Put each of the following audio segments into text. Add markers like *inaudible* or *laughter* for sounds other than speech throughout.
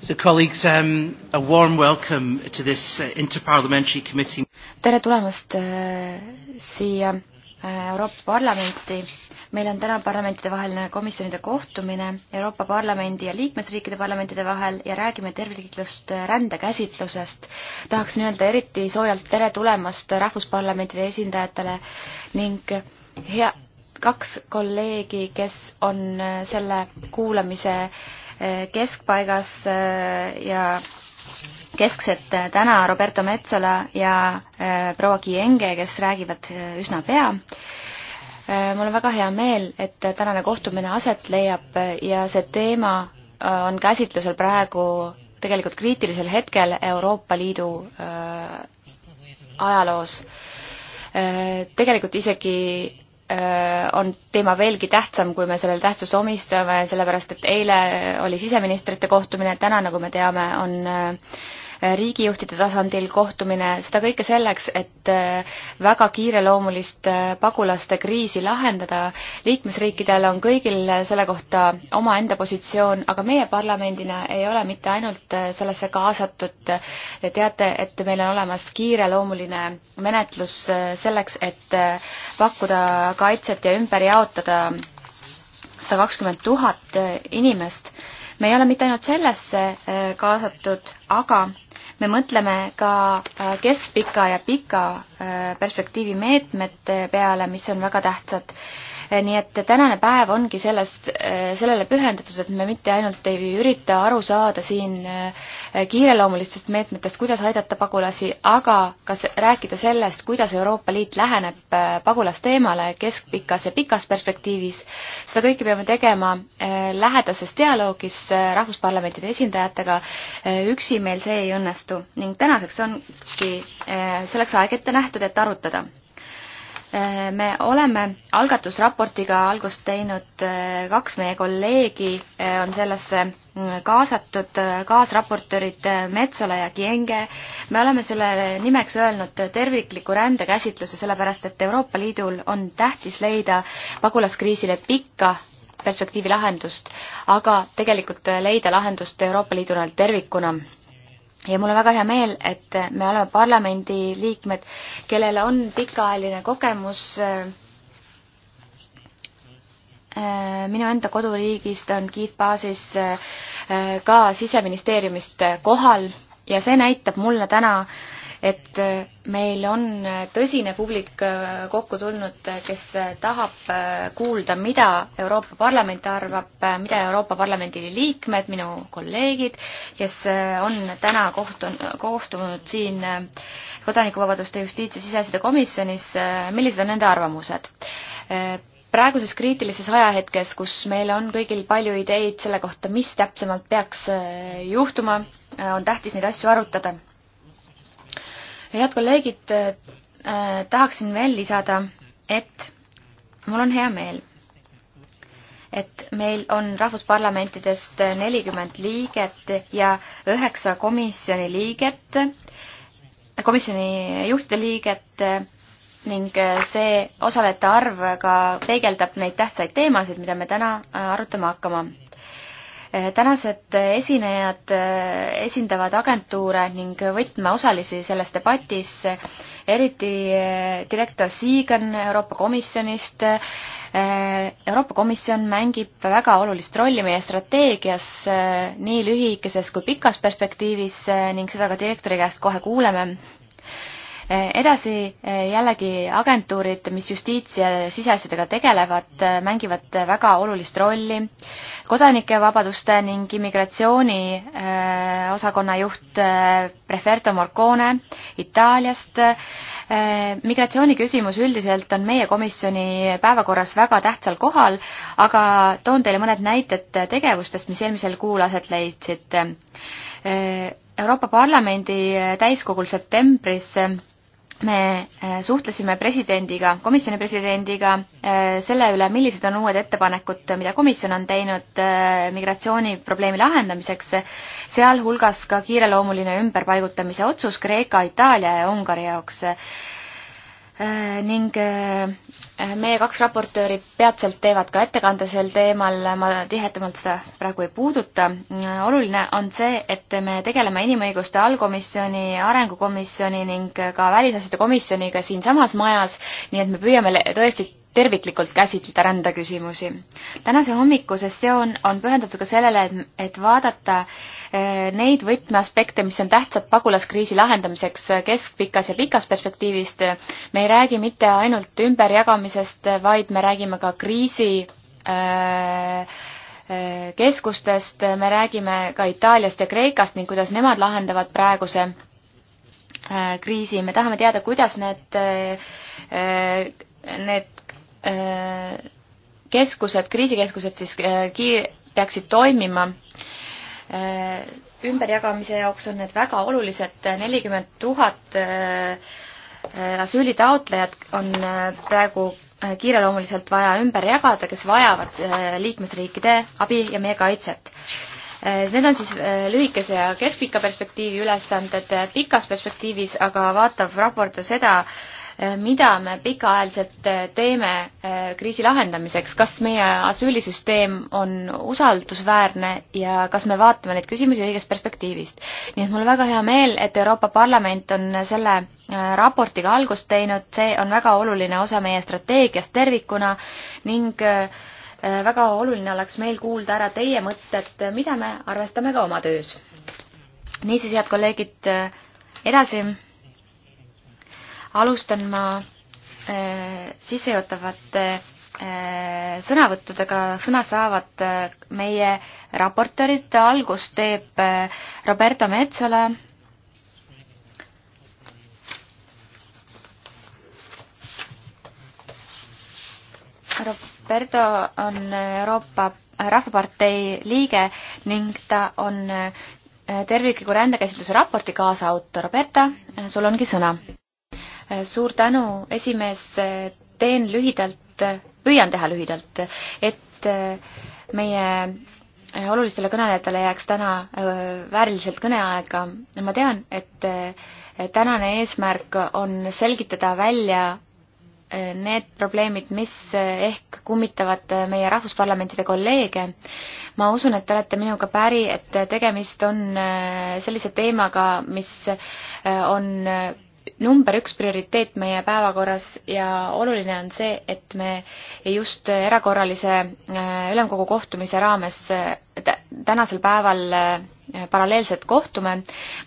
So colleagues, um, a warm welcome to this uh, interparliamentary committee. tere tulemast äh, siia äh, Euroopa Parlamenti. meil on täna parlamentidevaheline komisjonide kohtumine Euroopa Parlamendi ja liikmesriikide parlamentide vahel ja räägime terviklikust äh, rändekäsitlusest. tahaksin öelda eriti soojalt tere tulemast rahvusparlamentide esindajatele ning äh, hea, kaks kolleegi, kes on äh, selle kuulamise äh, Eh, keskpaigas eh, ja kesksed eh, täna Roberto Metsola ja proua Kienge, kes räägivad üsna pea. mul on väga hea meel, et tänane kohtumine aset leiab ja see teema on käsitlusel praegu tegelikult kriitilisel hetkel Euroopa Liidu ajaloos. tegelikult isegi Äh, on teema veelgi tähtsam, kui me sellele tähtsust omistame, sellepärast et eile oli siseministrite kohtumine, täna, nagu me teame, on äh, riigijuhtide tasandil kohtumine, seda kõike selleks, et äh, väga kiireloomulist äh, pagulaste kriisi lahendada. liikmesriikidel on kõigil selle kohta omaenda positsioon, aga meie parlamendina ei ole mitte ainult äh, sellesse kaasatud. teate, et meil on olemas kiireloomuline menetlus selleks, et pakkuda kaitset ja ümber jaotada sada kakskümmend tuhat inimest. me ei ole mitte ainult sellesse kaasatud, aga me mõtleme ka äh, keskpika ja pika äh, perspektiivi meetmete peale, mis on väga tähtsad Eh, nii et tänane päev ongi sellest, eh, sellele pühendatud, et me mitte ainult ei ürita aru saada siin eh, kiireloomulistest meetmetest, kuidas aidata pagulasi, aga ka rääkida sellest, kuidas Euroopa Liit läheneb pagulasteemale keskpikas ja pikas perspektiivis. seda kõike peame tegema lähedases dialoogis rahvusparlamentide esindajatega. üksi meil see ei õnnestu ning tänaseks ongi selleks aeg ette nähtud, et arutada Äh, me oleme algatusraportiga algust teinud, äh, kaks meie kolleegi äh, on sellesse mm, kaasatud, kaasraportöörid Metsola ja Kienge. me oleme selle nimeks öelnud tervikliku rändekäsitluse, sellepärast et Euroopa Liidul on tähtis leida pagulaskriisile pikka perspektiivi lahendust, aga tegelikult leida lahendust Euroopa Liidule tervikuna ja mul on väga hea meel, et me oleme parlamendi liikmed, kellel on pikaajaline kogemus äh, äh, minu enda koduriigist on Keith Baasis äh, ka siseministeeriumist kohal ja see näitab mulle täna äh, et meil on tõsine publik äh, kokku tulnud, äh, kes äh, tahab kuulda, mida Euroopa Parlament arvab, mida Euroopa Parlamendi liikmed, minu kolleegid, kes on täna kohtun-, kohtunud siin kodanikuvabaduste justiits- ja siseasjade komisjonis, millised on nende arvamused? praeguses kriitilises ajahetkes, kus meil on kõigil palju ideid selle kohta, mis täpsemalt peaks juhtuma, on tähtis neid asju arutada head kolleegid, äh, äh, tahaksin veel lisada, et mul on hea meel, et meil on rahvusparlamentidest nelikümmend liiget ja üheksa komisjoni liiget, komisjoni juhtide liiget ning see osalejate arv ka peegeldab neid tähtsaid teemasid, mida me täna äh, arutama hakkame tänased esinejad eh, esindavad agentuure ning võtmeosalisi selles debatis, eriti eh, direktor Siigen Euroopa Komisjonist. Eh, Euroopa Komisjon mängib väga olulist rolli meie strateegias nii lühikeses kui pikas perspektiivis ning seda ka direktori käest kohe kuuleme edasi eh, jällegi agentuurid, mis justiits- ja siseasjadega tegelevad, eh, mängivad väga olulist rolli. kodanike vabaduste ning immigratsiooni eh, osakonna juht Preferto Morcone Itaaliast. migratsiooniküsimus üldiselt on meie komisjoni päevakorras väga tähtsal kohal, aga toon teile mõned näited tegevustest, mis eelmisel kuul aset leidsid Euroopa Parlamendi täiskogul septembris me äh, suhtlesime presidendiga, komisjoni presidendiga äh, selle üle, millised on uued ettepanekud, mida komisjon on teinud äh, migratsiooniprobleemi lahendamiseks, sealhulgas ka kiireloomuline ümberpaigutamise otsus Kreeka, Itaalia ja Ungari jaoks Äh, ning äh, meie kaks raportööri peatselt teevad ka ettekande sel teemal, ma tihedamalt seda praegu ei puuduta. Äh, oluline on see, et me tegeleme inimõiguste allkomisjoni, arengukomisjoni ning ka välisasjade komisjoniga siinsamas majas, nii et me püüame tõesti terviklikult käsitleda rändeküsimusi. tänase hommikuse sessioon on pühendatud ka sellele, et, et vaadata eh, neid võtmeaspekte, mis on tähtsad pagulaskriisi lahendamiseks eh, keskpikas ja pikas perspektiivist. me ei räägi mitte ainult ümberjagamisest, vaid me räägime ka kriisi eh, keskustest, me räägime ka Itaaliast ja Kreekast ning kuidas nemad lahendavad praeguse kriisi, me tahame teada, kuidas need, need Äh, keskused, kriisikeskused siis äh, kiir-, peaksid toimima. Äh, ümberjagamise jaoks on need väga olulised, nelikümmend tuhat asüülitaotlejat on praegu kiireloomuliselt vaja ümber jagada, kes vajavad liikmesriikide abi ja meie kaitset. Need on siis lühikese ja keskpika perspektiivi ülesanded, pikas perspektiivis aga vaatab raport seda, Eh, mida me pikaajaliselt eh, teeme eh, kriisi lahendamiseks, kas meie asüülisüsteem on usaldusväärne ja kas me vaatame neid küsimusi õigest perspektiivist. nii et mul on väga hea meel, et Euroopa Parlament on selle raportiga algust teinud, see on väga oluline osa meie strateegiast tervikuna ning väga oluline oleks meil kuulda ära teie mõtted, mida me arvestame ka oma töös. niisiis, head kolleegid, edasi alustan ma äh, sissejuhatavate äh, sõnavõttudega sõna saavad äh, meie raportöörid, algust teeb Roberto Metsola. Roberto on Euroopa Rahvapartei liige ning ta on tervikliku rändekäsitluse raporti kaasautor. Roberta, sul ongi sõna suur tänu, esimees, teen lühidalt, püüan teha lühidalt, et äh, meie äh, olulistele kõnelejatele jääks täna äh, vääriliselt kõneaega. ma tean, et tänane eesmärk on selgitada välja need probleemid, mis ehk kummitavad meie rahvusparlamentide kolleege. ma usun, et te olete minuga päri, et tegemist on sellise teemaga, mis on number üks prioriteet meie päevakorras ja oluline on see, et me just erakorralise äh, ülemkogu kohtumise raames äh, tänasel päeval äh, paralleelselt kohtume.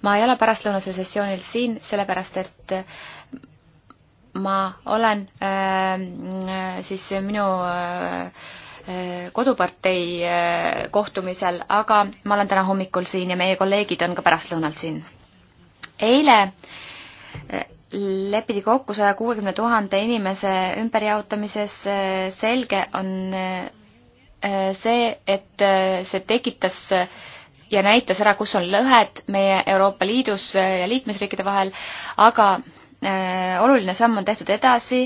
ma ei ole pärastlõunasel sessioonil siin, sellepärast et ma olen siis minu kodupartei kohtumisel, aga ma olen täna hommikul siin ja meie kolleegid on ka pärastlõunal siin. eile äh, lepiti kokku saja kuuekümne tuhande inimese ümberjaotamises, selge on äh, see, et äh, see tekitas ja näitas ära, kus on lõhed meie Euroopa Liidus äh, ja liikmesriikide vahel, aga oluline samm on tehtud edasi,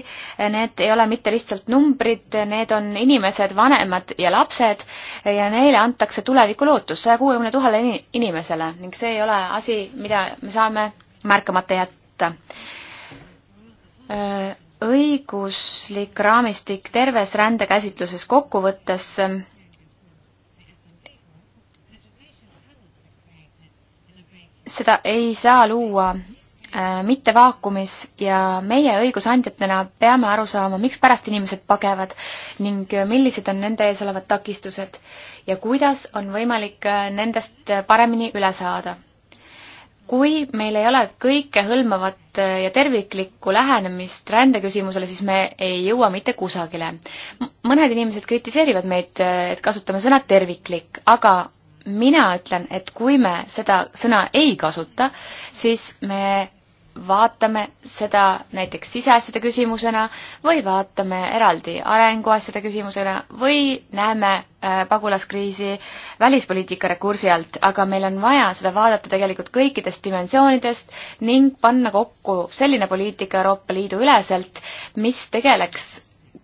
need ei ole mitte lihtsalt numbrid, need on inimesed, vanemad ja lapsed ja neile antakse tulevikulootus saja kuuekümne tuhale inimesele ning see ei ole asi, mida me saame märkamata jätta võtta. õiguslik raamistik terves rändekäsitluses kokkuvõttes seda ei saa luua äh, mitte vaakumis ja meie õigusandjatena peame aru saama, mikspärast inimesed pagevad ning millised on nende ees olevad takistused ja kuidas on võimalik äh, nendest paremini üle saada kui meil ei ole kõikehõlmavat äh, ja terviklikku lähenemist rändeküsimusele, siis me ei jõua mitte kusagile. mõned inimesed kritiseerivad meid, äh, et kasutame sõna terviklik, aga mina ütlen, et kui me seda sõna ei kasuta, siis me vaatame seda näiteks siseasjade küsimusena või vaatame eraldi arenguasjade küsimusena või näeme äh, pagulaskriisi välispoliitika rekursi alt, aga meil on vaja seda vaadata tegelikult kõikidest dimensioonidest ning panna kokku selline poliitika Euroopa Liidu üleselt, mis tegeleks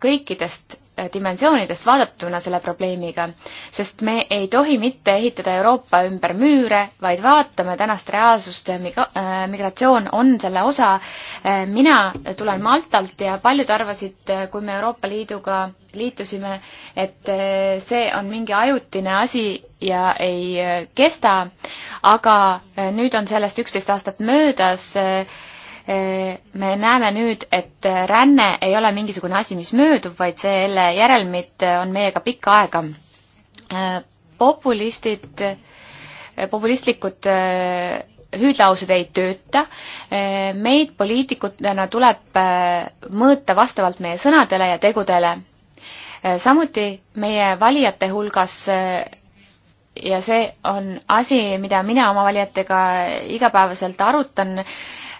kõikidest dimensioonidest vaadatuna selle probleemiga, sest me ei tohi mitte ehitada Euroopa ümber müüre, vaid vaatame tänast reaalsust ja miga-, äh, migratsioon on selle osa. Äh, mina tulen Maltalt ja paljud arvasid, äh, kui me Euroopa Liiduga liitusime, et see on mingi ajutine asi ja ei kesta, aga nüüd on sellest üksteist aastat möödas Eh, me näeme nüüd, et eh, ränne ei ole mingisugune asi, mis möödub, vaid selle järelmid eh, on meiega pikka aega. populistid, populistlikud hüüdlaused ei tööta, meid poliitikutena tuleb mõõta vastavalt meie sõnadele ja tegudele. samuti meie valijate hulgas ja see on asi, mida mina oma valijatega igapäevaselt arutan,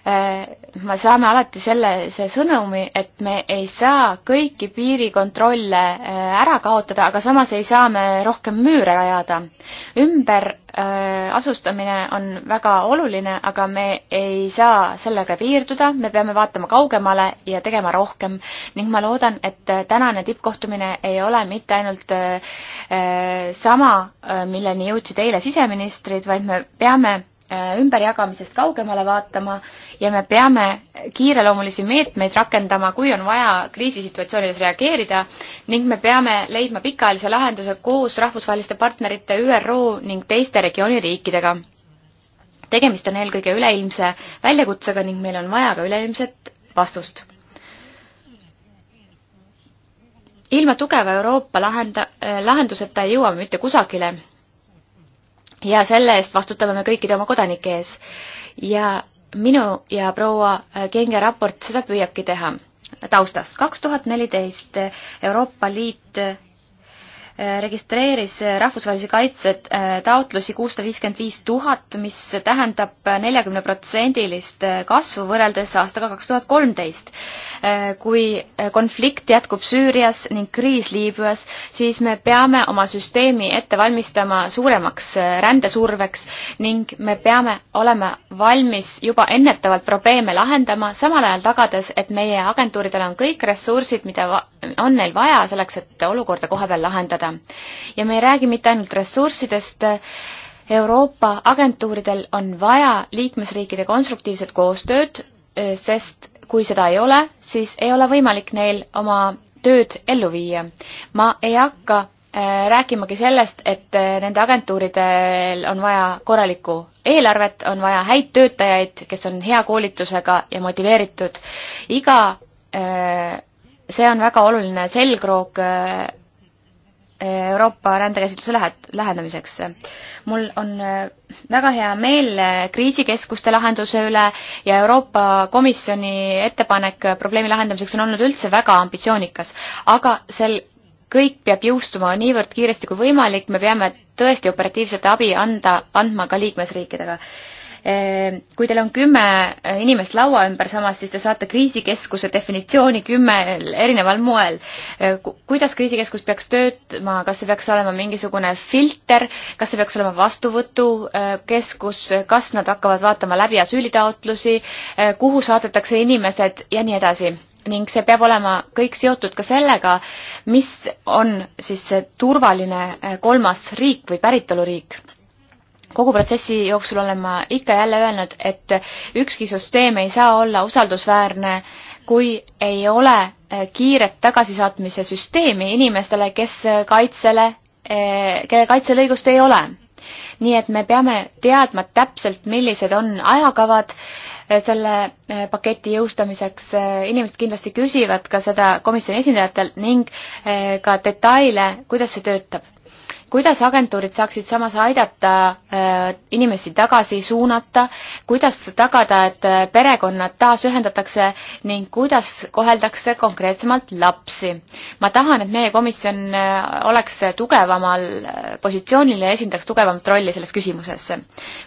Äh, me saame alati selle, see sõnumi, et me ei saa kõiki piirikontrolle äh, ära kaotada, aga samas ei saa me rohkem müüre rajada. ümberasustamine äh, on väga oluline, aga me ei saa sellega piirduda, me peame vaatama kaugemale ja tegema rohkem ning ma loodan, et tänane tippkohtumine ei ole mitte ainult sama, milleni jõudsid eile siseministrid, vaid me peame Äh, ümberjagamisest kaugemale vaatama ja me peame kiireloomulisi meetmeid rakendama, kui on vaja kriisisituatsioonides reageerida ning me peame leidma pikaajalise lahenduse koos rahvusvaheliste partnerite ÜRO ning teiste regiooni riikidega. tegemist on eelkõige üleilmse väljakutsega ning meil on vaja ka üleilmset vastust. ilma tugeva Euroopa lahenda, äh, lahenduseta ei jõua me mitte kusagile ja selle eest vastutame me kõikide oma kodanike ees. ja minu ja proua Genge raport seda püüabki teha. taustast kaks tuhat neliteist Euroopa Liit Äh, registreeris äh, rahvusvahelise kaitse äh, taotlusi kuussada viiskümmend viis tuhat, mis tähendab neljakümneprotsendilist kasvu võrreldes aastaga kaks tuhat kolmteist. kui konflikt jätkub Süürias ning kriis Liibüas, siis me peame oma süsteemi ette valmistama suuremaks rändesurveks ning me peame olema valmis juba ennetavalt probleeme lahendama, samal ajal tagades, et meie agentuuridel on kõik ressursid, mida on neil vaja selleks, et olukorda kohapeal lahendada seda. ja me ei räägi mitte ainult ressurssidest, Euroopa agentuuridel on vaja liikmesriikide konstruktiivset koostööd, eh, sest kui seda ei ole, siis ei ole võimalik neil oma tööd ellu viia. ma ei hakka eh, rääkimagi sellest, et eh, nende agentuuridel on vaja korralikku eelarvet, on vaja häid töötajaid, kes on hea koolitusega ja motiveeritud. iga, see on väga oluline selgroog Euroopa rändekäsitluse lähet-, lähendamiseks. mul on äh, väga hea meel äh, kriisikeskuste lahenduse üle ja Euroopa Komisjoni ettepanek probleemi lahendamiseks on olnud üldse väga ambitsioonikas, aga sel kõik peab jõustuma niivõrd kiiresti kui võimalik, me peame tõesti operatiivset abi anda, andma ka liikmesriikidega Eh, kui teil on kümme eh, inimest laua ümber samas, siis te saate kriisikeskuse definitsiooni kümmel erineval moel. Eh, kuidas kriisikeskus peaks töötama, kas see peaks olema mingisugune filter, kas see peaks olema vastuvõtukeskus, kas nad hakkavad vaatama läbi asüülitaotlusi, kuhu saadetakse inimesed ja nii edasi ning see peab olema kõik seotud ka sellega, mis on siis see turvaline kolmas riik või päritoluriik kogu protsessi jooksul olen ma ikka jälle öelnud, et ükski süsteem ei saa olla usaldusväärne, kui ei ole eh, kiiret tagasisaatmise süsteemi inimestele, kes eh, kaitsele, eh, kelle kaitsel õigust ei ole. nii et me peame teadma täpselt, millised on ajakavad selle paketi jõustamiseks. inimesed kindlasti küsivad ka seda komisjoni esindajatel ning ka detaile, kuidas see töötab kuidas agentuurid saaksid samas aidata äh, inimesi tagasi suunata, kuidas tagada, et äh, perekonnad taasühendatakse ning kuidas koheldakse konkreetsemalt lapsi? ma tahan, et meie komisjon äh, oleks tugevamal positsioonil ja esindaks tugevamat rolli selles küsimuses.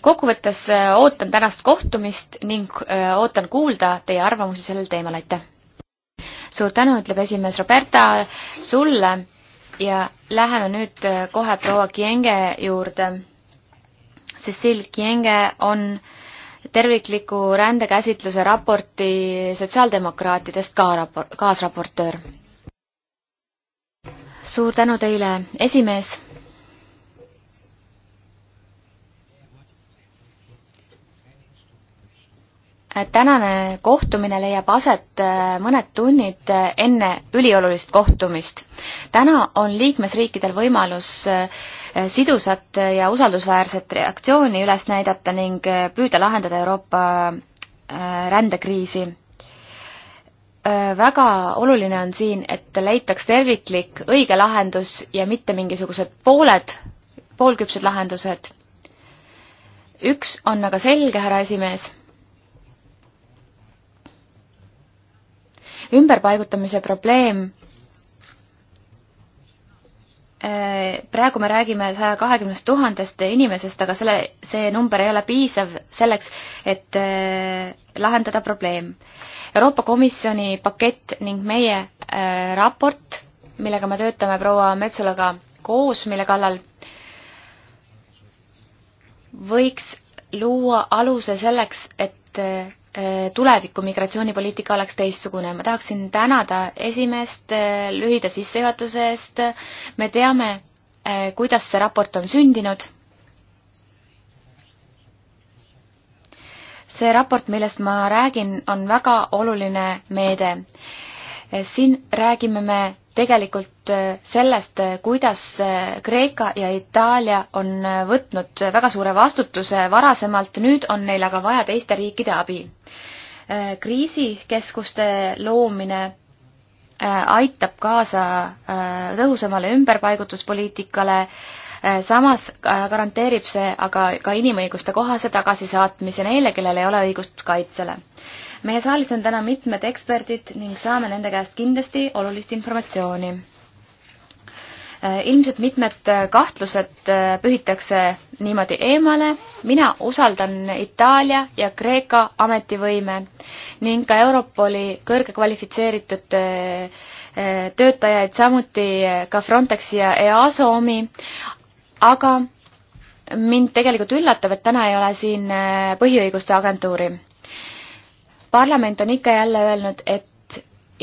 kokkuvõttes ootan tänast kohtumist ning ootan kuulda teie arvamusi sellel teemal, aitäh! suur tänu, ütleb esimees Roberta sulle ja läheme nüüd äh, kohe proua Kienge juurde. Cecil Kienge on tervikliku rändekäsitluse raporti sotsiaaldemokraatidest ka rapor-, kaasraportöör. suur tänu teile, esimees Äh, tänane kohtumine leiab aset äh, mõned tunnid äh, enne üliolulist kohtumist. täna on liikmesriikidel võimalus sidusat ja usaldusväärset reaktsiooni üles näidata ning püüda lahendada Euroopa rändekriisi. väga oluline on siin, et leitaks terviklik õige lahendus ja mitte mingisugused pooled, poolküpsed lahendused. üks on aga selge, härra esimees ümberpaigutamise probleem, praegu me räägime saja kahekümnest tuhandest inimesest, aga selle, see number ei ole piisav selleks, et äh, lahendada probleem. Euroopa Komisjoni pakett ning meie äh, raport, millega me töötame proua Metsolaga koos, mille kallal võiks luua aluse selleks, et äh, Äh, tuleviku migratsioonipoliitika oleks teistsugune. ma tahaksin tänada esimest äh, lühida sissejuhatuse eest. me teame, äh, kuidas see raport on sündinud. see raport, millest ma räägin, on väga oluline meede. siin räägime me tegelikult äh, sellest, äh, kuidas äh, Kreeka ja Itaalia on võtnud väga suure vastutuse varasemalt, nüüd on neil aga vaja teiste riikide abi. kriisikeskuste loomine aitab kaasa tõhusamale ümberpaigutuspoliitikale, samas garanteerib see aga ka inimõiguste kohase tagasisaatmise neile, kellel ei ole õigust kaitsele meie saalis on täna mitmed eksperdid ning saame nende käest kindlasti olulist informatsiooni. Äh, ilmselt mitmed äh, kahtlused äh, pühitakse niimoodi eemale, mina usaldan Itaalia ja Kreeka ametivõime ning ka Europoli kõrge kvalifitseeritud töötajaid, samuti ka Frontexi ja EASO omi, aga mind tegelikult üllatab, et täna ei ole siin põhiõiguste agentuuri parlament on ikka jälle öelnud, et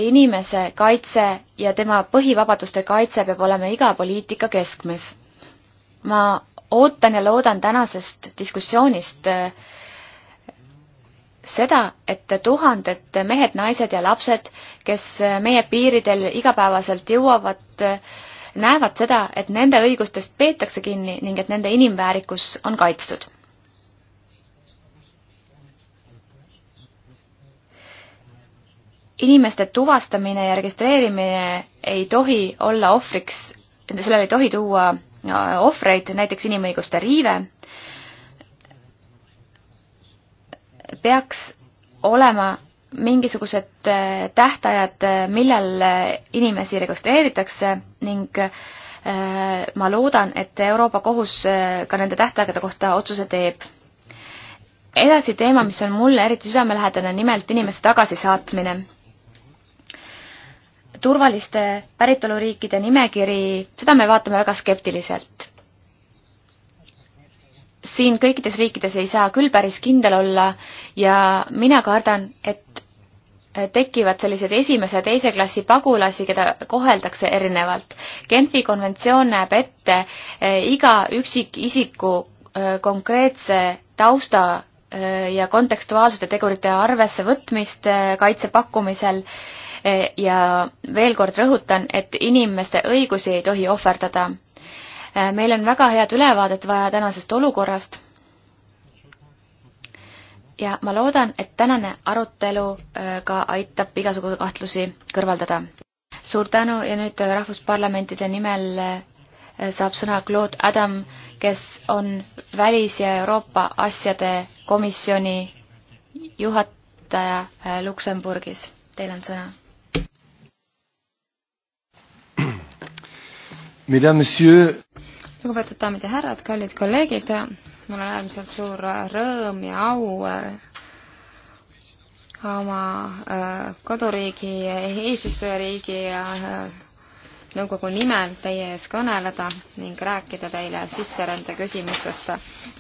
inimese kaitse ja tema põhivabaduste kaitse peab olema iga poliitika keskmes. ma ootan ja loodan tänasest diskussioonist äh, seda, et tuhanded mehed, naised ja lapsed, kes äh, meie piiridel igapäevaselt jõuavad, äh, näevad seda, et nende õigustest peetakse kinni ning et nende inimväärikus on kaitstud inimeste tuvastamine ja registreerimine ei tohi olla ohvriks, sellele ei tohi tuua ohvreid, näiteks inimõiguste riive, peaks olema mingisugused äh, tähtajad, äh, millal äh, inimesi registreeritakse ning ma loodan, et Euroopa Kohus ka nende tähtaegade kohta otsuse teeb. edasi teema, mis on mulle eriti südamelähedane, nimelt inimeste tagasisaatmine turvaliste päritoluriikide nimekiri, seda me vaatame väga skeptiliselt. siin kõikides riikides ei saa küll päris kindel olla ja mina kardan, et tekivad sellised esimese ja teise klassi pagulasi, keda koheldakse erinevalt. Genfi konventsioon näeb ette eh, iga üksikisiku eh, konkreetse tausta eh, ja kontekstuaalsete tegurite arvesse võtmist kaitse pakkumisel Eh, ja veel kord rõhutan, et inimeste õigusi ei tohi ohverdada. Eh, meil on väga head ülevaadet vaja tänasest olukorrast. ja ma loodan, et tänane arutelu eh, ka aitab igasugu kahtlusi kõrvaldada. suur tänu ja nüüd Rahvusparlamentide nimel saab sõna Claude Adam, kes on Välis- ja Euroopa asjade komisjoni juhataja Luksemburgis. Teil on sõna lugupeetud daamid ja härrad, kallid kolleegid, mul on äärmiselt suur rõõm ja au äh, oma äh, koduriigi, eesistujariigi ja äh, nõukogu nimel teie ees kõneleda ning rääkida teile sisserände küsimustest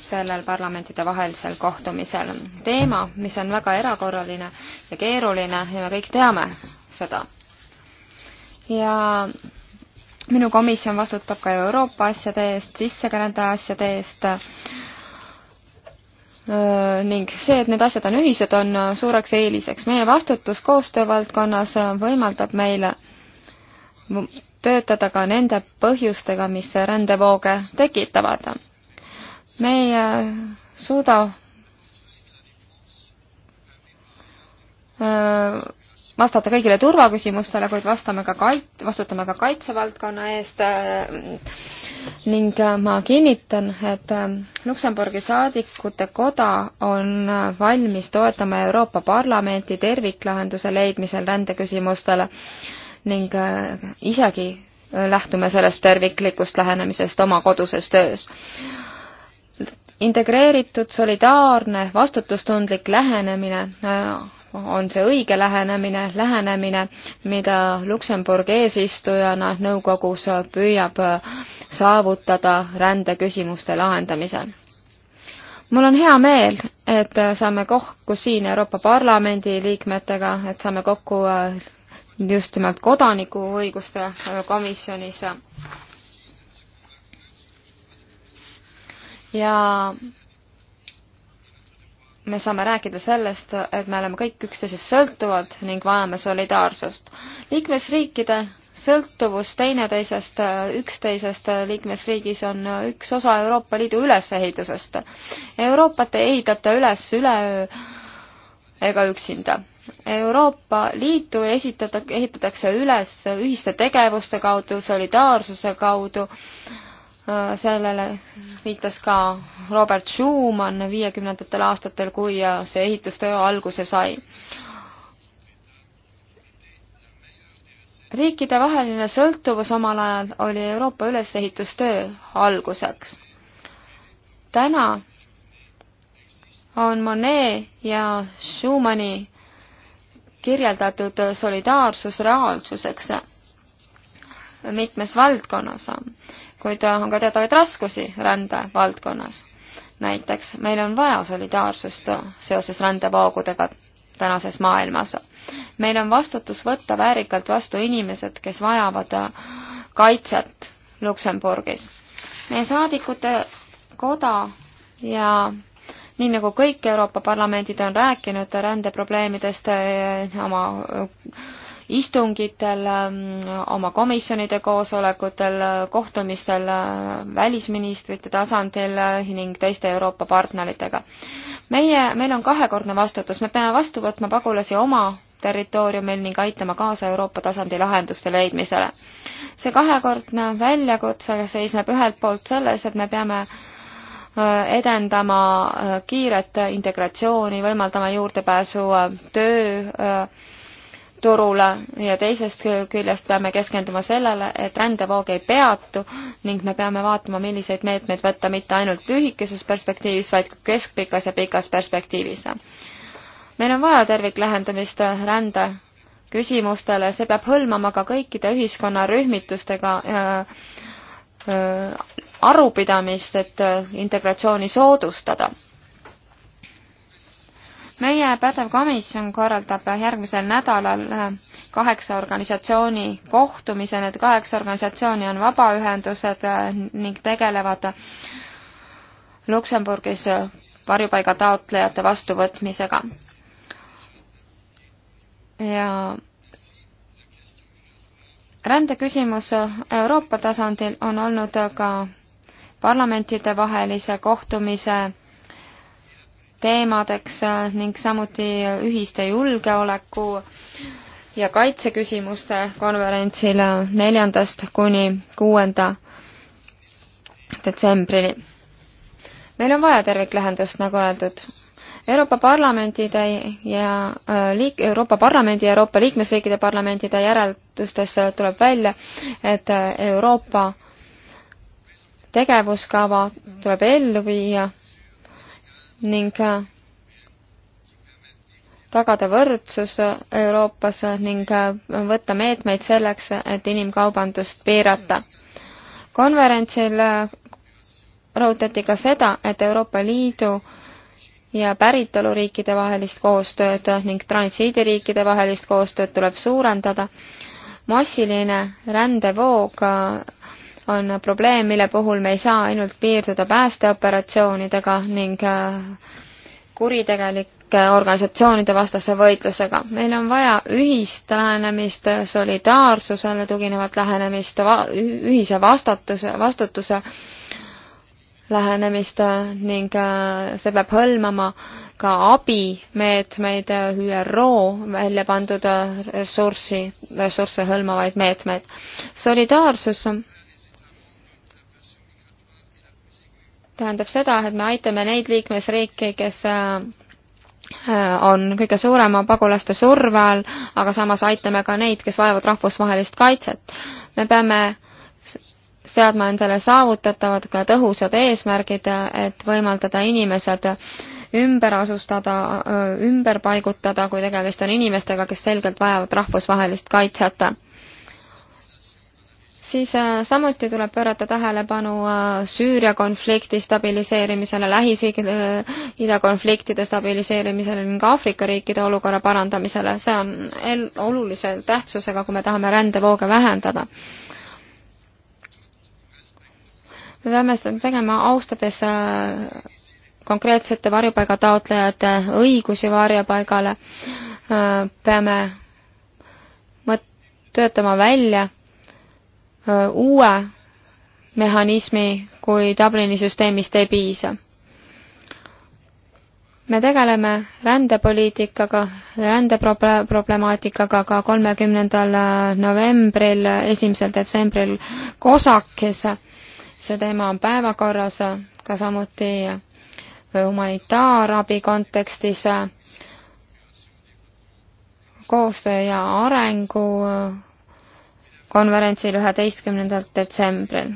sellel parlamentide vahelisel kohtumisel. teema, mis on väga erakorraline ja keeruline ja me kõik teame seda. ja eest, minu komisjon vastutab ka Euroopa asjade eest, sisserände asjade eest ning see, et need asjad on ühised, on suureks eeliseks. meie vastutus koostöövaldkonnas võimaldab meile töötada ka nende põhjustega, mis rändevooge tekitavad. me ei äh, suuda vastata kõigile turvaküsimustele, kuid vastame ka kait-, vastutame ka kaitsevaldkonna eest ning äh, ma kinnitan, et äh, Luksemburgi saadikute koda on äh, valmis toetama Euroopa Parlamenti terviklahenduse leidmisel rändeküsimustele ning isegi lähtume sellest terviklikust lähenemisest oma koduses töös. integreeritud, solidaarne, vastutustundlik lähenemine on see õige lähenemine, lähenemine, mida Luksemburg eesistujana nõukogus püüab saavutada rändeküsimuste lahendamisel. mul on hea meel, et saame kokku siin Euroopa Parlamendi liikmetega, et saame kokku äh, just nimelt kodanikuõiguste äh, komisjonis. ja me saame rääkida sellest, et me oleme kõik üksteisest sõltuvad ning vajame solidaarsust. liikmesriikide sõltuvus teineteisest, üksteisest liikmesriigis on üks osa Euroopa Liidu ülesehitusest. Euroopat ei ehitata üles üleöö ega üksinda. Euroopa Liitu esitada, ehitatakse üles ühiste tegevuste kaudu, solidaarsuse kaudu äh,, Äh, sellele viitas ka Robert Schumann viiekümnendatel aastatel, kui äh, see ehitustöö alguse sai. riikidevaheline sõltuvus omal ajal oli Euroopa ülesehitustöö alguseks. täna on Monet ja Schumanni kirjeldatud solidaarsus reaalsuseks mitmes valdkonnas kuid on ka teatavaid raskusi rändevaldkonnas. näiteks meil on vaja solidaarsust seoses rändevoogudega tänases maailmas. meil on vastutus võtta väärikalt vastu inimesed, kes vajavad kaitset Luksemburgis. meie saadikute koda ja nii nagu kõik Euroopa parlamendid on rääkinud rändeprobleemidest eh, oma istungitel, ähm, oma komisjonide koosolekutel, kohtumistel äh, välisministrite tasandil äh, ning teiste Euroopa partneritega. meie, meil on kahekordne vastutus, me peame vastu võtma pagulasi oma territooriumil ning aitama kaasa Euroopa tasandi lahenduste leidmisele. see kahekordne väljakutse seisneb ühelt poolt selles, et me peame äh, edendama kiiret integratsiooni, võimaldama juurdepääsu töö turule ja teisest küljest peame keskenduma sellele, et rändevoog ei peatu ning me peame vaatama, milliseid meetmeid võtta mitte ainult lühikeses perspektiivis, vaid ka keskpikas ja pikas perspektiivis. meil on vaja terviklähendamist rände küsimustele, see peab hõlmama ka kõikide ühiskonnarühmitustega äh, äh, arupidamist, et äh, integratsiooni soodustada meie pädev komisjon korraldab järgmisel nädalal äh, kaheksa organisatsiooni kohtumise, need kaheksa organisatsiooni on vabaühendused äh, ning tegelevad Luksemburgis varjupaiga taotlejate vastuvõtmisega. ja rändeküsimus Euroopa tasandil on olnud ka parlamentidevahelise kohtumise teemadeks äh, ning samuti ühiste julgeoleku ja kaitseküsimuste konverentsil äh, neljandast kuni kuuenda detsembrini. meil on vaja terviklähendust, nagu öeldud. Euroopa Parlamentide ja äh, liik-, Euroopa Parlamendi ja Euroopa liikmesriikide parlamentide järeldustes tuleb välja, et Euroopa tegevuskava tuleb ellu viia ning äh, tagada võrdsus äh, Euroopas äh, ning võtta meetmeid selleks, et inimkaubandust piirata. konverentsil rõhutati ka seda, et Euroopa Liidu ja päritoluriikide vahelist koostööd ning transiidiriikide vahelist koostööd tuleb suurendada. massiline rändevoog on probleem, mille puhul me ei saa ainult piirduda päästeoperatsioonidega ning äh, kuritegelike organisatsioonide vastase võitlusega. meil on vaja ühist lähenemist, solidaarsusele tuginevat lähenemist, ühise vastatuse, vastutuse lähenemist äh, ning äh, see peab hõlmama ka abimeetmeid, ÜRO välja pandud ressurssi, ressursse hõlmavaid meetmeid. solidaarsus on tähendab seda, et me aitame neid liikmesriike, kes äh, on kõige suurema pagulaste surve all, aga samas aitame ka neid, kes vajavad rahvusvahelist kaitset. me peame seadma endale saavutatavad ka tõhusad eesmärgid, et võimaldada inimesed ümber asustada, ümber paigutada, kui tegemist on inimestega, kes selgelt vajavad rahvusvahelist kaitset siis äh, samuti tuleb pöörata tähelepanu äh, Süüria konflikti stabiliseerimisele, Lähis-Ida äh, konfliktide stabiliseerimisele ning Aafrika riikide olukorra parandamisele, see on olulise tähtsusega, kui me tahame rändevooge vähendada. me peame seda tegema austades konkreetsete varjupaigataotlejate õigusi varjupaigale, peame mõt-, töötama välja Äh, uue mehhanismi, kui Dublini süsteemist ei piisa. me tegeleme rändepoliitikaga, rändeproblemaatikaga ka kolmekümnendal äh, novembril, esimesel detsembril COSAC-is. see teema on päevakorras, ka samuti äh, humanitaarabi kontekstis koostöö ja arengu konverentsil üheteistkümnendal detsembril.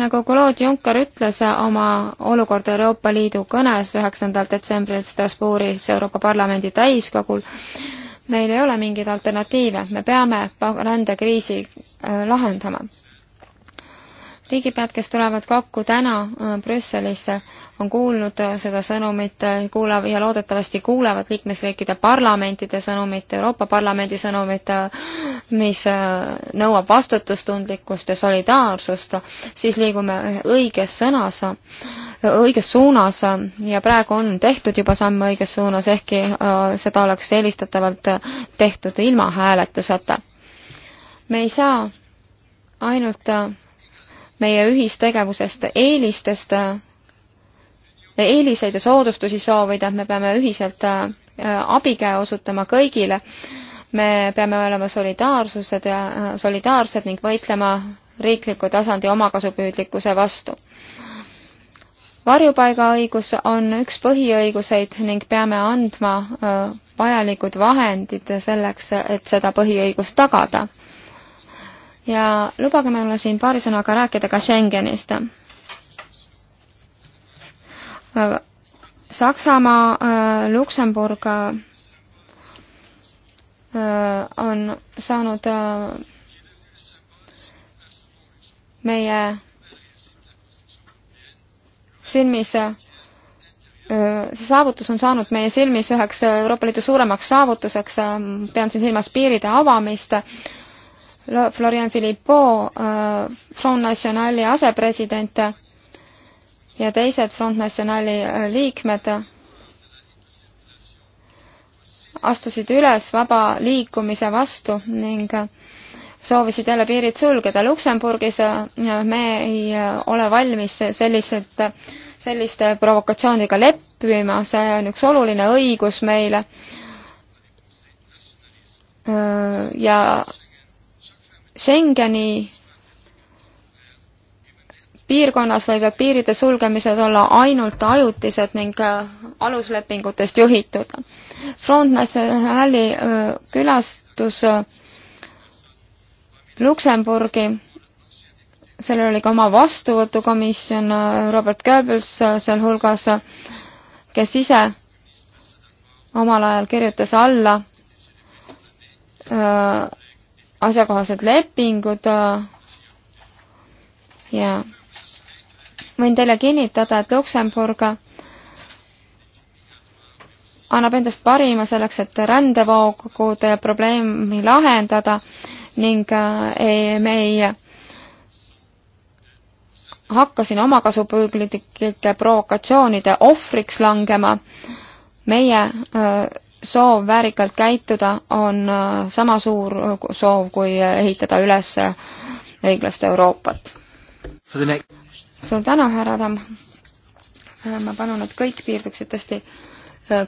nagu Claude Juncker ütles oma olukorda Euroopa Liidu kõnes üheksandal detsembril Strasbourgis Euroopa Parlamendi täiskogul, meil ei ole mingeid alternatiive, me peame rändekriisi äh, lahendama riigipead, kes tulevad kokku täna äh, Brüsselisse, on kuulnud äh, seda sõnumit, äh, kuulav- ja loodetavasti kuulevad liikmesriikide parlamentide sõnumit, Euroopa Parlamendi sõnumit, mis nõuab vastutustundlikkust ja solidaarsust, siis liigume õiges sõnas, õiges suunas ja praegu on tehtud juba samme õiges suunas, ehkki seda oleks eelistatavalt tehtud ilma hääletuseta. me ei saa ainult meie ühistegevusest eelistest, äh, eeliseid ja soodustusi soovida, me peame ühiselt äh, abikäe osutama kõigile. me peame olema solidaarsused ja solidaarsed ning võitlema riikliku tasandi omakasupüüdlikkuse vastu. varjupaigaõigus on üks põhiõiguseid ning peame andma äh, vajalikud vahendid selleks, et seda põhiõigust tagada ja lubage mulle siin paari sõnaga rääkida ka Schengenist. Äh, Saksamaa, äh, Luksemburg äh, on saanud meie silmis, see saavutus on saanud meie silmis üheks Euroopa Liidu suuremaks saavutuseks, pean siin silmas piiride avamist Florian Philippot, äh, Front Nationali asepresident ja teised Front Nationali äh, liikmed astusid üles vaba liikumise vastu ning soovisid jälle piirid sulgeda. Luksemburgis äh, me ei ole valmis sellised, selliste provokatsioonidega leppima, see on üks oluline õigus meile. ja Schengeni piirkonnas võivad piiride sulgemised olla ainult ajutised ning äh, aluslepingutest juhitud. Front Nationali äh, külastus äh, Luksemburgi, sellel oli ka oma vastuvõtukomisjon, Robert Goebbels sealhulgas, kes ise omal ajal kirjutas alla asjakohased lepingud äh, ja võin teile kinnitada, et Luksemburg annab endast parima selleks, et rändevoogude probleemi lahendada ning äh, ei, me ei hakka siin omakasupüüdlike provokatsioonide ohvriks langema. meie öö, äh, soov väärikalt käituda on äh, sama suur äh, soov, kui ehitada üles äh, õiglast Euroopat. suur tänu, härra Tamm. ma palun, et kõik piirduksid tõesti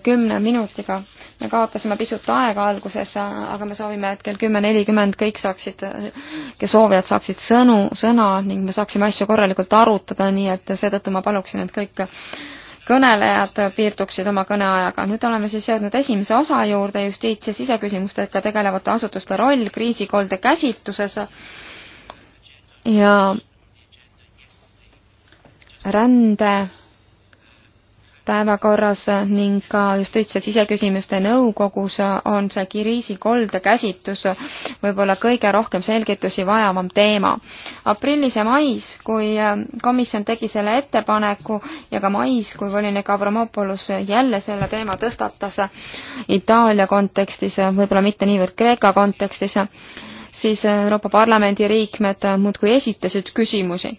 kümne minutiga. me kaotasime pisut aega alguses, aga me soovime, et kell kümme nelikümmend kõik saaksid, kes soovivad, saaksid sõnu, sõna ning me saaksime asju korralikult arutada, nii et seetõttu ma paluksin, et kõik kõnelejad piirduksid oma kõneajaga. nüüd oleme siis jõudnud esimese osa juurde justiits- ja siseküsimustega tegelevate asutuste roll kriisikolde käsitluses ja rände päevakorras ning ka justiits- ja siseküsimuste nõukogus on see kriisikolde käsitlus võib-olla kõige rohkem selgitusi vajavam teema. aprillis ja mais, kui äh, komisjon tegi selle ettepaneku ja ka mais, kui volinik Avramopoulos jälle selle teema tõstatas Itaalia kontekstis, võib-olla mitte niivõrd Kreeka kontekstis, siis Euroopa Parlamendi liikmed muudkui esitasid küsimusi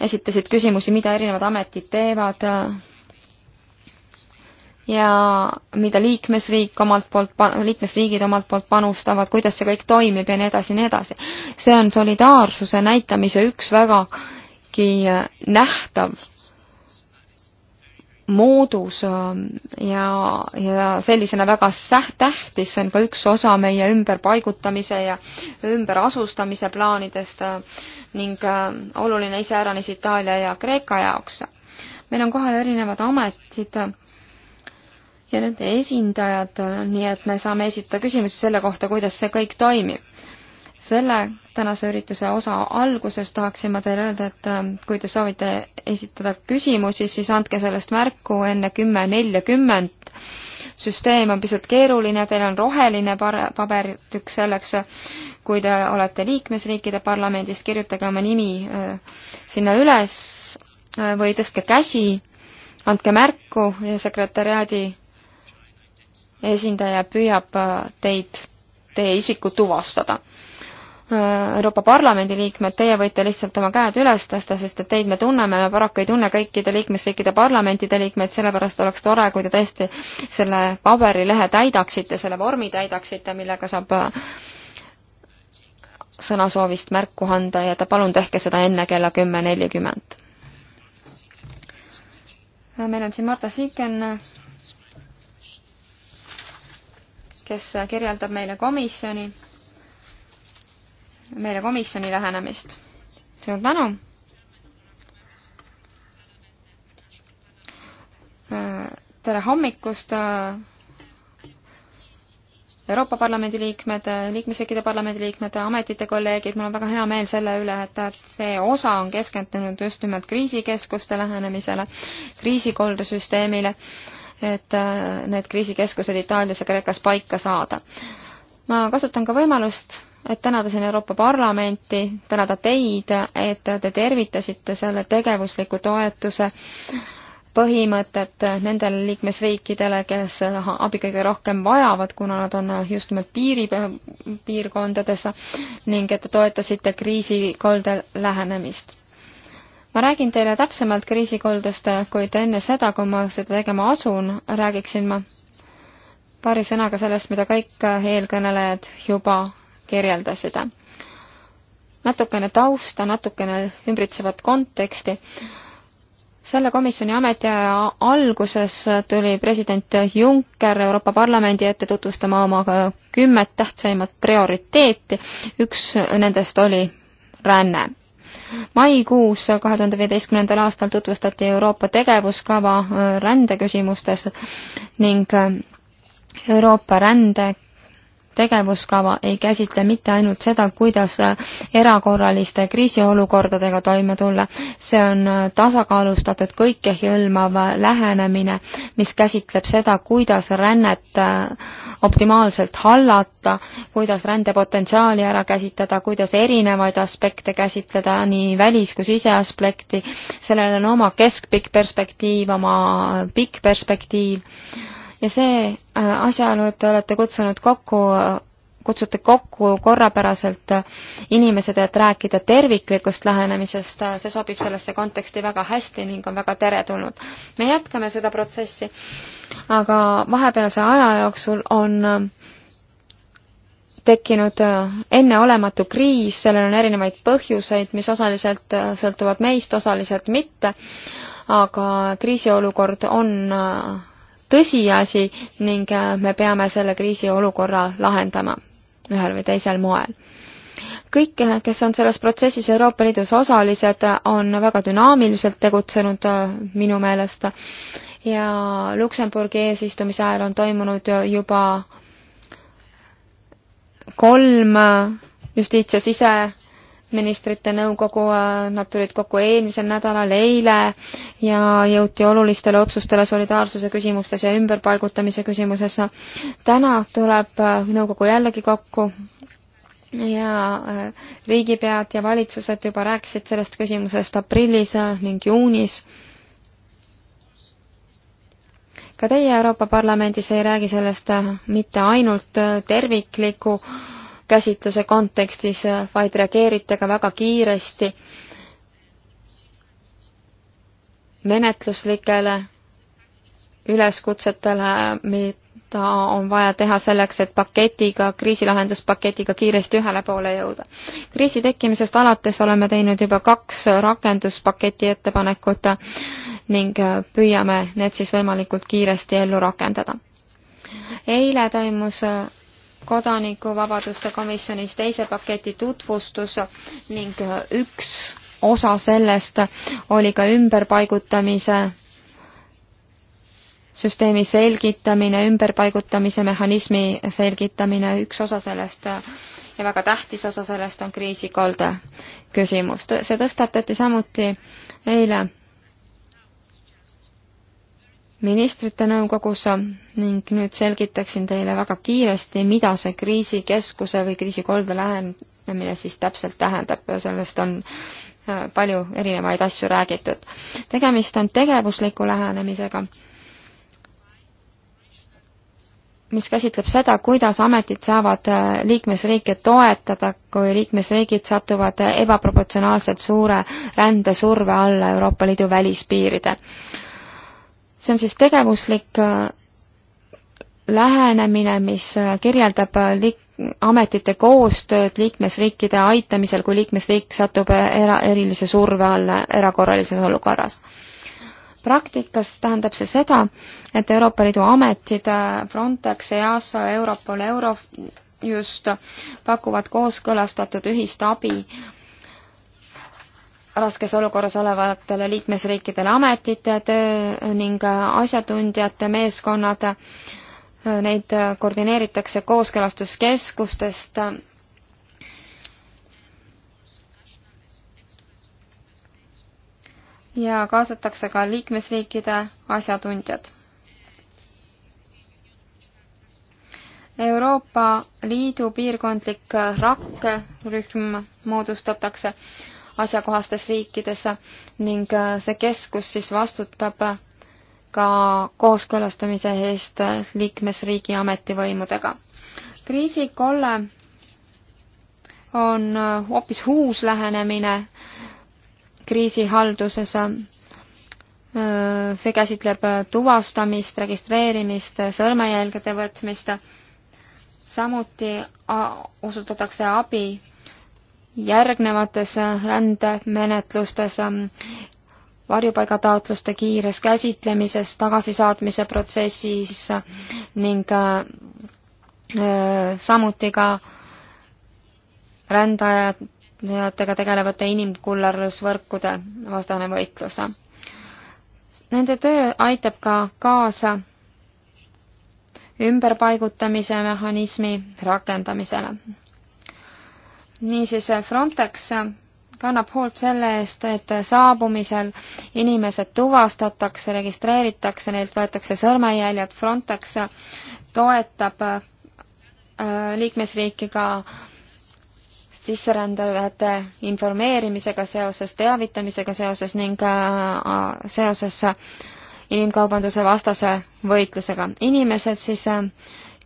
esitasid küsimusi, mida erinevad ametid teevad, ja mida liikmesriik omalt poolt, liikmesriigid omalt poolt panustavad, kuidas see kõik toimib ja nii edasi ja nii edasi. see on solidaarsuse näitamise üks vägagi äh, nähtav moodus äh, ja, ja sellisena väga tähtis, see on ka üks osa meie ümberpaigutamise ja ümberasustamise plaanidest äh, ning oluline iseäranis Itaalia ja Kreeka jaoks. meil on kohal erinevad ametid ja nende esindajad, nii et me saame esitada küsimusi selle kohta, kuidas see kõik toimib. selle tänase ürituse osa alguses tahaksin ma teile öelda, et ähm, kui te soovite esitada küsimusi, siis andke sellest märku enne kümme neljakümmend. süsteem on pisut keeruline, teil on roheline pabertükk selleks, kui te olete liikmesriikide parlamendis, kirjutage oma nimi äh, sinna üles äh, või tõstke käsi, andke märku ja sekretäriaadi esindaja püüab äh, teid, teie isikut tuvastada. Äh, Euroopa Parlamendi liikmed, teie võite lihtsalt oma käed üles tõsta, sest et teid me tunneme, me paraku ei tunne kõikide liikmesriikide parlamentide liikmeid, sellepärast oleks tore, kui te tõesti selle paberilehe täidaksite, selle vormi täidaksite, millega saab äh, sõnasoovist märku anda ja ta palun tehke seda enne kella kümme nelikümmend. meil on siin Marta Siiken kes kirjeldab meile komisjoni, meile komisjoni lähenemist. suur tänu! tere hommikust, Euroopa Parlamendi liikmed, liikmesriikide parlamendi liikmed, ametite kolleegid, mul on väga hea meel selle üle, et see osa on keskendunud just nimelt kriisikeskuste lähenemisele, kriisikoldesüsteemile äh, et äh, need kriisikeskused Itaalias ja Kreekas paika saada. ma kasutan ka võimalust, et tänada siin Euroopa Parlamenti, tänada teid, et te tervitasite selle tegevusliku toetuse põhimõtet nendele liikmesriikidele, kes abi kõige rohkem vajavad, kuna nad on just nimelt piiri, piirkondades ning et te toetasite kriisikoldel lähenemist ma räägin teile täpsemalt kriisikoldest, kuid enne seda, kui ma seda tegema asun, räägiksin ma paari sõnaga sellest, mida kõik eelkõnelejad juba kirjeldasid. natukene tausta, natukene ümbritsevat konteksti. selle komisjoni ametiaja alguses tuli president Juncker Euroopa Parlamendi ette tutvustama oma kümmet tähtsaimat prioriteeti, üks nendest oli ränne maikuus kahe tuhande viieteistkümnendal aastal tutvustati Euroopa tegevuskava äh, rändeküsimustes ning äh, Euroopa rände tegevuskava ei käsitle mitte ainult seda, kuidas äh, erakorraliste kriisiolukordadega toime tulla, see on äh, tasakaalustatud kõikehõlmav äh, lähenemine, mis käsitleb seda, kuidas rännet optimaalselt hallata, kuidas rändepotentsiaali ära käsitleda, kuidas erinevaid aspekte käsitleda, nii välis- kui siseaspekti, sellel on oma keskpikk perspektiiv, oma pikk perspektiiv ja see äh, asjaolu, et te olete kutsunud kokku, äh, kutsute kokku korrapäraselt äh, inimesed, et rääkida terviklikust lähenemisest, see sobib sellesse konteksti väga hästi ning on väga teretulnud. me jätkame seda protsessi, aga vahepealse aja jooksul on tekkinud enneolematu kriis, sellel on erinevaid põhjuseid, mis osaliselt sõltuvad meist, osaliselt mitte, aga kriisiolukord on tõsiasi ning äh, me peame selle kriisiolukorra lahendama ühel või teisel moel. kõik, äh, kes on selles protsessis Euroopa Liidus osalised, äh, on väga dünaamiliselt tegutsenud minu meelest ja Luksemburgi eesistumise ajal on toimunud juba kolm justiits- ja sise- ministrite nõukogu, nad tulid kokku eelmisel nädalal, eile ja jõuti olulistele otsustele solidaarsuse küsimustes ja ümberpaigutamise küsimuses. täna tuleb nõukogu jällegi kokku ja äh, riigipead ja valitsused juba rääkisid sellest küsimusest aprillis äh, ning juunis ka teie Euroopa Parlamendis ei räägi sellest äh, mitte ainult tervikliku käsitluse kontekstis, vaid reageerite ka väga kiiresti menetluslikele üleskutsetele, mida on vaja teha selleks, et paketiga, kriisilahenduspaketiga kiiresti ühele poole jõuda. kriisi tekkimisest alates oleme teinud juba kaks rakenduspaketi ettepanekut ning püüame need siis võimalikult kiiresti ellu rakendada. eile toimus kodanikuvabaduste komisjonis teise paketi tutvustus ning üks osa sellest oli ka ümberpaigutamise süsteemi selgitamine, ümberpaigutamise mehhanismi selgitamine, üks osa sellest ja väga tähtis osa sellest on kriisikolde küsimus. see tõstatati samuti eile ministrite nõukogus ning nüüd selgitaksin teile väga kiiresti, mida see kriisikeskuse või kriisikolde lähenemine siis täpselt tähendab ja sellest on äh, palju erinevaid asju räägitud. tegemist on tegevusliku lähenemisega, mis käsitleb seda, kuidas ametid saavad äh, liikmesriike toetada, kui liikmesriigid satuvad ebaproportsionaalselt suure rändesurve alla Euroopa Liidu välispiiridel see on siis tegevuslik äh, lähenemine, mis äh, kirjeldab äh, liik-, ametite koostööd liikmesriikide aitamisel, kui liikmesriik satub era-, erilise surve alla erakorralises olukorras. praktikas tähendab see seda, et Euroopa Liidu ametid Frontex, EASO, Europol, Eurojust pakuvad kooskõlastatud ühist abi raskes olukorras olevatele liikmesriikidele ametite töö ning asjatundjate meeskonnad, neid koordineeritakse kooskõlastuskeskustest. ja kaasatakse ka liikmesriikide asjatundjad. Euroopa Liidu piirkondlik rakkerühm moodustatakse asjakohastes riikides ning äh, see keskus siis vastutab äh, ka kooskõlastamise eest liikmesriigi ametivõimudega. kriisikolle on äh, hoopis uus lähenemine kriisihalduses. see käsitleb tuvastamist, registreerimist, sõrmejälgede võtmist. samuti osutatakse abi järgnevates rändemenetlustes ähm, varjupaigataotluste kiires käsitlemises, tagasisaatmise protsessis äh, ning äh, äh, samuti ka rändajatega tegelevate inimkullerlusvõrkude vastane võitlus. Nende töö aitab ka kaasa ümberpaigutamise mehhanismi rakendamisele niisiis Frontex kannab hoolt selle eest, et saabumisel inimesed tuvastatakse, registreeritakse, neilt võetakse sõrmejäljed, Frontex toetab äh, liikmesriiki ka sisserändajate informeerimisega seoses, teavitamisega seoses ning äh, seoses inimkaubanduse vastase võitlusega. inimesed siis äh,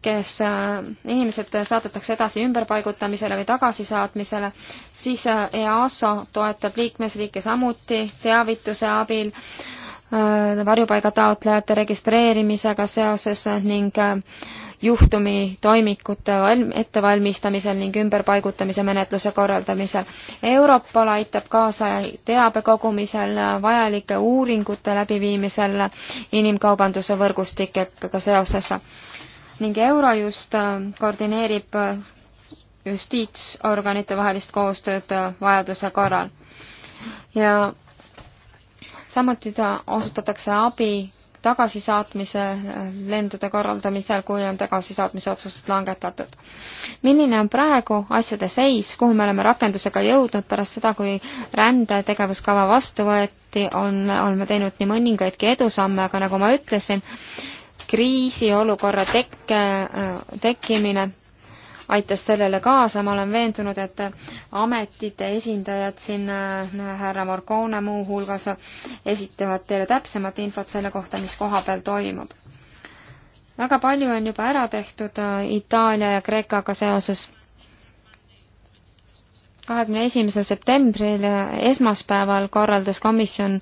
kes äh, inimesed saadetakse edasi ümberpaigutamisele või tagasisaatmisele, siis äh, EASO toetab liikmesriike samuti teavituse abil äh, varjupaigataotlejate registreerimisega seoses ning juhtumi toimikute ettevalmistamisel ning ümberpaigutamise menetluse korraldamisel. Europol aitab kaasa teabe kogumisel, vajalike uuringute läbiviimisel inimkaubanduse võrgustikega seoses ning Eurojust äh, koordineerib äh, justiitsorganite vahelist koostööd äh, vajaduse korral. ja samuti ta osutatakse abi tagasisaatmise lendude korraldamisel, kui on tagasisaatmise otsused langetatud. milline on praegu asjade seis, kuhu me oleme rakendusega jõudnud pärast seda, kui rände tegevuskava vastu võeti, on, oleme teinud nii mõningaidki edusamme, aga nagu ma ütlesin, kriisiolukorra tekke, äh, tekkimine aitas sellele kaasa, ma olen veendunud, et ametite esindajad siin, äh, härra Morcone muuhulgas, esitavad teile täpsemat infot selle kohta, mis koha peal toimub. väga palju on juba ära tehtud äh, Itaalia ja Kreekaga seoses kahekümne esimesel septembril, esmaspäeval, korraldas komisjon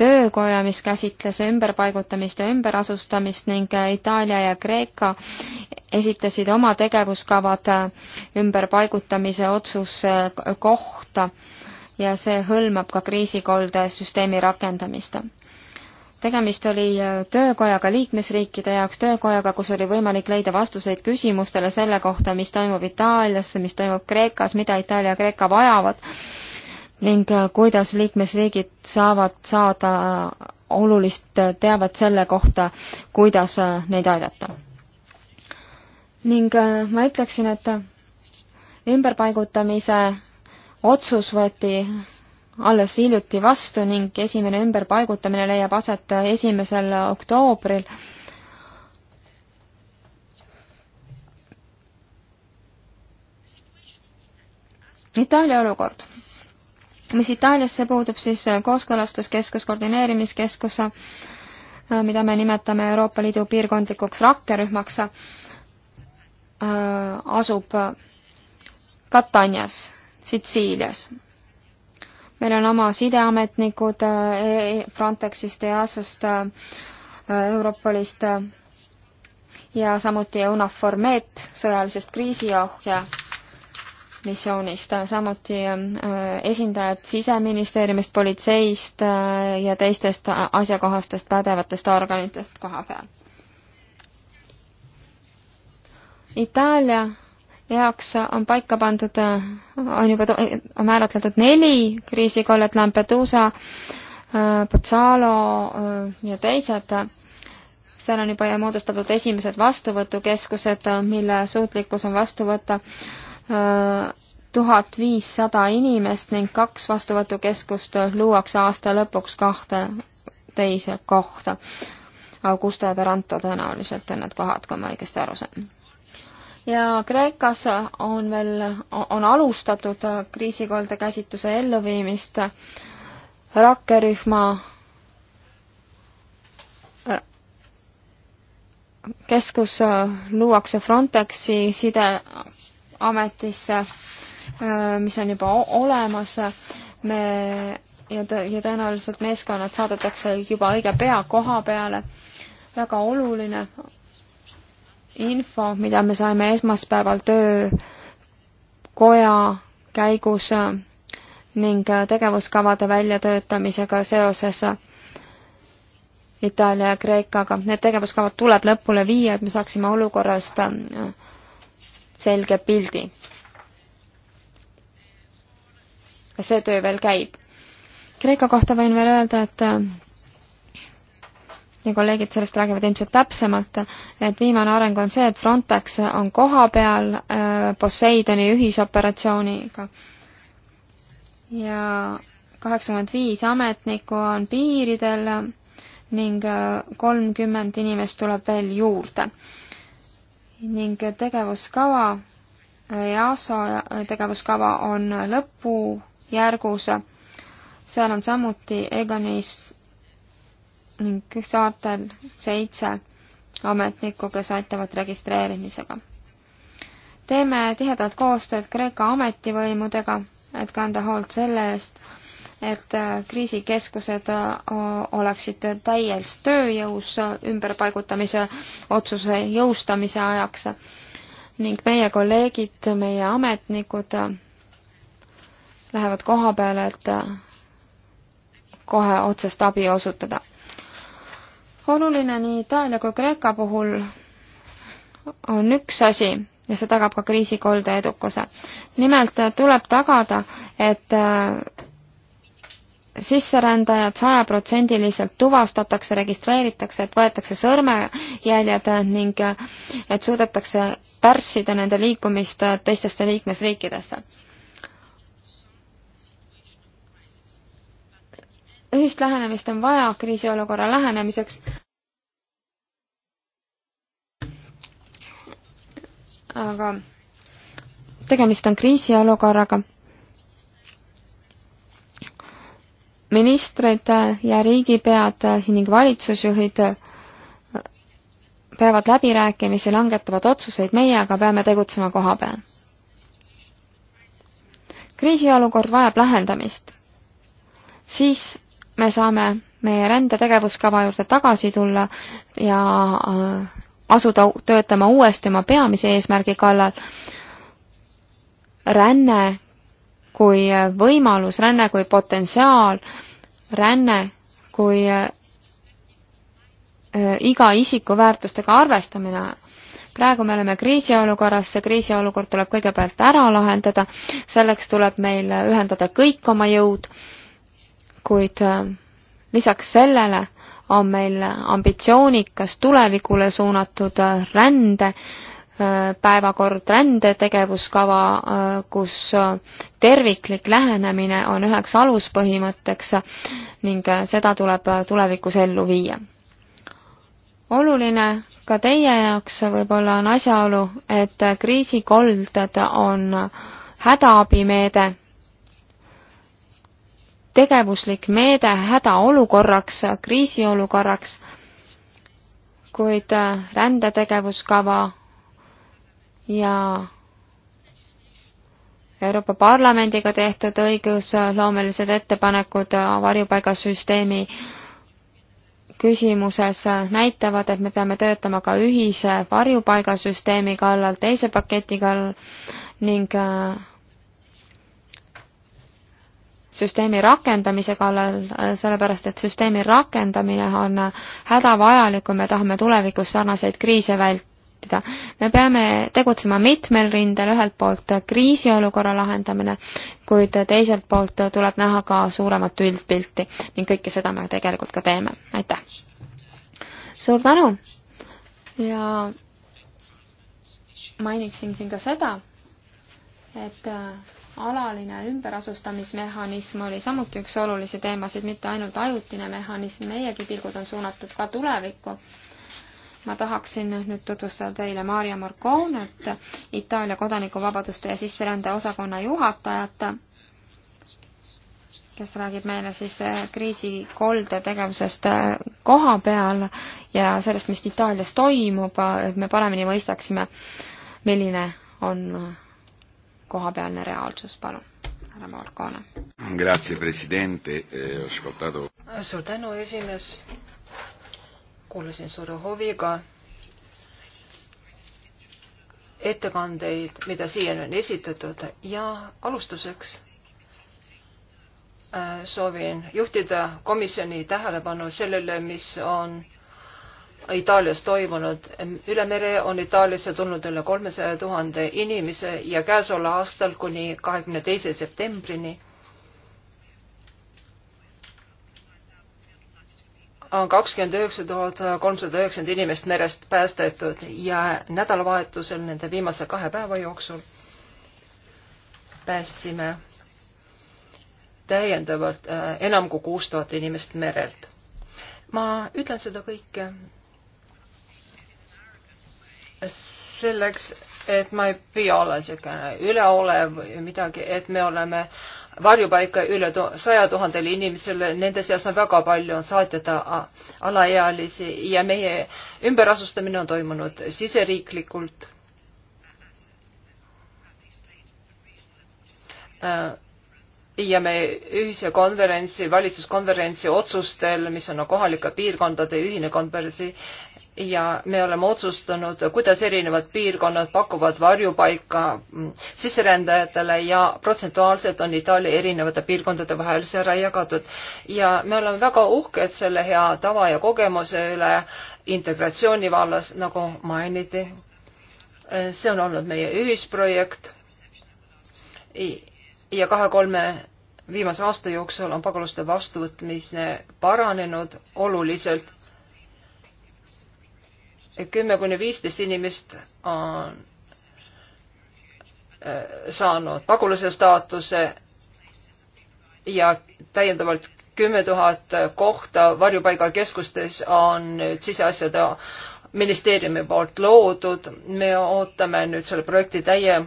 töökoja, mis käsitles ümberpaigutamist ja ümberasustamist ning Itaalia ja Kreeka esitasid oma tegevuskavad ümberpaigutamise otsuse kohta ja see hõlmab ka kriisikoldesüsteemi rakendamist tegemist oli äh, töökojaga liikmesriikide jaoks, töökojaga, kus oli võimalik leida vastuseid küsimustele selle kohta, mis toimub Itaalias, mis toimub Kreekas, mida Itaalia ja Kreeka vajavad ning äh, kuidas liikmesriigid saavad saada äh, olulist teavet selle kohta, kuidas neid aidata. ning ma ütleksin, et ümberpaigutamise otsus võeti alles hiljuti vastu ning esimene ümberpaigutamine leiab aset esimesel oktoobril. Itaalia olukord. mis Itaaliasse puudub, siis kooskõlastuskeskus, koordineerimiskeskus, mida me nimetame Euroopa Liidu piirkondlikuks rakkerühmaks, asub Katanias, Sitsiilias meil on oma sideametnikud äh, Frontexist, EASast, äh, Europolist äh, ja samuti EUNAFOR Med sõjalisest kriisiohja missioonist, samuti esindajad Siseministeeriumist, politseist ja teistest asjakohastest pädevatest organitest koha peal. Itaalia jaoks on paika pandud, on juba on määratletud neli kriisikollet, Lampedusa, Pozzalo äh, ja teised. seal on juba moodustatud esimesed vastuvõtukeskused, mille suutlikkus on vastu võtta äh, tuhat viissada inimest ning kaks vastuvõtukeskust luuakse aasta lõpuks kahte teise kohta. Augusta ja Taranto tõenäoliselt on need kohad, kui ma õigesti aru saan ja Kreekas on veel, on alustatud kriisikolde käsitluse elluviimist rakkerühma keskus luuakse Frontexi sideametisse, mis on juba olemas. me ja, tõ ja tõenäoliselt meeskonnad saadetakse juba õige pea koha peale. väga oluline info, mida me saime esmaspäeval töökoja käigus ning tegevuskavade väljatöötamisega seoses Itaalia ja Kreekaga. Need tegevuskavad tuleb lõpule viia, et me saaksime olukorrast selge pildi. see töö veel käib. Kreeka kohta võin veel öelda, et ja kolleegid sellest räägivad ilmselt täpsemalt, et viimane areng on see, et Frontex on kohapeal äh, Poseidoni ühisoperatsiooniga ja kaheksakümmend viis ametnikku on piiridel ning äh, kolmkümmend inimest tuleb veel juurde. ning tegevuskava, äh, EASO tegevuskava on lõpujärgus, seal on samuti Egonis ning saartel seitse ametnikku, kes aitavad registreerimisega. teeme tihedat koostööd Kreeka ametivõimudega, et kanda hoolt selle eest, et äh, kriisikeskused äh, oleksid täies tööjõus äh, ümberpaigutamise otsuse jõustamise ajaks ning meie kolleegid, meie ametnikud lähevad koha peale, et kohe otsest abi osutada oluline nii Itaalia kui Kreeka puhul on üks asi ja see tagab ka kriisikolde edukuse. nimelt tuleb tagada, et äh, sisserändajad sajaprotsendiliselt tuvastatakse, registreeritakse, et võetakse sõrmejäljed ning äh, et suudetakse pärssida nende liikumist äh, teistesse liikmesriikidesse. ühist lähenemist on vaja kriisiolukorra lähenemiseks. aga tegemist on kriisiolukorraga. ministrid ja riigipead ning valitsusjuhid peavad läbirääkimisi, langetavad otsuseid, meie aga peame tegutsema koha peal. kriisiolukord vajab lahendamist. siis me saame meie rändetegevuskava juurde tagasi tulla ja äh, asuda töötama uuesti oma peamise eesmärgi kallal. ränne kui äh, võimalus, ränne kui potentsiaal, ränne kui äh, iga isiku väärtustega arvestamine. praegu me oleme kriisiolukorras, see kriisiolukord tuleb kõigepealt ära lahendada, selleks tuleb meil ühendada kõik oma jõud kuid äh, lisaks sellele on meil ambitsioonikas tulevikule suunatud äh, rände äh, päevakord, rändetegevuskava, kus terviklik lähenemine on üheks aluspõhimõtteks ning seda tuleb tulevikus ellu viia. oluline ka teie jaoks võib-olla on asjaolu, et kriisikolded on hädaabimeede tegevuslik meede hädaolukorraks, kriisiolukorraks, kuid äh, rändetegevuskava ja Euroopa Parlamendiga tehtud õigusloomelised ettepanekud varjupaigasüsteemi küsimuses näitavad, et me peame töötama ka ühise varjupaigasüsteemi kallal, teise paketi kallal ning äh, süsteemi rakendamise kallal, äh, sellepärast et süsteemi rakendamine on äh, hädavajalik, kui me tahame tulevikus sarnaseid kriise vältida. me peame tegutsema mitmel rindel, ühelt poolt kriisiolukorra lahendamine, kuid teiselt poolt tuleb näha ka suuremat üldpilti ning kõike seda me tegelikult ka teeme. aitäh! suur tänu ja mainiksin siin ka seda, et äh, alaline ümberasustamismehhanism oli samuti üks olulisi teemasid, mitte ainult ajutine mehhanism, meiegi pilgud on suunatud ka tulevikku. ma tahaksin nüüd tutvustada teile Maarja Morconet, Itaalia kodanikuvabaduste ja sisserände osakonna juhatajat, kes räägib meile siis äh, kriisikolde tegevusest äh, koha peal ja sellest, mis Itaalias toimub, et me paremini mõistaksime, milline on äh, kohapealne reaalsus, palun, härra Morgana. Grazie, president, eh, ascoltato. suur tänu, esimees. kuulasin suure huviga ettekandeid, mida siiani on esitatud ja alustuseks eh, soovin juhtida komisjoni tähelepanu sellele, mis on äh, Itaalias toimunud. üle mere on Itaaliasse tulnud üle kolmesaja tuhande inimese ja käesoleval aastal kuni kahekümne teise septembrini on kakskümmend üheksa tuhat kolmsada üheksakümmend inimest merest päästetud ja nädalavahetusel nende viimase kahe päeva jooksul päästsime täiendavalt äh, enam kui kuus tuhat inimest merelt. ma ütlen seda kõike selleks, et ma ei pea olema niisugune üleolev või midagi, et me oleme varjupaika üle saja tuhandele inimesele, nende seas on väga palju, on saatjata alaealisi ja meie ümberasustamine on toimunud siseriiklikult äh, ja me ühise konverentsi, valitsuskonverentsi otsustel, mis on kohalike piirkondade ühine konverentsi, ja me oleme otsustanud, kuidas erinevad piirkonnad pakuvad varjupaika mm, sisserändajatele ja protsentuaalselt on Itaalia erinevate piirkondade vahel see ära jagatud. ja me oleme väga uhked selle hea tava ja kogemuse üle integratsiooni vallas, nagu mainiti. see on olnud meie ühisprojekt ja kahe-kolme viimase aasta jooksul on pagulaste vastuvõtmine paranenud oluliselt kümme kuni viisteist inimest on äh, saanud pagulase staatuse ja täiendavalt kümme tuhat kohta varjupaigakeskustes on nüüd siseasjade ministeeriumi poolt loodud. me ootame nüüd selle projekti täie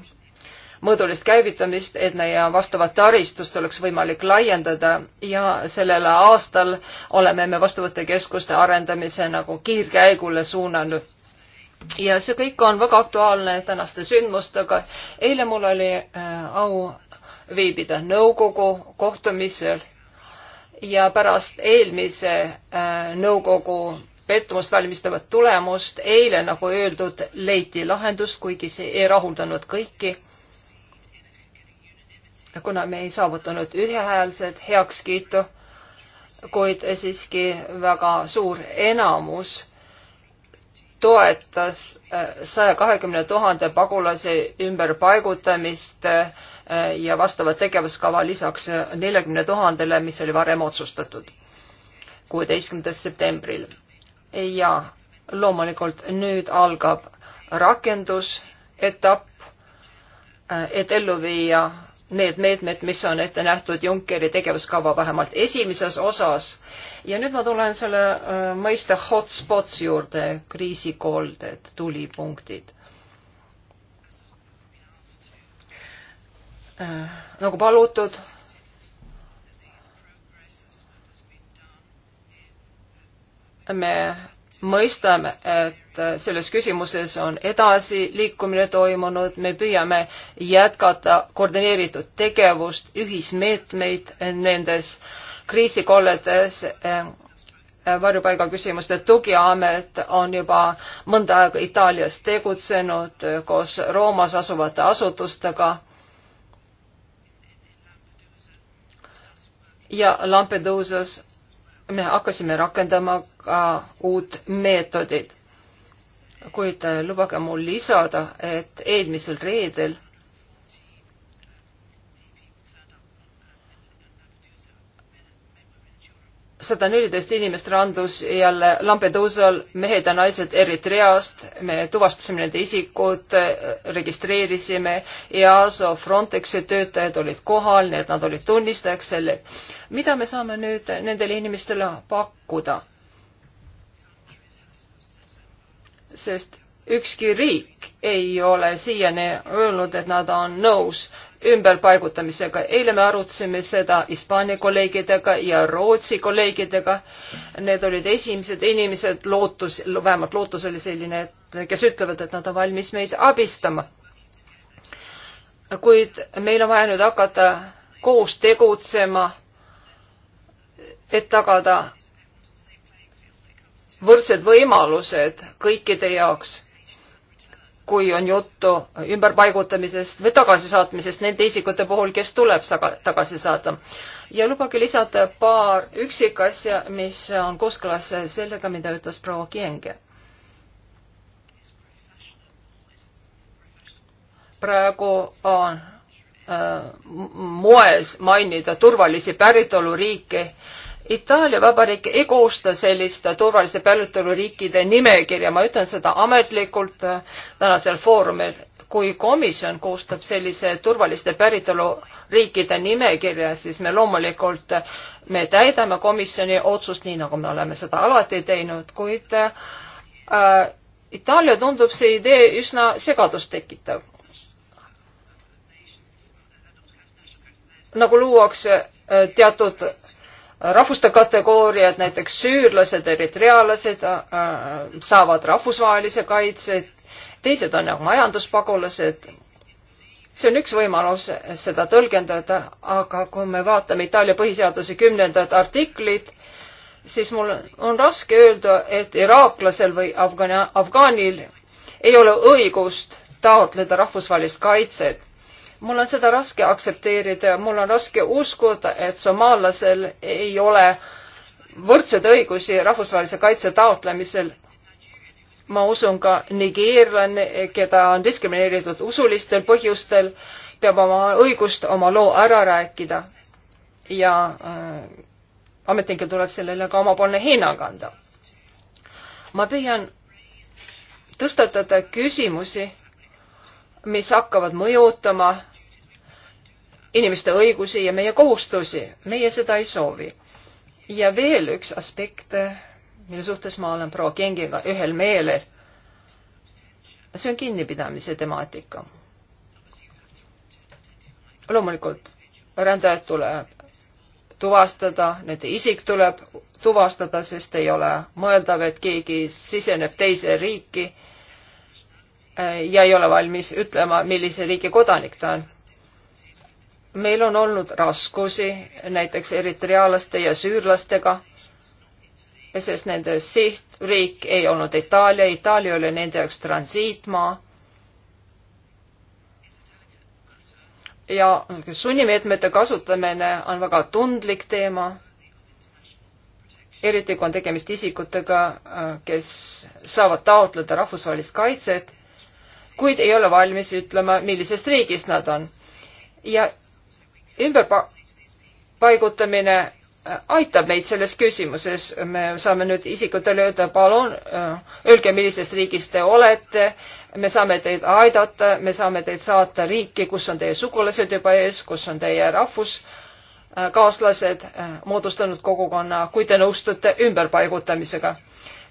mõõdulist käivitamist, et meie vastavat taristust oleks võimalik laiendada ja sellel aastal oleme me vastuvõttekeskuste arendamise nagu kiirkäigule suunanud. ja see kõik on väga aktuaalne tänaste sündmustega. eile mul oli äh, au viibida nõukogu kohtumisel ja pärast eelmise äh, nõukogu pettumust valmistavat tulemust eile, nagu öeldud, leiti lahendus, kuigi see ei rahuldanud kõiki kuna me ei saavutanud ühehäälset heakskiitu, kuid siiski väga suur enamus toetas äh, saja kahekümne tuhande pagulase ümberpaigutamist äh, ja vastavat tegevuskava lisaks neljakümne tuhandele, mis oli varem otsustatud kuueteistkümnendal septembril. ja loomulikult nüüd algab rakendusetapp, et ellu viia need meetmed, mis on ette nähtud Junckeri tegevuskava vähemalt esimeses osas. ja nüüd ma tulen selle äh, mõiste hotspots juurde, kriisikolded, tulipunktid. Äh, nagu palutud, me mõistame, et äh, selles küsimuses on edasiliikumine toimunud, me püüame jätkata koordineeritud tegevust, ühismeetmeid nendes kriisikolletes. Äh, äh, varjupaiga küsimuste tugiamet on juba mõnda aega Itaalias tegutsenud koos Roomas asuvate asutustega ja Lampeduusas me hakkasime rakendama ka uut meetodit. kuid lubage mul lisada, et eelmisel reedel sada neliteist inimest randus jälle Lampedusal, mehed ja naised Eritreast, me tuvastasime nende isikud, registreerisime, EASO, Frontexi töötajad olid kohal, nii et nad olid tunnistajaks selle. mida me saame nüüd nendele inimestele pakkuda? sest ükski riik ei ole siiani öelnud, et nad on nõus ümberpaigutamisega. eile me arutasime seda Hispaania kolleegidega ja Rootsi kolleegidega. Need olid esimesed inimesed, lootus, vähemalt lootus oli selline, et kes ütlevad, et nad on valmis meid abistama. kuid meil on vaja nüüd hakata koos tegutsema, et tagada võrdsed võimalused kõikide jaoks, kui on juttu ümberpaigutamisest või tagasisaatmisest nende isikute puhul, kes tuleb tagasi saata. ja lubage lisada paar üksikasja, mis on kooskõlas sellega, mida ütles proua Kienge. praegu on äh, moes mainida turvalisi päritoluriike Itaalia Vabariik ei koosta sellist turvaliste päritoluriikide nimekirja, ma ütlen seda ametlikult äh, tänasel foorumil. kui komisjon koostab sellise turvaliste päritoluriikide nimekirja, siis me loomulikult, äh, me täidame komisjoni otsust, nii nagu me oleme seda alati teinud, kuid äh, Itaalia tundub see idee üsna segadust tekitav. nagu luuakse äh, teatud rahvuste kategooriad, näiteks süürlased, eritrealased äh, äh, saavad rahvusvahelise kaitse, teised on nagu majanduspagulased. see on üks võimalus seda tõlgendada, aga kui me vaatame Itaalia põhiseaduse kümnendat artiklit, siis mul on raske öelda, et iraaklasel või afgaani, afgaanil ei ole õigust taotleda rahvusvahelist kaitset mul on seda raske aktsepteerida ja mul on raske uskuda, et somaallasel ei ole võrdseid õigusi rahvusvahelise kaitse taotlemisel. ma usun ka nigeerlane, keda on diskrimineeritud usulistel põhjustel, peab oma õigust oma loo ära rääkida ja äh, ametnikel tuleb sellele ka omapoolne hinnang anda. ma püüan tõstatada küsimusi mis hakkavad mõjutama inimeste õigusi ja meie kohustusi. meie seda ei soovi. ja veel üks aspekt, mille suhtes ma olen proua Kingiga ühel meelel. see on kinnipidamise temaatika. loomulikult rändajad tuleb tuvastada, nende isik tuleb tuvastada, sest ei ole mõeldav, et keegi siseneb teise riiki äh, ja ei ole valmis ütlema, millise riigi kodanik ta on meil on olnud raskusi näiteks eritrealaste ja süürlastega, sest nende sihtriik ei olnud Itaalia, Itaalia oli nende jaoks transiitmaa. ja sunnimeetmete kasutamine on väga tundlik teema, eriti kui on tegemist isikutega, kes saavad taotleda rahvusvahelist kaitset, kuid ei ole valmis ütlema, millisest riigist nad on ja ümberpaigutamine äh, aitab meid selles küsimuses, me saame nüüd isikutele öelda, palun äh, öelge, millisest riigist te olete, me saame teid aidata, me saame teid saata riiki, kus on teie sugulased juba ees, kus on teie rahvuskaaslased äh, moodustanud kogukonna, kui te nõustute ümberpaigutamisega.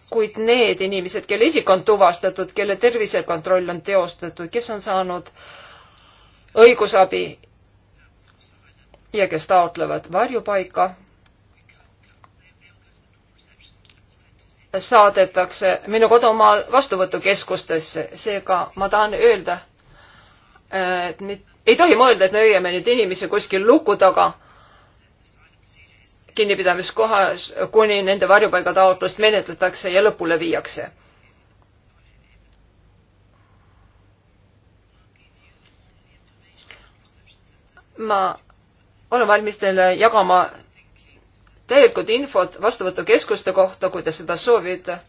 kuid need inimesed, kelle isik on tuvastatud, kelle tervisekontroll on teostatud, kes on saanud õigusabi ja kes taotlevad varjupaika, saadetakse minu kodumaal vastuvõtukeskustesse, seega ma tahan öelda, et mit, ei tohi mõelda, et me hoiame neid inimesi kuskil luku taga kinnipidamiskohas, kuni nende varjupaigataotlust menetletakse ja lõpule viiakse. ma olen valmis teile jagama täielikult infot vastuvõtukeskuste kohta, kui te seda soovite.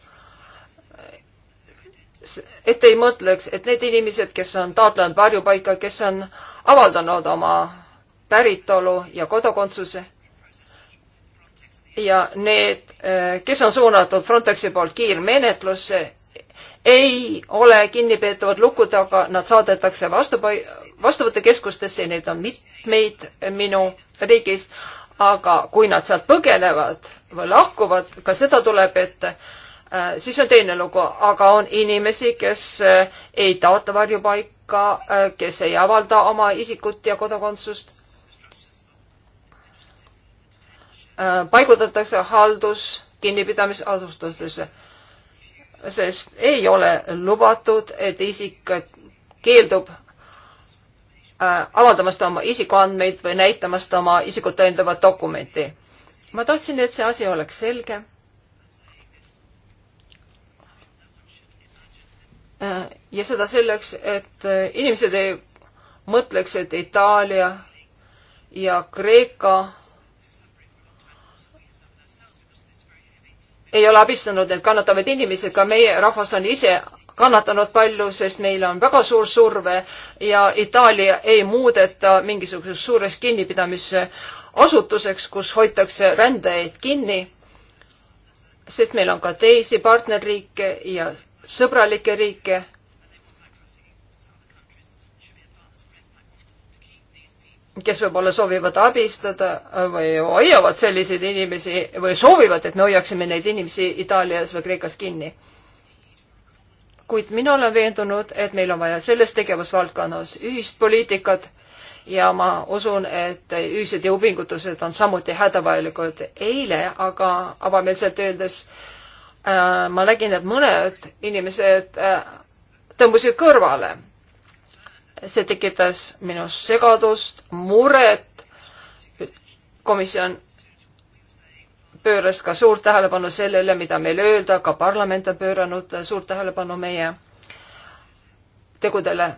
et ei mõtleks, et need inimesed, kes on taotlenud varjupaika, kes on avaldanud oma päritolu ja kodakondsuse ja need, kes on suunatud Frontexi poolt kiirmenetlusse, ei ole kinnipeetavad luku taga, nad saadetakse vastupai-, vastuvõtukeskustesse, neid on mitmeid minu riigis, aga kui nad sealt põgenevad või lahkuvad, ka seda tuleb ette, äh, siis on teine lugu, aga on inimesi, kes äh, ei taota varjupaika, äh, kes ei avalda oma isikut ja kodakondsust. paigutatakse haldus kinnipidamisasutustesse, sest ei ole lubatud, et isik keeldub Äh, avaldamast oma isikuandmeid või näitamast oma isikut tõendavat dokumenti. ma tahtsin, et see asi oleks selge. Äh, ja seda selleks, et äh, inimesed ei mõtleks, et Itaalia ja Kreeka ei ole abistanud need kannatavad inimesed, ka meie rahvas on ise kannatanud palju, sest neil on väga suur surve ja Itaalia ei muudeta mingisuguseks suureks kinnipidamisasutuseks, kus hoitakse rändajaid kinni. sest meil on ka teisi partnerriike ja sõbralikke riike kes võib-olla soovivad abistada või hoiavad selliseid inimesi või soovivad, et me hoiaksime neid inimesi Itaalias või Kreekas kinni kuid mina olen veendunud, et meil on vaja selles tegevusvaldkonnas ühist poliitikat ja ma usun, et ühised jõupingutused on samuti hädavajalikud. eile aga avameelselt öeldes äh, ma nägin, et mõned inimesed äh, tõmbusid kõrvale. see tekitas minus segadust, muret. komisjon pööras ka suurt tähelepanu sellele, mida meil öelda, ka parlament on pööranud suurt tähelepanu meie tegudele.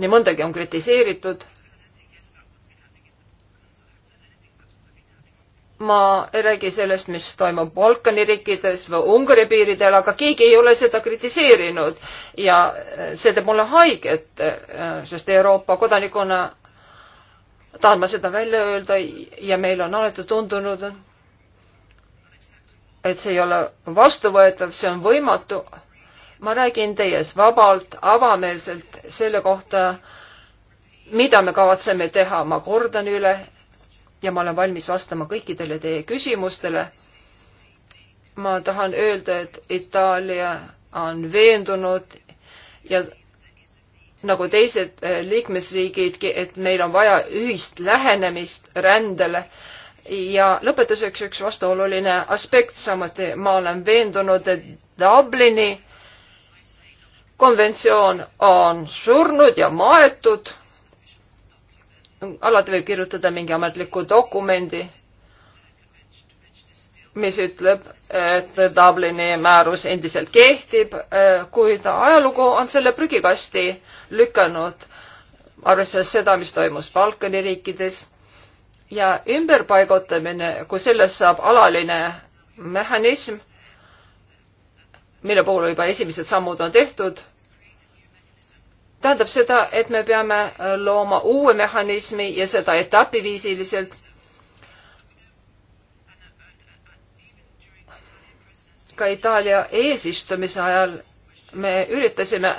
nii mõndagi on kritiseeritud. ma ei räägi sellest, mis toimub Balkani riikides või Ungari piiridel, aga keegi ei ole seda kritiseerinud ja see teeb mulle haiget, sest Euroopa kodanikuna tahan ma seda välja öelda ja meil on alati tundunud, et see ei ole vastuvõetav, see on võimatu. ma räägin teie ees vabalt, avameelselt selle kohta, mida me kavatseme teha, ma kordan üle ja ma olen valmis vastama kõikidele teie küsimustele. ma tahan öelda, et Itaalia on veendunud ja nagu teised eh, liikmesriigid, et meil on vaja ühist lähenemist rändele. ja lõpetuseks üks vastuoluline aspekt, samuti ma olen veendunud, et Dublini konventsioon on surnud ja maetud. alati võib kirjutada mingi ametliku dokumendi mis ütleb, et Dublini määrus endiselt kehtib, äh, kuid ajalugu on selle prügikasti lükanud, arvestades seda, mis toimus Balkani riikides ja ümberpaigutamine, kui sellest saab alaline mehhanism, mille puhul juba esimesed sammud on tehtud, tähendab seda, et me peame looma uue mehhanismi ja seda etapiviisiliselt ka Itaalia eesistumise ajal me üritasime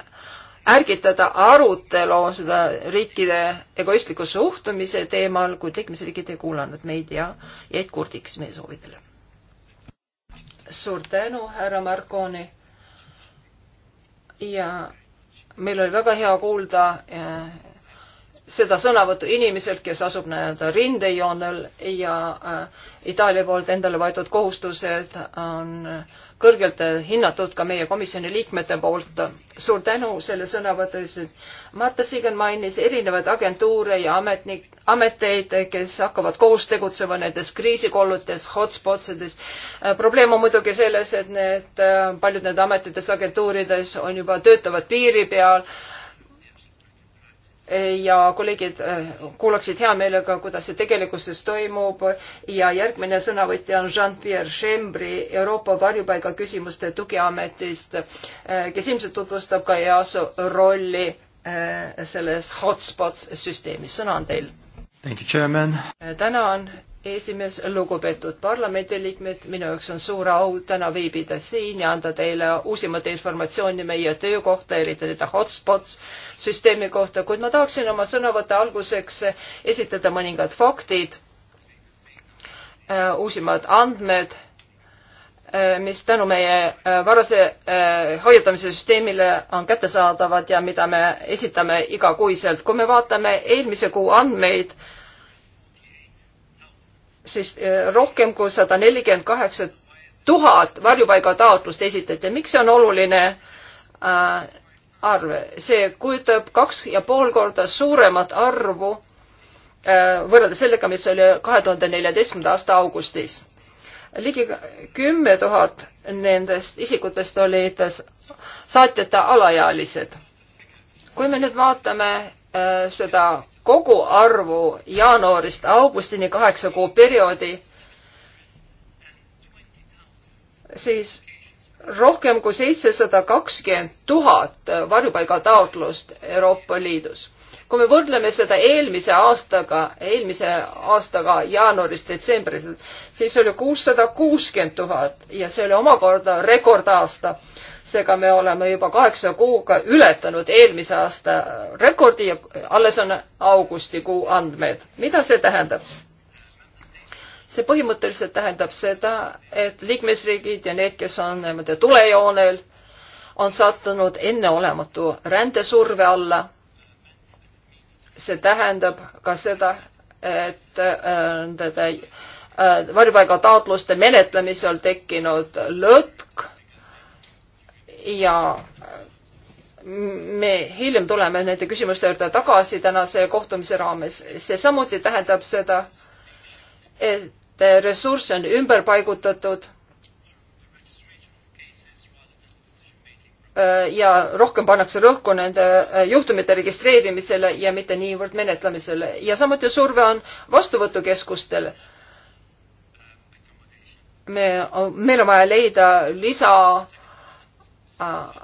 ärgitada arutelu seda riikide egoistliku suhtumise teemal, kuid liikmesriigid ei kuulanud meid ja jäid kurdiks meie soovidele. suur tänu, härra Marconi. ja meil oli väga hea kuulda eh, seda sõnavõttu inimeselt, kes asub nii-öelda rindejoonel ja eh, Itaalia poolt endale võetud kohustused on äh, kõrgelt hinnatud ka meie komisjoni liikmete poolt. suur tänu selle sõnavõtu eest. Marta Siigen mainis erinevaid agentuure ja ametnik, ameteid, kes hakkavad koos tegutsema nendes kriisikolletes, hotspotsides. probleem on muidugi selles, et need, paljud need ametites, agentuurides on juba, töötavad piiri peal ja kolleegid äh, kuulaksid hea meelega, kuidas see tegelikkuses toimub ja järgmine sõnavõtja on Jean-Pierre Chambry Euroopa varjupaiga küsimuste tugiametist, äh, kes ilmselt tutvustab ka EASO rolli äh, selles hotspots süsteemis. sõna on teil. tänan, esimees, lugupeetud parlamendiliikmed, minu jaoks on suur au täna viibida siin ja anda teile uusimat informatsiooni meie töö kohta, eriti seda hotspots süsteemi kohta, kuid ma tahaksin oma sõnavõtte alguseks esitada mõningad faktid, äh, uusimad andmed, äh, mis tänu meie äh, varase hoiatamise süsteemile on kättesaadavad ja mida me esitame igakuiselt. kui me vaatame eelmise kuu andmeid, siis eh, rohkem kui sada nelikümmend kaheksa tuhat varjupaigataotlust esitati. miks see on oluline äh, arv? see kujutab kaks ja pool korda suuremat arvu äh, võrreldes sellega, mis oli kahe tuhande neljateistkümnenda aasta augustis. ligi kümme tuhat nendest isikutest olid saatjate alaealised. kui me nüüd vaatame Äh, seda koguarvu jaanuarist augustini kaheksa kuu perioodi, siis rohkem kui seitsesada kakskümmend tuhat varjupaigataotlust Euroopa Liidus. kui me võrdleme seda eelmise aastaga, eelmise aastaga jaanuarist detsembris, siis oli kuussada kuuskümmend tuhat ja see oli omakorda rekordaasta seega me oleme juba kaheksa kuuga ületanud eelmise aasta rekordi ja alles on augustikuu andmed. mida see tähendab? see põhimõtteliselt tähendab seda, et liikmesriigid ja need, kes on niimoodi tulejoonel, on sattunud enneolematu rändesurve alla. see tähendab ka seda, et äh, nende äh, varjupaigataotluste menetlemisel tekkinud lõtk ja me hiljem tuleme nende küsimuste juurde tagasi tänase kohtumise raames. see samuti tähendab seda, et ressursse on ümber paigutatud ja rohkem pannakse rõhku nende juhtumite registreerimisele ja mitte niivõrd menetlemisele ja samuti surve on vastuvõtukeskustel. me, meil on vaja leida lisa Äh,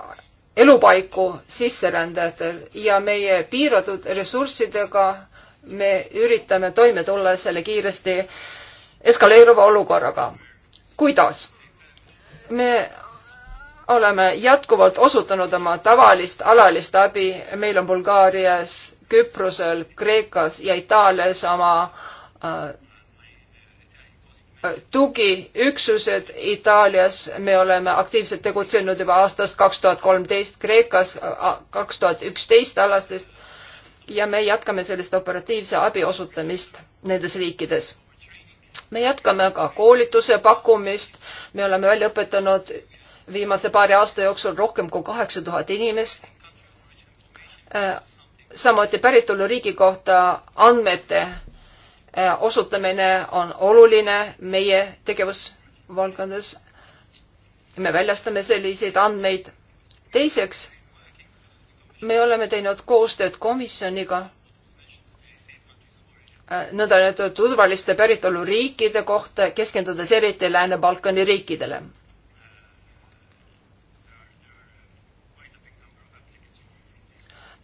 elupaiku sisserändajatel ja meie piiratud ressurssidega me üritame toime tulla selle kiiresti eskaleeruva olukorraga. kuidas? me oleme jätkuvalt osutanud oma tavalist alalist abi, meil on Bulgaarias, Küprosel, Kreekas ja Itaalias oma äh, tugiüksused Itaalias, me oleme aktiivselt tegutsenud juba aastast kaks tuhat kolmteist, Kreekas kaks tuhat üksteist alastest ja me jätkame sellist operatiivse abi osutamist nendes riikides. me jätkame ka koolituse pakkumist, me oleme välja õpetanud viimase paari aasta jooksul rohkem kui kaheksa tuhat inimest. Äh, samuti päritoluriigi kohta andmete Äh, osutamine on oluline meie tegevusvaldkondades. me väljastame selliseid andmeid. teiseks, me oleme teinud koostööd komisjoniga äh, nõndanimetatud turvaliste päritoluriikide kohta, keskendudes eriti Lääne-Balkani riikidele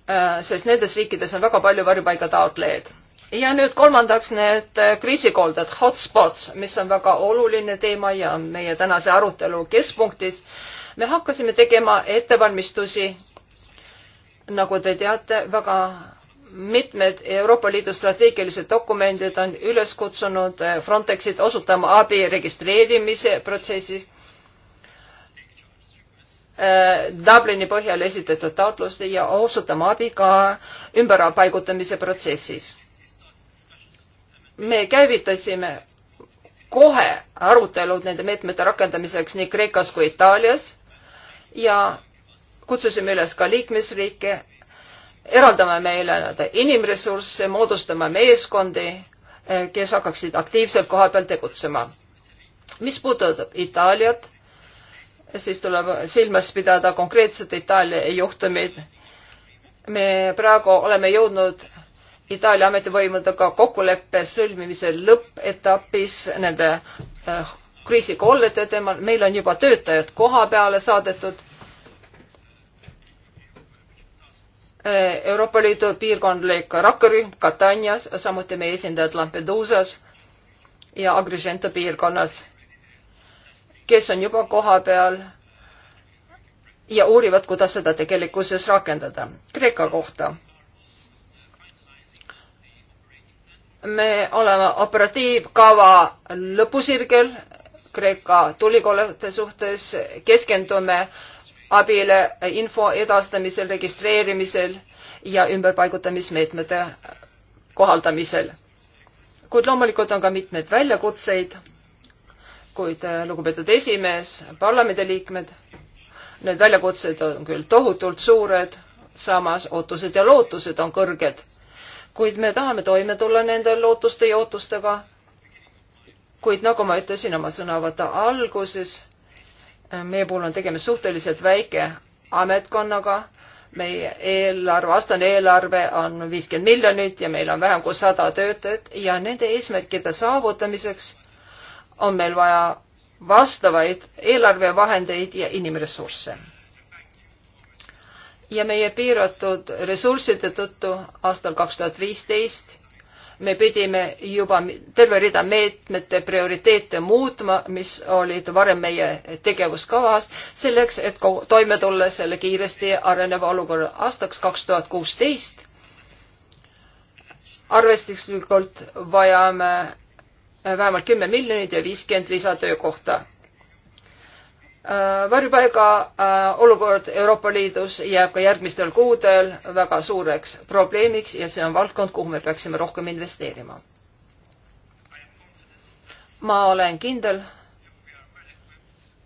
äh, sest nendes riikides on väga palju varjupaiga taotlejaid ja nüüd kolmandaks need äh, kriisikolded, hotspots, mis on väga oluline teema ja meie tänase arutelu keskpunktis. me hakkasime tegema ettevalmistusi, nagu te teate, väga mitmed Euroopa Liidu strateegilised dokumendid on üles kutsunud äh, Frontexit osutama abi registreerimise protsessis äh, Dublini põhjal esitatud taotluste ja osutama abi ka ümberpaigutamise protsessis me käivitasime kohe arutelud nende meetmete rakendamiseks nii Kreekas kui Itaalias ja kutsusime üles ka liikmesriike eraldama meile inimressursse, moodustama meeskondi, eh, kes hakkaksid aktiivselt koha peal tegutsema. mis puudutab Itaaliat, siis tuleb silmas pidada konkreetset Itaalia juhtumit. me praegu oleme jõudnud Itaalia ametivõimudega kokkuleppe sõlmimise lõppetapis nende äh, kriisikollete teemal, meil on juba töötajad koha peale saadetud. Äh, Euroopa Liidu piirkondlik rakkerühm Katanias, samuti meie esindajad Lampedusas ja Agrigento piirkonnas, kes on juba koha peal ja uurivad, kuidas seda tegelikkuses rakendada. Kreeka kohta me oleme operatiivkava lõpusirgel Kreeka tulikollete suhtes, keskendume abile info edastamisel, registreerimisel ja ümberpaigutamismeetmete kohaldamisel. kuid loomulikult on ka mitmeid väljakutseid, kuid äh, lugupeetud esimees, parlamendiliikmed, need väljakutsed on küll tohutult suured, samas ootused ja lootused on kõrged kuid me tahame toime tulla nende lootuste ja ootustega. kuid nagu ma ütlesin oma sõnavõtu alguses, meie puhul on tegemist suhteliselt väike ametkonnaga. meie eelarve, aastane eelarve on viiskümmend miljonit ja meil on vähem kui sada töötajat ja nende eesmärkide saavutamiseks on meil vaja vastavaid eelarvevahendeid ja inimressursse ja meie piiratud ressursside tõttu aastal kaks tuhat viisteist me pidime juba terve rida meetmete prioriteete muutma, mis olid varem meie tegevuskavas, selleks, et toime tulla selle kiiresti areneva olukorra aastaks kaks tuhat kuusteist. arvestuslikult vajame vähemalt kümme miljonit ja viiskümmend lisatöökohta Äh, varjupaiga äh, olukord Euroopa Liidus jääb ka järgmistel kuudel väga suureks probleemiks ja see on valdkond, kuhu me peaksime rohkem investeerima. ma olen kindel,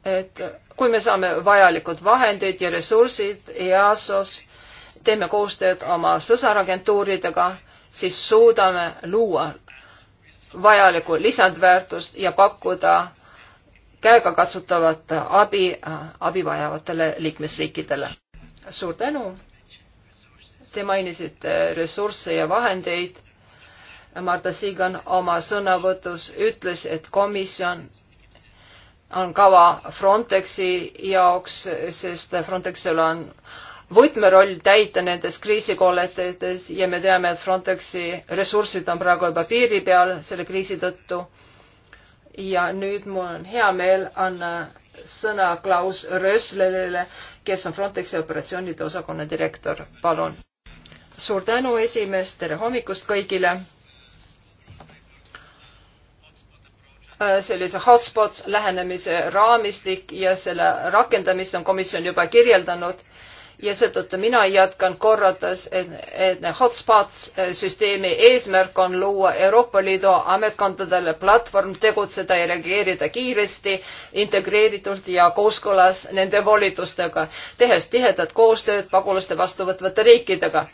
et kui me saame vajalikud vahendid ja ressursid EASOS, teeme koostööd oma sõsaragentuuridega, siis suudame luua vajalikku lisandväärtust ja pakkuda äh, käegakatsutavat abi, abi vajavatele liikmesriikidele. suur tänu. Te mainisite ressursse ja vahendeid. Marta Siigan oma sõnavõtus ütles, et komisjon on kava Frontexi jaoks, sest Frontexil on võtmeroll täita nendes kriisikolletes ja me teame, et Frontexi ressursid on praegu juba piiri peal selle kriisi tõttu ja nüüd mul on hea meel anna sõna Klaus Rösslelile, kes on Frontexi operatsioonide osakonna direktor. palun. suur tänu, esimees, tere hommikust kõigile. Äh, sellise hotspots lähenemise raamistik ja selle rakendamist on komisjon juba kirjeldanud ja seetõttu mina jätkan korrates, et, et hotspots süsteemi eesmärk on luua Euroopa Liidu ametkondadele platvorm tegutseda ja reageerida kiiresti, integreeritult ja kooskõlas nende volitustega, tehes tihedat koostööd pagulaste vastuvõtvate riikidega.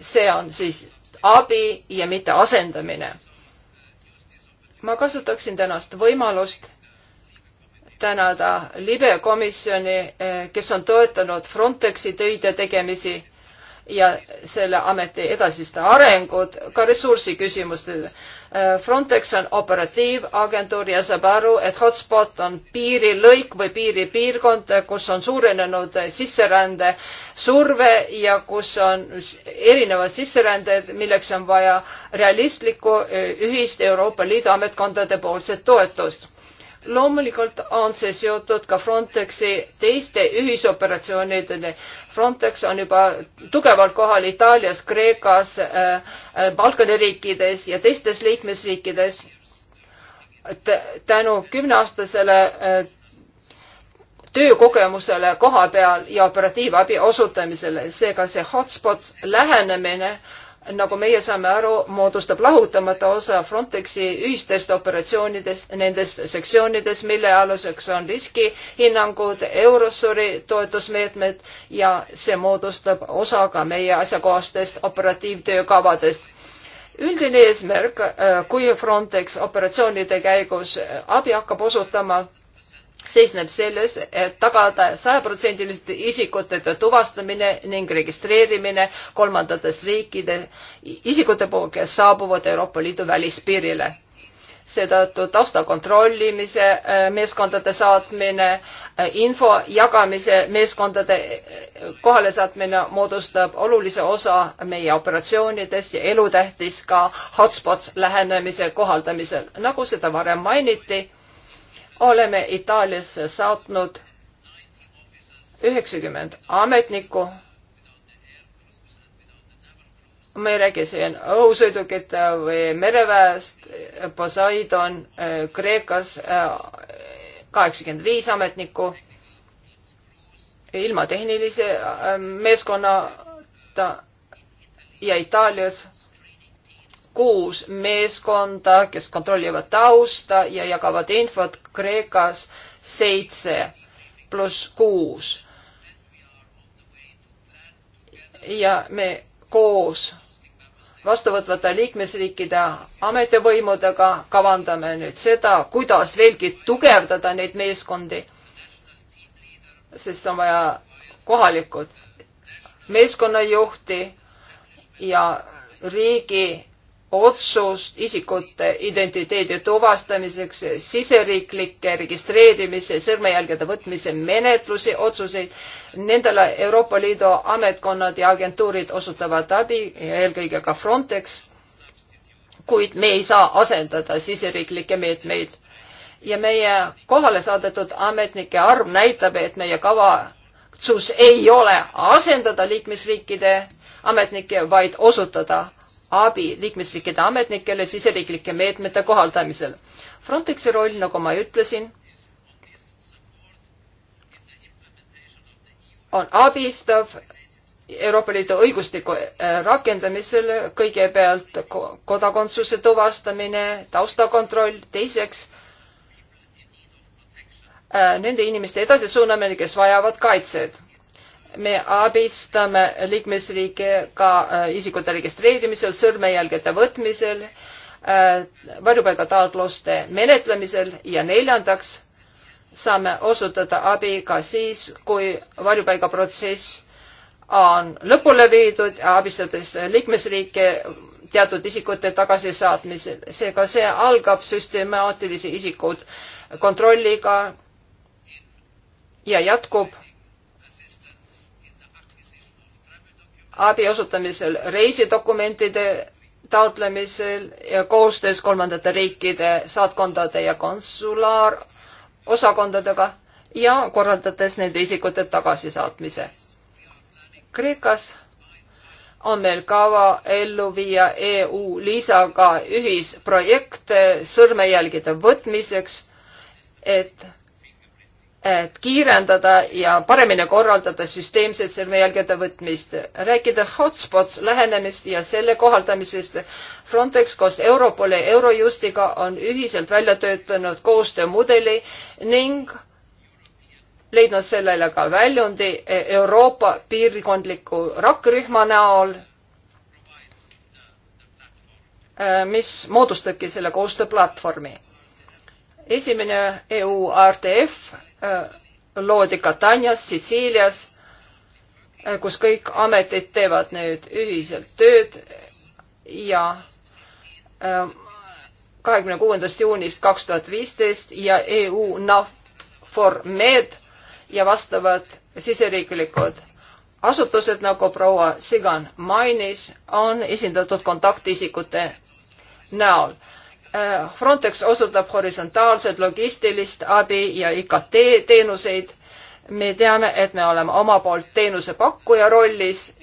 see on siis abi ja mitte asendamine. ma kasutaksin tänast võimalust tänada libe komisjoni, eh, kes on toetanud Frontexi töide tegemisi ja selle ameti edasiste arengud ka ressursiküsimustel. Eh, Frontex on operatiivagentuur ja saab aru, et hotspot on piirilõik või piiripiirkond, kus on suurenenud sisserände surve ja kus on erinevad sisserändajad, milleks on vaja realistlikku eh, ühist Euroopa Liidu ametkondade poolset toetust loomulikult on see seotud ka Frontexi teiste ühisoperatsioonidele. Frontex on juba tugevalt kohal Itaalias, Kreekas, äh, äh, Balkani riikides ja teistes liikmesriikides. tänu kümneaastasele äh, töökogemusele koha peal ja operatiivabi osutamisele, seega see hotspots lähenemine nagu meie saame aru, moodustab lahutamata osa Frontexi ühistest operatsioonidest, nendest sektsioonides, mille aluseks on riskihinnangud, Eurosuri toetusmeetmed ja see moodustab osa ka meie asjakohastest operatiivtöökavadest üldine eesmärk, äh, kui Frontex operatsioonide käigus äh, abi hakkab osutama, seisneb selles, et tagada sajaprotsendiliste isikute tuvastamine ning registreerimine kolmandates riikide isikute poolt, kes saabuvad Euroopa Liidu välispiirile. seetõttu tausta kontrollimise äh, meeskondade saatmine, äh, info jagamise meeskondade äh, kohalesaatmine moodustab olulise osa meie operatsioonidest ja elutähtis ka hotspots lähenemise kohaldamisel, nagu seda varem mainiti oleme Itaaliasse saatnud üheksakümmend ametnikku. ma ei räägi siin õhusõidukite või mereväest, Poseidon äh, Kreekas äh, kaheksakümmend viis ametnikku. ilma tehnilise äh, meeskonnata ja Itaalias kuus meeskonda, kes kontrollivad tausta ja jagavad infot Kreekas seitse pluss kuus. ja me koos vastuvõtvate liikmesriikide ametivõimudega kavandame nüüd seda, kuidas veelgi tugevdada neid meeskondi, sest on vaja kohalikud meeskonnajuhti ja riigi otsust isikute identiteedi tuvastamiseks, siseriiklikke registreerimise, sõrmejälgede võtmise menetlusi, otsuseid. Nendele Euroopa Liidu ametkonnad ja agentuurid osutavad abi, eelkõige ka Frontex. kuid me ei saa asendada siseriiklikke meetmeid. ja meie kohale saadetud ametnike arv näitab, et meie kavatsus ei ole asendada liikmesriikide ametnikke, vaid osutada abi liikmesriikide ametnikele siseriiklike meetmete kohaldamisel. Frontexi roll, nagu ma ütlesin, on abistav Euroopa Liidu õigustiku äh, rakendamisel kõigepealt kodakondsuse tuvastamine, taustakontroll, teiseks äh, nende inimeste edasisuunamine, kes vajavad kaitset me abistame liikmesriike ka äh, isikute registreerimisel, sõrmejälgede võtmisel, äh, varjupaigataotluste menetlemisel ja neljandaks saame osutada abi ka siis, kui varjupaigaprotsess on lõpule viidud, abistades liikmesriike teatud isikute tagasisaatmisel. seega see algab süstemaatilise isikud kontrolliga ja jätkub abi osutamisel, reisidokumentide taotlemisel ja koostöös kolmandate riikide saatkondade ja konsulaarosakondadega ja korraldades nende isikute tagasisaatmise. Kreekas on meil kava ellu viia EU lisaga ühisprojekte sõrmejälgede võtmiseks, et et kiirendada ja paremini korraldada süsteemset sõrmejälgede võtmist, rääkida hotspots lähenemist ja selle kohaldamisest. Frontex koos Europoli, Eurojustiga on ühiselt välja töötanud koostöömudeli ning leidnud sellele ka väljundi Euroopa piirkondliku rakkerühma näol, mis moodustabki selle koostööplatvormi esimene EU RTF äh, loodi Katanias, Sitsiilias, äh, kus kõik ametid teevad nüüd ühiselt tööd ja äh, kahekümne kuuendast juunist kaks tuhat viisteist ja EU NAFOR Med ja vastavad siseriiklikud asutused, nagu proua Sigan mainis, on esindatud kontaktisikute näol Äh, Frontex osutab horisontaalset logistilist abi ja IKT teenuseid. me teame, et me oleme oma poolt teenusepakkuja rollis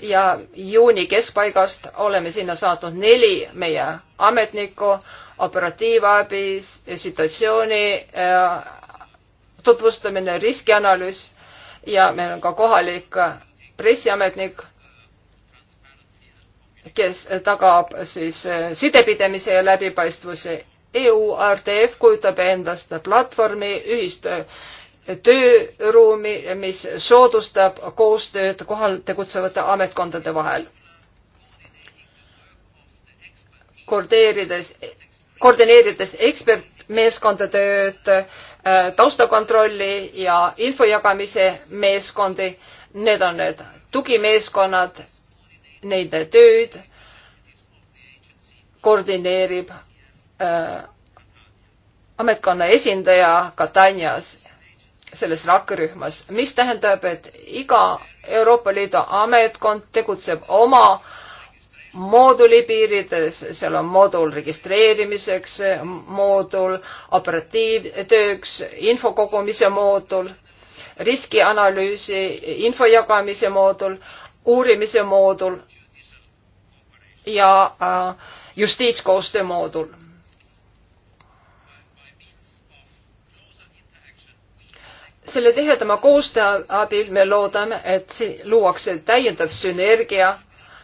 ja juuni keskpaigast oleme sinna saatnud neli meie ametnikku operatiivabi, situatsiooni äh, tutvustamine, riskianalüüs ja meil on ka kohalik pressiametnik kes tagab siis eh, sidepidemise ja läbipaistvuse. EU RDF kujutab endast platvormi ühist eh, tööruumi, mis soodustab koostööd kohal tegutsevate ametkondade vahel. koordineerides, koordineerides ekspertmeeskondade tööd, eh, taustakontrolli ja info jagamise meeskondi, need on need tugimeeskonnad Neide tööd koordineerib äh, ametkonna esindaja Katanjas selles rakkerühmas, mis tähendab, et iga Euroopa Liidu ametkond tegutseb oma mooduli piirides, seal on moodul registreerimiseks, moodul operatiivtööks, info kogumise moodul, riskianalüüsi, info jagamise moodul uurimise moodul ja äh, justiitskoostöö moodul. selle tihedama koostöö abil me loodame, et luuakse täiendav sünergia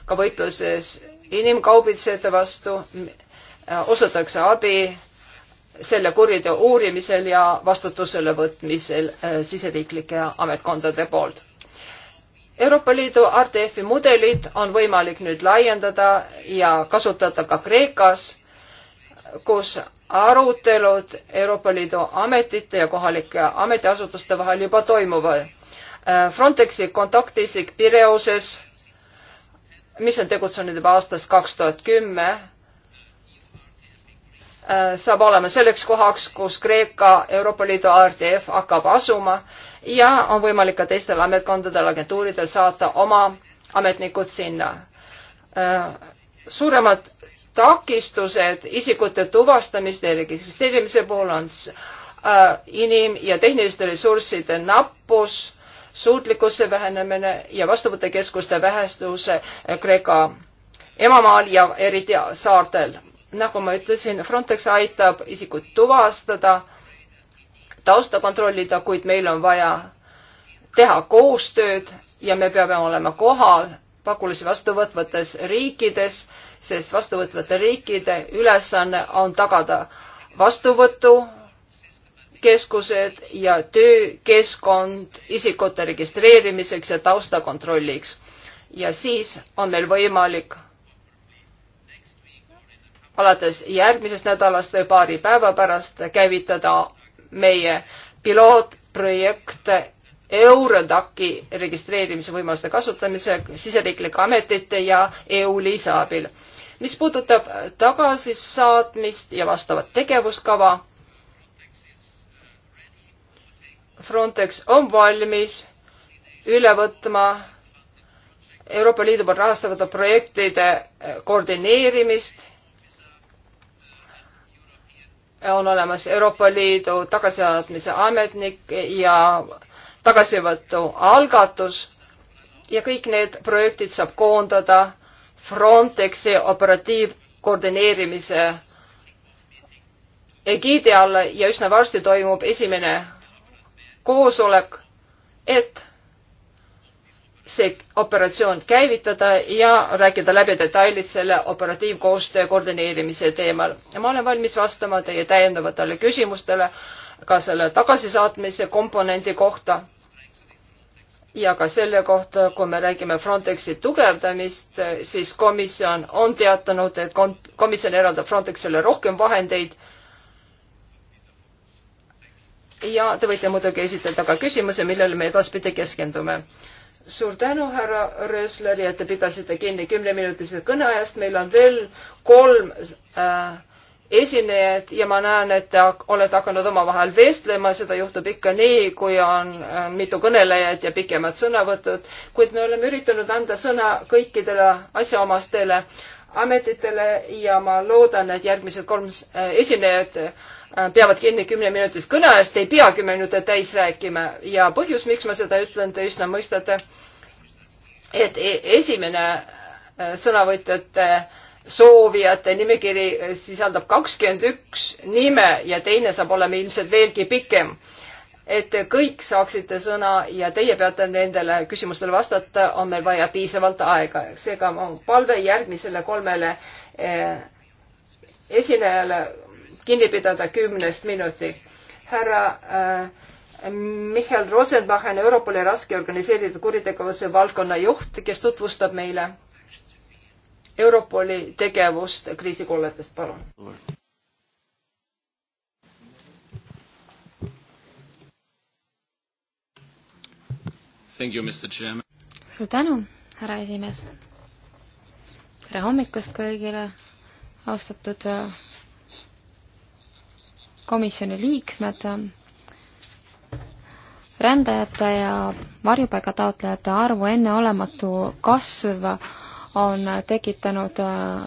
ka võitluses inimkaubitsejate vastu, äh, osutatakse abi selle kuriteo uurimisel ja vastutusele võtmisel äh, siseriiklike ametkondade poolt Euroopa Liidu RDF-i mudelit on võimalik nüüd laiendada ja kasutada ka Kreekas, kus arutelud Euroopa Liidu ametite ja kohalike ametiasutuste vahel juba toimuvad. Äh, Frontexi kontaktisik Pireuses, mis on tegutsenud juba aastast kaks tuhat kümme, äh, saab olema selleks kohaks, kus Kreeka Euroopa Liidu RDF hakkab asuma ja on võimalik ka teistel ametkondadel, agentuuridel saata oma ametnikud sinna. Äh, suuremad takistused isikute tuvastamiste ja registreerimise puhul on äh, inim- ja tehniliste ressursside nappus, suutlikkuse vähenemine ja vastuvõttekeskuste vähestuse äh, Kreeka emamaal ja eriti saartel. nagu ma ütlesin, Frontex aitab isikut tuvastada tausta kontrollida, kuid meil on vaja teha koostööd ja me peame olema kohal pagulasi vastuvõtvates riikides, sest vastuvõtvate riikide ülesanne on tagada vastuvõtukeskused ja töökeskkond isikute registreerimiseks ja taustakontrolliks. ja siis on meil võimalik alates järgmisest nädalast või paari päeva pärast käivitada meie pilootprojekt Eurodaki registreerimise võimaluste kasutamise siseriiklike ametite ja EU liisa abil. mis puudutab tagasisaatmist ja vastavat tegevuskava, Frontex on valmis üle võtma Euroopa Liidu poolt rahastatavate projektide koordineerimist on olemas Euroopa Liidu tagasisaatmise ametnik ja tagasivõtu algatus ja kõik need projektid saab koondada Frontexi operatiivkoordineerimise egiidi alla ja üsna varsti toimub esimene koosolek, et see operatsioon käivitada ja rääkida läbi detailid selle operatiivkoostöö koordineerimise teemal. ma olen valmis vastama teie täiendavatele küsimustele ka selle tagasisaatmise komponendi kohta ja ka selle kohta, kui me räägime Frontexi tugevdamist, siis komisjon on teatanud, et komisjon eraldab Frontexile rohkem vahendeid ja te võite muidugi esitada ka küsimuse, millele me edaspidi keskendume suur tänu, härra Röösler ja te pidasite kinni kümneminutilisest kõneajast. meil on veel kolm äh, esinejat ja ma näen, et te olete hakanud omavahel vestlema, seda juhtub ikka nii, kui on äh, mitu kõnelejat ja pikemad sõnavõtud, kuid me oleme üritanud anda sõna kõikidele asjaomastele ametitele ja ma loodan, et järgmised kolm äh, esinejat äh, Äh, peavad kinni kümneminutist kõne eest, ei pea kümme minutit täis rääkima ja põhjus, miks ma seda ütlen, te üsna mõistate, et e-, esimene äh, sõnavõtjate äh, soovijate nimekiri sisaldab kakskümmend üks nime ja teine saab olema ilmselt veelgi pikem. et kõik saaksite sõna ja teie peate nendele küsimustele vastata, on meil vaja piisavalt aega. seega mu palve järgmisele kolmele esinejale kinni pidada kümnest minutist. härra äh, Michael Rosenbach on Europoli raske organiseeritud kuritegevuse valdkonna juht, kes tutvustab meile Europoli tegevust kriisikolletest, palun. suur tänu, härra esimees. tere hommikust kõigile, austatud äh, komisjoni liikmed, rändajate ja varjupaigataotlejate arvu enneolematu kasv on tekitanud äh,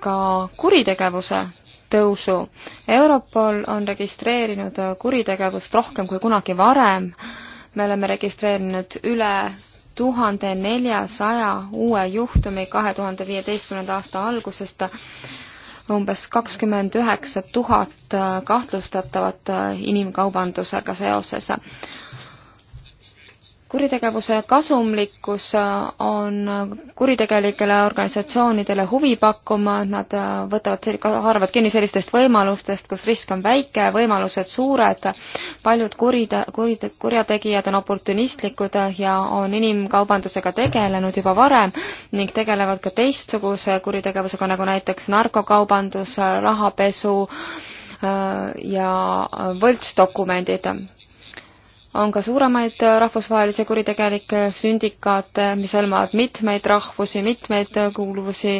ka kuritegevuse tõusu. Europol on registreerinud kuritegevust rohkem kui kunagi varem. me oleme registreerinud üle tuhande neljasaja uue juhtumi kahe tuhande viieteistkümnenda aasta algusest umbes kakskümmend üheksa tuhat äh, kahtlustatavat äh, inimkaubandusega seoses kuritegevuse kasumlikkus on kuritegelikele organisatsioonidele huvi pakkuma, nad võtavad, haaravad kinni sellistest võimalustest, kus risk on väike, võimalused suured, paljud kurite-, kurite-, kurjategijad on oportunistlikud ja on inimkaubandusega tegelenud juba varem ning tegelevad ka teistsuguse kuritegevusega, nagu näiteks narkokaubandus, rahapesu äh, ja võltsdokumendid on ka suuremaid rahvusvahelisi kuritegelikke sündikaate, mis hõlmavad mitmeid rahvusi, mitmeid kuuluvusi,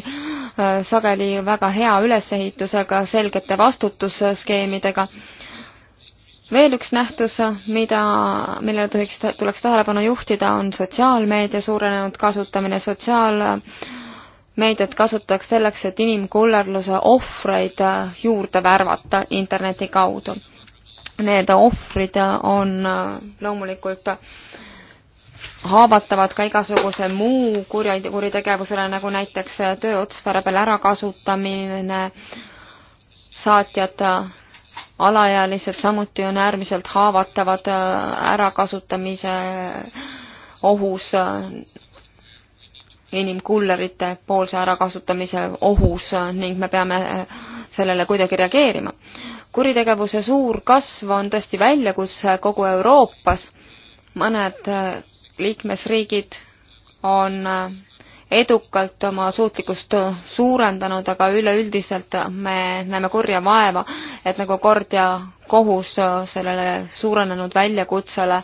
sageli väga hea ülesehitusega, selgete vastutusskeemidega. veel üks nähtus, mida, millele tohiks, tuleks tähelepanu juhtida, on sotsiaalmeedia suurenenud kasutamine, sotsiaalmeediat kasutatakse selleks, et inimkullerluse ohvreid juurde värvata interneti kaudu need ohvrid on äh, loomulikult haavatavad ka igasuguse muu kurja, kuritegevusele, nagu näiteks äh, töö otstarbel ärakasutamine, saatjad, äh, alaealised samuti on äärmiselt haavatavad ärakasutamise ohus, inimkullerite poolse ärakasutamise ohus ning me peame sellele kuidagi reageerima kuritegevuse suur kasv on tõesti väljakutse kogu Euroopas, mõned äh, liikmesriigid on äh, edukalt oma suutlikkust äh, suurendanud, aga üleüldiselt me näeme kurja vaeva, et nagu kord ja kohus sellele suurenenud väljakutsele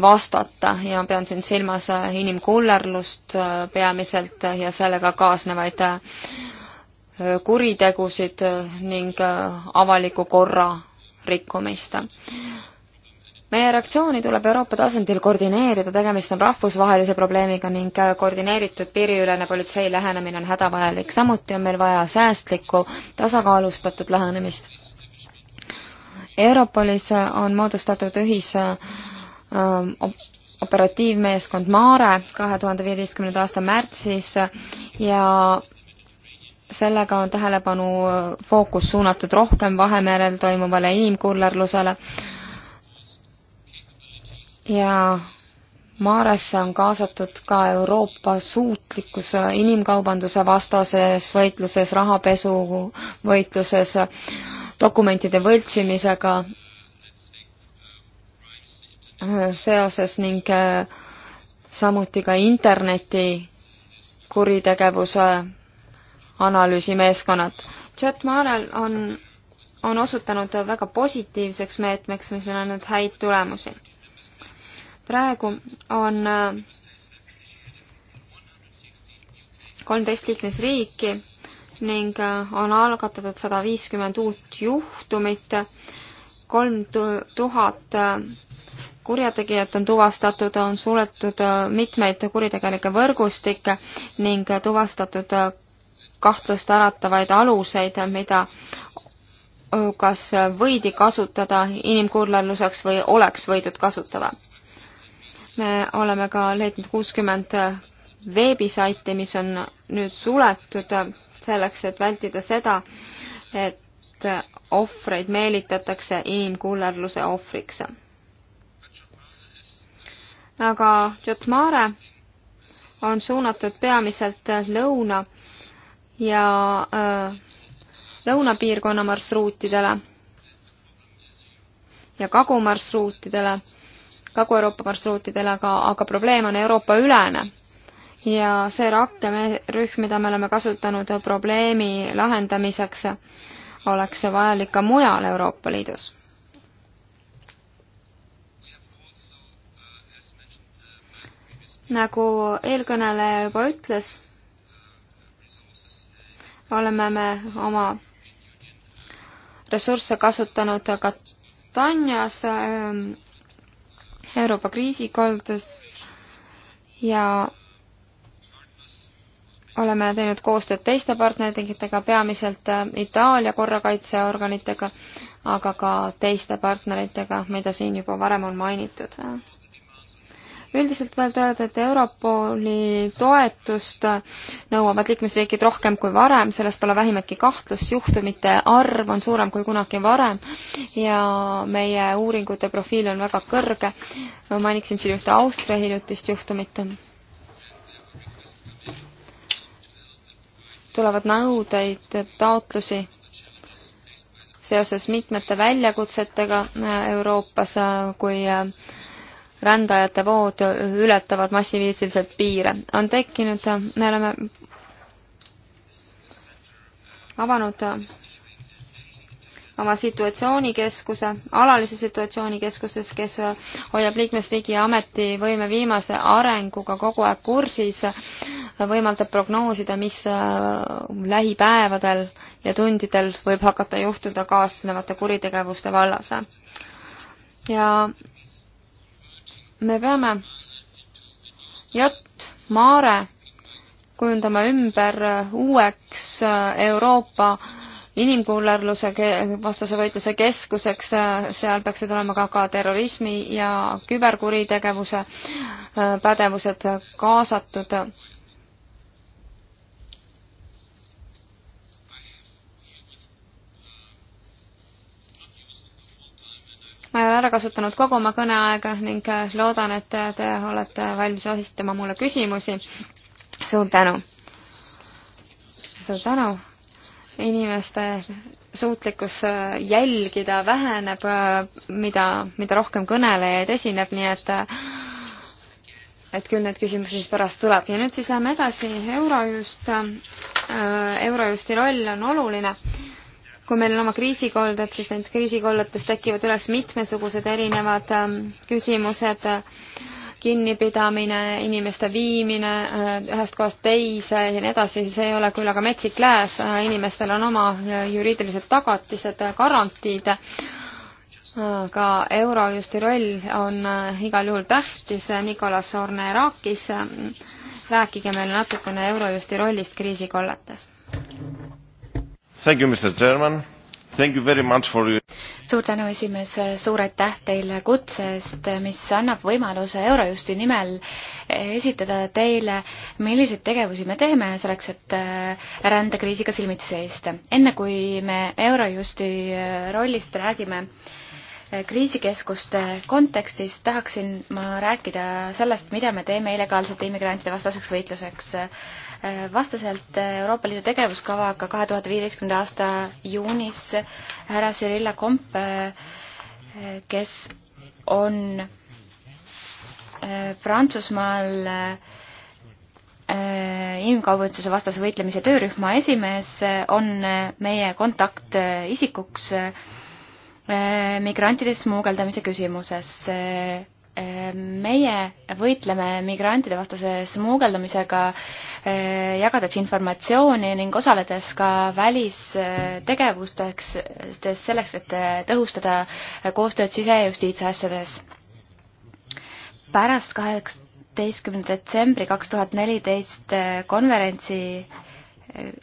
vastata ja ma pean siin silmas inimkullerlust peamiselt ja sellega kaasnevaid kuritegusid ning äh, avaliku korra rikkumist. meie reaktsiooni tuleb Euroopa tasandil koordineerida, tegemist on rahvusvahelise probleemiga ning äh, koordineeritud piiriülene politsei lähenemine on hädavajalik, samuti on meil vaja säästlikku tasakaalustatud lähenemist. Europolis äh, on moodustatud ühis ähm, operatiivmeeskond Maare kahe tuhande viieteistkümnenda aasta märtsis ja sellega on tähelepanu fookus suunatud rohkem Vahemerel toimuvale inimkullerlusele ja Maaresse on kaasatud ka Euroopa suutlikkus inimkaubanduse vastases võitluses, rahapesu võitluses, dokumentide võltsimisega seoses ning eh, samuti ka interneti kuritegevuse analüüsimeeskonnad. Chet Marel on, on osutanud väga positiivseks meetmeks, mis on andnud häid tulemusi. praegu on äh, kolmteist liikmesriiki ning äh, on algatatud sada viiskümmend uut juhtumit, kolm tuhat äh, kurjategijat on tuvastatud, on suletud mitmeid kuritegelikke võrgustikke ning tuvastatud kahtlust äratavaid aluseid, mida kas võidi kasutada inimkurlalluseks või oleks võidud kasutada. me oleme ka leidnud kuuskümmend veebisaiti, mis on nüüd suletud selleks, et vältida seda, et ohvreid meelitatakse inimkullerluse ohvriks. aga Jotmare on suunatud peamiselt lõuna ja äh, lõunapiirkonna marsruutidele ja kagumarsruutidele, Kagu-Euroopa marsruutidele, aga, aga probleem on Euroopa-ülene. ja see rakkerühm, mida me oleme kasutanud probleemi lahendamiseks, oleks see vajalik ka mujal Euroopa Liidus. nagu eelkõneleja juba ütles oleme me oma ressursse kasutanud Katanjas ähm, Euroopa kriisikoldes ja oleme teinud koostööd teiste partneritega, peamiselt äh, Itaalia korrakaitseorganitega, aga ka teiste partneritega, mida siin juba varem on mainitud üldiselt võib öelda, et Europoli toetust nõuavad liikmesriigid rohkem kui varem, selles pole vähimatki kahtlust, juhtumite arv on suurem kui kunagi varem ja meie uuringute profiil on väga kõrge. mainiksin siin ühte Austria hiljutist juhtumit. tulevad nõudeid, taotlusi seoses mitmete väljakutsetega Euroopas, kui rändajate vood ületavad massiviisiliselt piire. on tekkinud, me oleme avanud oma situatsioonikeskuse, alalise situatsioonikeskuses, kes hoiab liikmesriigi ametivõime viimase arenguga kogu aeg kursis, võimaldab prognoosida, mis lähipäevadel ja tundidel võib hakata juhtuda kaasnevate kuritegevuste vallas. ja me peame Jott Maare kujundama ümber uueks äh, Euroopa inimkullerluse vastase võitluse keskuseks, äh, seal peaksid olema ka, ka terrorismi ja küberkuritegevuse äh, pädevused kaasatud ma ei ole ära kasutanud kogu oma kõneaega ning äh, loodan, et te olete valmis esitama mulle küsimusi. suur tänu! suur tänu! inimeste suutlikkus äh, jälgida väheneb, äh, mida, mida rohkem kõnelejaid esineb, nii et et küll neid küsimusi siis pärast tuleb ja nüüd siis lähme edasi Eurojust. Eurojusti roll on oluline kui meil on oma kriisikolded, siis nendes kriisikolletes tekivad üles mitmesugused erinevad ähm, küsimused, kinnipidamine, inimeste viimine äh, ühest kohast teise ja nii edasi, see ei ole küll aga metsik lääs, äh, inimestel on oma äh, juriidilised tagatised, garantiid, aga Eurojusti roll on igal juhul tähtis, Nicolas Orne Raakis, rääkige meile natukene Eurojusti rollist kriisikolletes. Thank you, Mr Chairman. Thank you very much for you. suur tänu, esimees, suur aitäh teile kutse eest, mis annab võimaluse Eurojusti nimel esitada teile, milliseid tegevusi me teeme selleks, et äh, rändekriisiga silmitsi seista. enne kui me Eurojusti äh, rollist räägime, äh, kriisikeskuste kontekstis tahaksin ma rääkida sellest, mida me teeme illegaalsete immigrantide vastaseks võitluseks vastaselt Euroopa Liidu tegevuskavaga kahe tuhande viieteistkümnenda aasta juunis härra Cyrilla Komp, kes on äh, Prantsusmaal äh, inimkaubanduse vastase võitlemise töörühma esimees, on meie kontaktisikuks äh, migrantide smuugeldamise küsimuses meie võitleme migrantide vastase smuugeldamisega, eh, jagades informatsiooni ning osaledes ka välistegevusteks, selleks, et tõhustada koostööd sisejustiitsasjades. pärast kaheksateistkümnenda detsembri kaks tuhat neliteist eh, konverentsi eh,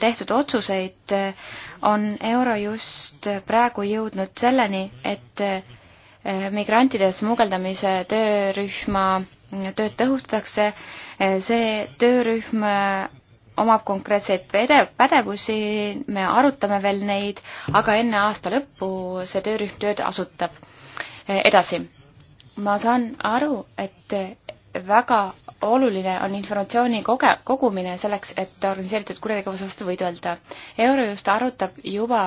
tehtud otsuseid on Eurojust praegu jõudnud selleni, et Eh, migrantide smugeldamise töörühma tööd tõhustatakse. Eh, see töörühm eh, omab konkreetseid pädevusi, me arutame veel neid, aga enne aasta lõppu see töörühm tööd asutab. edasi, ma saan aru, et väga oluline on informatsiooni koge-, kogumine selleks, et organiseeritud kuritegevuse vastu võidelda. Eurojust arutab juba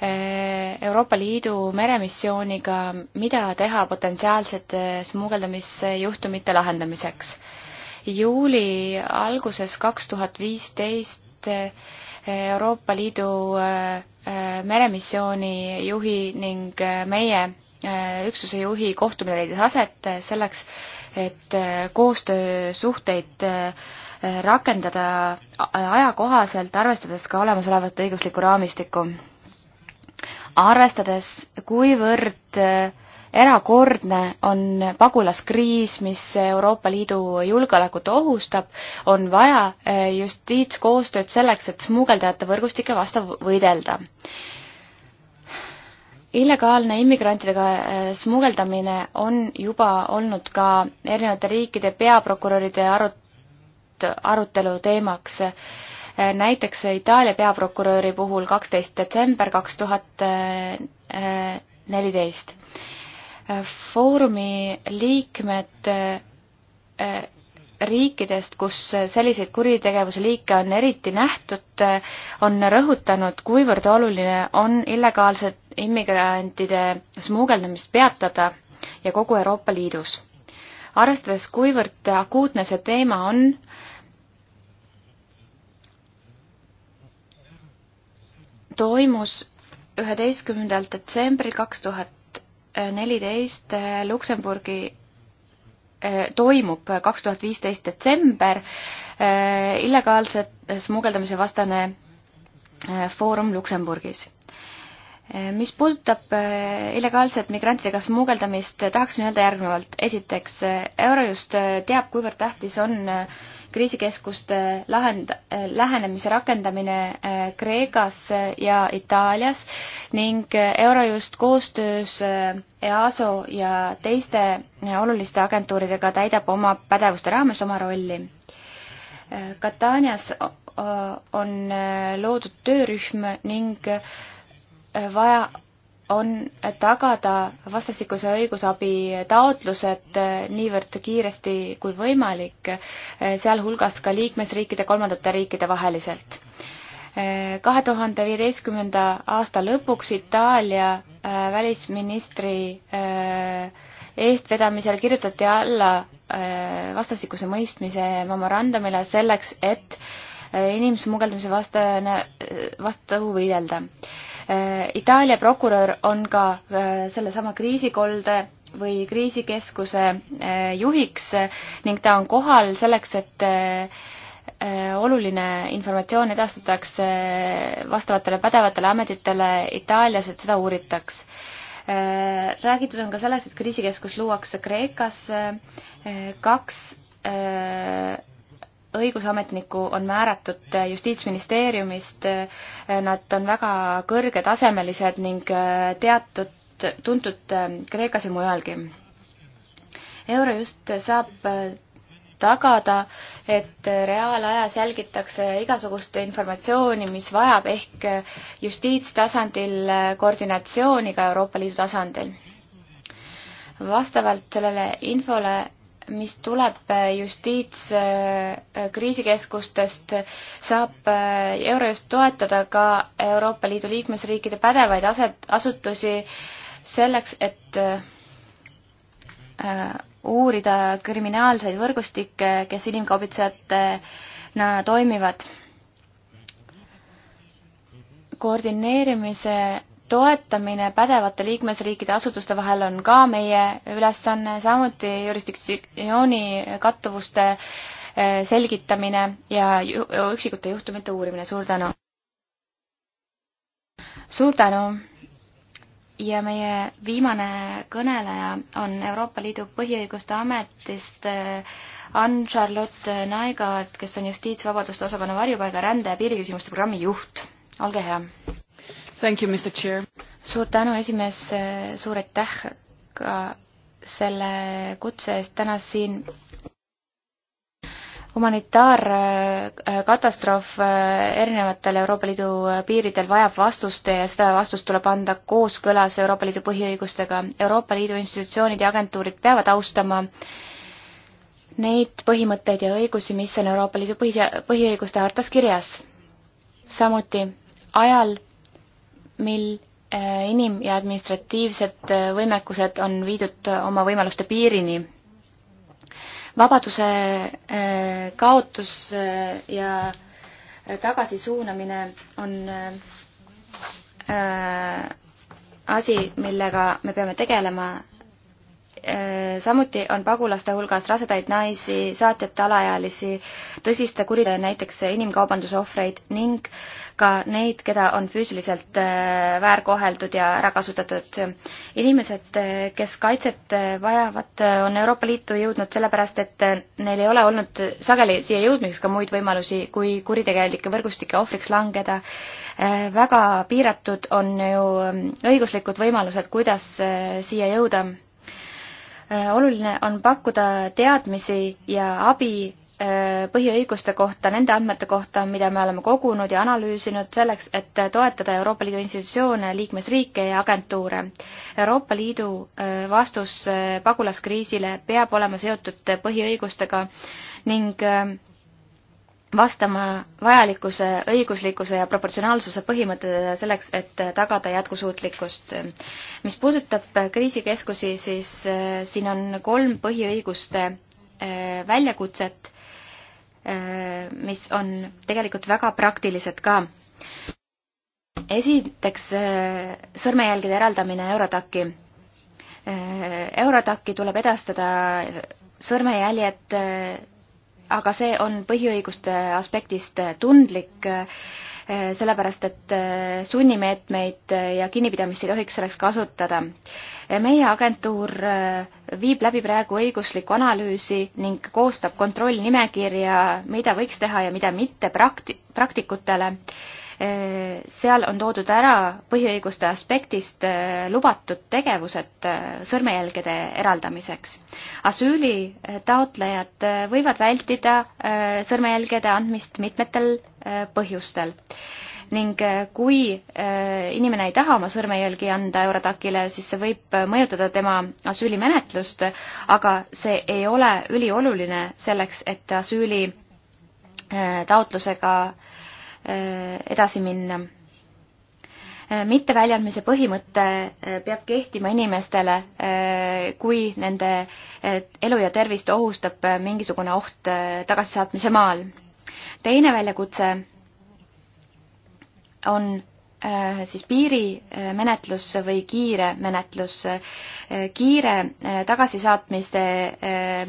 eh, Euroopa Liidu meremissiooniga, mida teha potentsiaalsete smugeldamisjuhtumite lahendamiseks. juuli alguses kaks tuhat viisteist eh, Euroopa Liidu eh, meremissiooni juhi ning meie Äh, üksuse juhi kohtumine leidis aset äh, selleks, et äh, koostöösuhteid rakendada ajakohaselt, arvestades ka olemasolevat õiguslikku raamistikku. arvestades, kuivõrd erakordne on pagulaskriis, mis Euroopa Liidu julgeolekut ohustab, on vaja justiitskoostööd selleks, et smugeldajate võrgustike vastu võidelda illegaalne immigrantidega äh, smugeldamine on juba olnud ka erinevate riikide peaprokuröride arut-, arutelu teemaks. Äh, näiteks Itaalia peaprokuröri puhul kaksteist detsember kaks tuhat äh, neliteist. Foorumi liikmed riikidest, kus selliseid kuritegevuse liike on eriti nähtud, on rõhutanud, kuivõrd oluline on illegaalsed immigrantide smugeldamist peatada ja kogu Euroopa Liidus. arvestades, kuivõrd akuutne see teema on, toimus üheteistkümnendal detsembril kaks tuhat neliteist Luksemburgi Äh, toimub kaks tuhat viisteist detsember äh, illegaalse smugeldamise vastane äh, foorum Luksemburgis mis puudutab illegaalset migrantidega smuugeldamist, tahaksin öelda järgnevalt. esiteks, Eurojust teab, kuivõrd tähtis on kriisikeskuste lahend-, lähenemise rakendamine äh, Kreekas ja Itaalias ning Eurojust koostöös äh, EASO ja teiste äh, oluliste agentuuridega täidab oma pädevuste raames oma rolli. Katanias on loodud töörühm ning vaja on tagada vastastikuse õigusabi taotlused eh, niivõrd kiiresti kui võimalik, eh, sealhulgas ka liikmesriikide, kolmandate riikide vaheliselt. Eh, kahe tuhande viieteistkümnenda aasta lõpuks Itaalia välisministri eestvedamisel kirjutati alla vastastikuse mõistmise memorandumile selleks, et inimsmugeldamise vastane, vastu võidelda Äh, Itaalia prokurör on ka äh, sellesama kriisikolde või kriisikeskuse äh, juhiks ning ta on kohal selleks, et oluline informatsioon edastatakse vastavatele pädevatele ametitele Itaalias, et seda uuritaks. räägitud on ka sellest, et kriisikeskus luuakse Kreekas kaks õigusametnikku on määratud Justiitsministeeriumist, nad on väga kõrgetasemelised ning teatud, tuntud Kreekas ja mujalgi. Eurojust saab tagada, et reaalajas jälgitakse igasugust informatsiooni, mis vajab ehk justiitstasandil koordinatsiooni ka Euroopa Liidu tasandil. vastavalt sellele infole mis tuleb äh, justiitskriisikeskustest, äh, saab äh, Eurojust toetada ka Euroopa Liidu liikmesriikide pädevaid aset, asutusi selleks, et uurida kriminaalseid võrgustikke, kes inimkaubitsejatena toimivad. koordineerimise toetamine pädevate liikmesriikide asutuste vahel on ka meie ülesanne, samuti jurisdiktsiooni kattuvuste eh, selgitamine ja üksikute juhtumite uurimine, suur tänu! suur tänu! ja meie viimane kõneleja on Euroopa Liidu Põhiõiguste Ametist eh, Anne-Charlotte Naigad, kes on justiitsvabaduste osakonna varjupaiga, rände ja piiriküsimuste programmi juht. olge hea! suur tänu, esimees, suur aitäh ka selle kutse eest täna siin humanitaarkatastroof äh, erinevatel Euroopa Liidu piiridel vajab vastust ja seda vastust tuleb anda kooskõlas Euroopa Liidu põhiõigustega. Euroopa Liidu institutsioonid ja agentuurid peavad austama neid põhimõtteid ja õigusi, mis on Euroopa Liidu põhise-, põhiõiguste hartas kirjas. samuti ajal, mil äh, inim- ja administratiivsed äh, võimekused on viidud äh, oma võimaluste piirini. vabaduse kaotus ja tagasisuunamine on asi, millega me peame tegelema. samuti on pagulaste hulgas rasedaid naisi, saatjate alaealisi, tõsiste kuritegude, näiteks inimkaubanduse ohvreid ning ka neid, keda on füüsiliselt äh, väärkoheldud ja ära kasutatud. inimesed, äh, kes kaitset äh, vajavad, on Euroopa Liitu jõudnud sellepärast, et neil ei ole olnud sageli siia jõudmiseks ka muid võimalusi, kui kuritegelike võrgustike ohvriks langeda. väga piiratud on ju ähm, õiguslikud võimalused, kuidas siia jõuda oluline on pakkuda teadmisi ja abi Äh, põhiõiguste kohta, nende andmete kohta, mida me oleme kogunud ja analüüsinud selleks, et toetada Euroopa Liidu institutsioone, liikmesriike ja agentuure. Euroopa Liidu äh, vastus äh, pagulaskriisile peab olema seotud põhiõigustega ning vastama vajalikkuse, õiguslikkuse ja proportsionaalsuse põhimõttele selleks, et tagada jätkusuutlikkust. mis puudutab kriisikeskusi, siis siin on kolm põhiõiguste väljakutset Äh, mis on tegelikult väga praktilised ka. esiteks äh, sõrmejälgede eraldamine Eurotaki. Äh, Eurotaki tuleb edastada sõrmejäljed, aga see on põhiõiguste aspektist tundlik Eh, sellepärast et eh, sunnimeetmeid eh, ja kinnipidamist ei tohiks selleks kasutada. meie agentuur viib läbi praegu õiguslikku analüüsi ning koostab kontrollnimekirja, mida võiks teha ja mida mitte prakti-, praktikutele Eh, seal on toodud ära põhiõiguste aspektist eh, lubatud tegevused eh, sõrmejälgede eraldamiseks. asüüli taotlejad võivad vältida sõrmejälgede andmist mitmetel põhjustel ning kui inimene ei taha oma sõrmejälgi anda Eurotakile, siis see võib mõjutada tema asüülimenetlust, aga see ei ole ülioluline selleks, et asüüli taotlusega äh, Äh, edasi minna. Äh, mitteväljendmise põhimõte äh, peab kehtima inimestele, kui nende elu ja tervist ohustab mingisugune oht tagasisaatmise maal. teine väljakutse on siis piirimenetlus või kiire menetlus. kiire tagasisaatmiste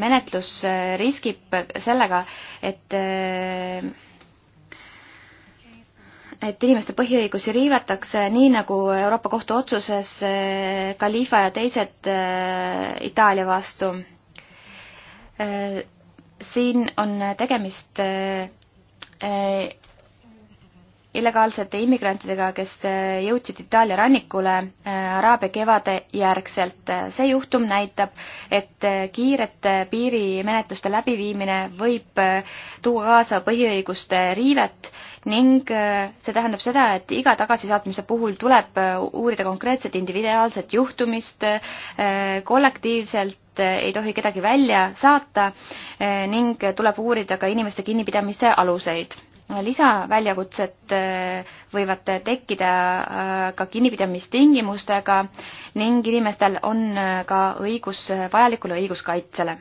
menetlus riskib sellega, et et inimeste põhiõigusi riivatakse, nii nagu Euroopa Kohtu otsuses eh, Khalifa ja teised eh, Itaalia vastu. Eh, siin on tegemist illegaalsete immigrantidega, kes äh, jõudsid Itaalia rannikule äh, Araabia kevade järgselt. see juhtum näitab, et äh, kiirete piirimenetluste läbiviimine võib tuua kaasa põhiõiguste riivet ning see tähendab seda, et iga tagasisaatmise puhul tuleb uurida konkreetset individuaalset juhtumist, kollektiivselt ei tohi kedagi välja saata ning tuleb uurida ka inimeste kinnipidamise aluseid lisaväljakutsed äh, võivad tekkida äh, ka kinnipidamistingimustega ning inimestel on äh, ka õigus vajalikule õiguskaitsele.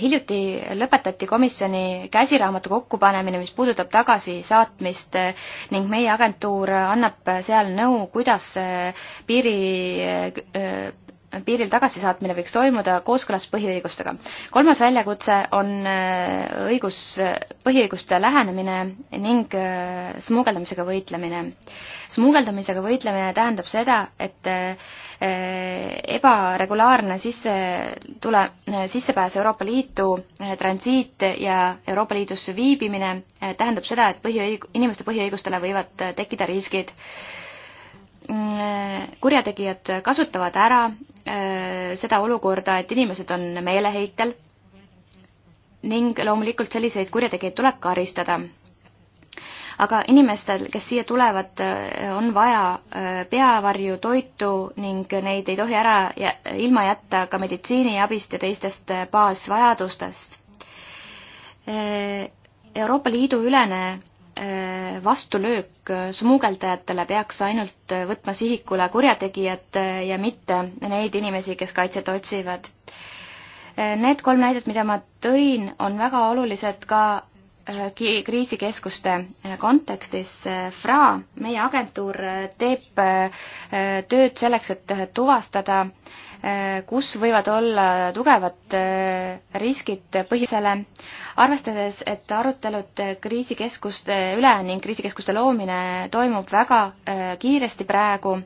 hiljuti lõpetati komisjoni käsiraamatu kokkupanemine, mis puudutab tagasisaatmist ning meie agentuur annab seal nõu, kuidas piiri piiril tagasisaatmine võiks toimuda kooskõlas põhiõigustega. kolmas väljakutse on äh, õigus, äh, põhiõiguste lähenemine ning äh, smugeldamisega võitlemine. smugeldamisega võitlemine tähendab seda, et ebaregulaarne sisse tule, sissepääs Euroopa Liitu, transiit ja Euroopa Liidus viibimine tähendab seda, et põhiõig-, inimeste põhiõigustele võivad tekkida riskid kurjategijad kasutavad ära äh, seda olukorda, et inimesed on meeleheitel ning loomulikult selliseid kurjategijaid tuleb karistada. aga inimestel, kes siia tulevad, äh, on vaja äh, peavarju, toitu ning neid ei tohi ära ja ilma jätta ka meditsiiniabist ja teistest baasvajadustest. Euroopa Liidu ülene Äh, vastulöök äh, smuugeldajatele peaks ainult äh, võtma sihikule kurjategijad ja mitte neid inimesi, kes kaitset otsivad. Need kolm näidet, mida ma tõin, on väga olulised ka kriisikeskuste kontekstis. FRA, meie agentuur, teeb tööd selleks, et tuvastada äh, Eh, kus võivad olla tugevad eh, riskid põhisele, arvestades, et arutelud kriisikeskuste üle ning kriisikeskuste loomine toimub väga eh, kiiresti praegu,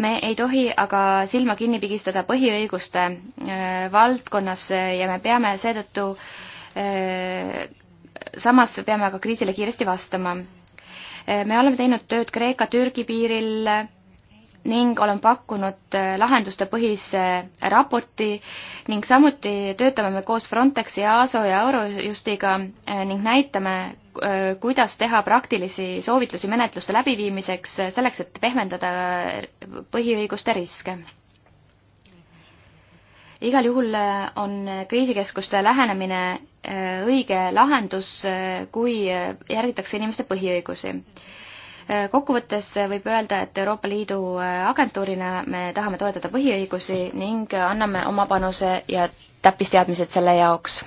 me ei tohi aga silma kinni pigistada põhiõiguste valdkonnas ja me peame seetõttu, samas peame aga kriisile kiiresti vastama. me oleme teinud tööd Kreeka-Türgi piiril ning olen pakkunud äh, lahenduste põhise raporti ning samuti töötame me koos Frontexi, EASO ja Eurojustiga äh, ning näitame, äh, kuidas teha praktilisi soovitusi menetluste läbiviimiseks, selleks et pehmendada põhiõiguste riske. igal juhul on kriisikeskuste lähenemine õige lahendus, kui järgitakse inimeste põhiõigusi kokkuvõttes võib öelda, et Euroopa Liidu äh, agentuurina me tahame toetada põhiõigusi ning anname oma panuse ja täppisteadmised selle jaoks.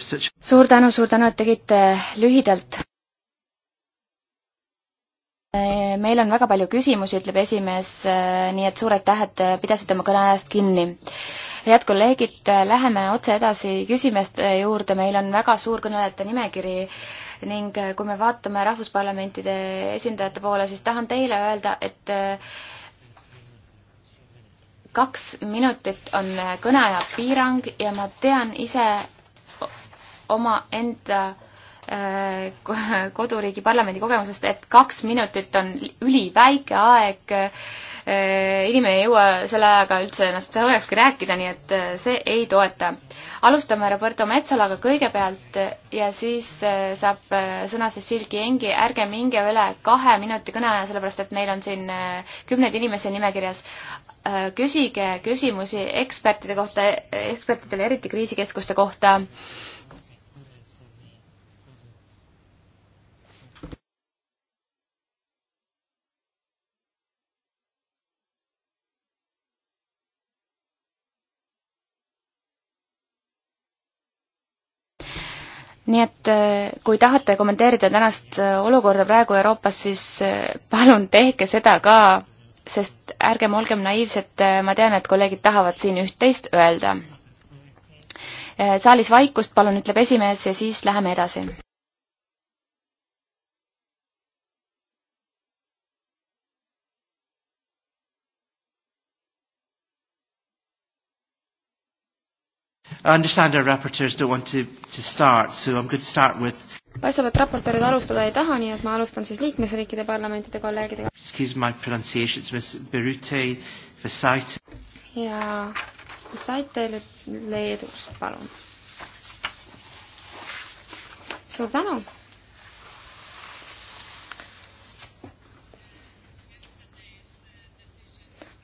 Such... suur tänu, suur tänu, et tegite lühidalt. Äh, meil on väga palju küsimusi, ütleb esimees, äh, nii et suur aitäh, et pidasite oma kõneajast kinni head kolleegid, läheme otse edasi küsimuste juurde, meil on väga suur kõnelejate nimekiri äh, ning äh, kui me vaatame rahvusparlamentide esindajate poole, siis tahan teile öelda, et äh, kaks minutit on äh, kõneaja piirang ja ma tean ise omaenda *laughs* koduriigi parlamendi kogemusest, et kaks minutit on üliväike aeg Eh, inimene ei jõua selle ajaga üldse ennast sõnakski rääkida, nii et eh, see ei toeta. alustame Roberto Metsalaga kõigepealt ja siis eh, saab sõna Cecil Kiengi, ärge minge üle kahe minuti kõneaja, sellepärast et meil on siin kümneid inimesi nimekirjas. küsige küsimusi ekspertide kohta, ekspertidele, eriti kriisikeskuste kohta nii et äh, kui tahate kommenteerida tänast äh, olukorda praegu Euroopas, siis äh, palun tehke seda ka, sest ärgem olgem naiivsed, ma tean, et kolleegid tahavad siin üht-teist öelda. saalis vaikust palun, ütleb esimees ja siis läheme edasi. I understand our rapporteurs don't want to, to start, so I'm going to start with paistab, et raportöörid alustada ei taha, nii et ma alustan siis liikmesriikide parlamentide kolleegidega. Excuse my pronunciations, Miss Berute Vesaite. ja Vesaite Leedus, palun. suur tänu.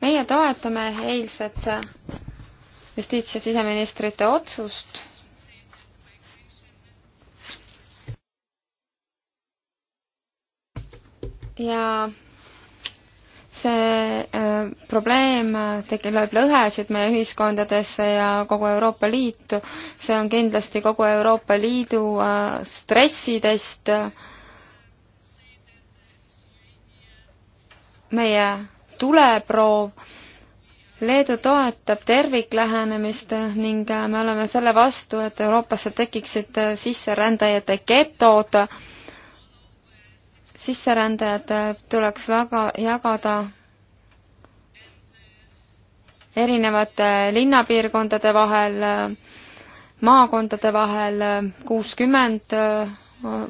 meie toetame eilset justiits- ja siseministrite otsust ja see äh, probleem tegi, lööb lõhesid meie ühiskondadesse ja kogu Euroopa Liitu. see on kindlasti kogu Euroopa Liidu äh, stressidest äh, meie tuleproov Leedu toetab terviklähenemist ning me oleme selle vastu, et Euroopasse tekiksid sisserändajate getod. sisserändajad tuleks väga jagada erinevate linnapiirkondade vahel, maakondade vahel, kuuskümmend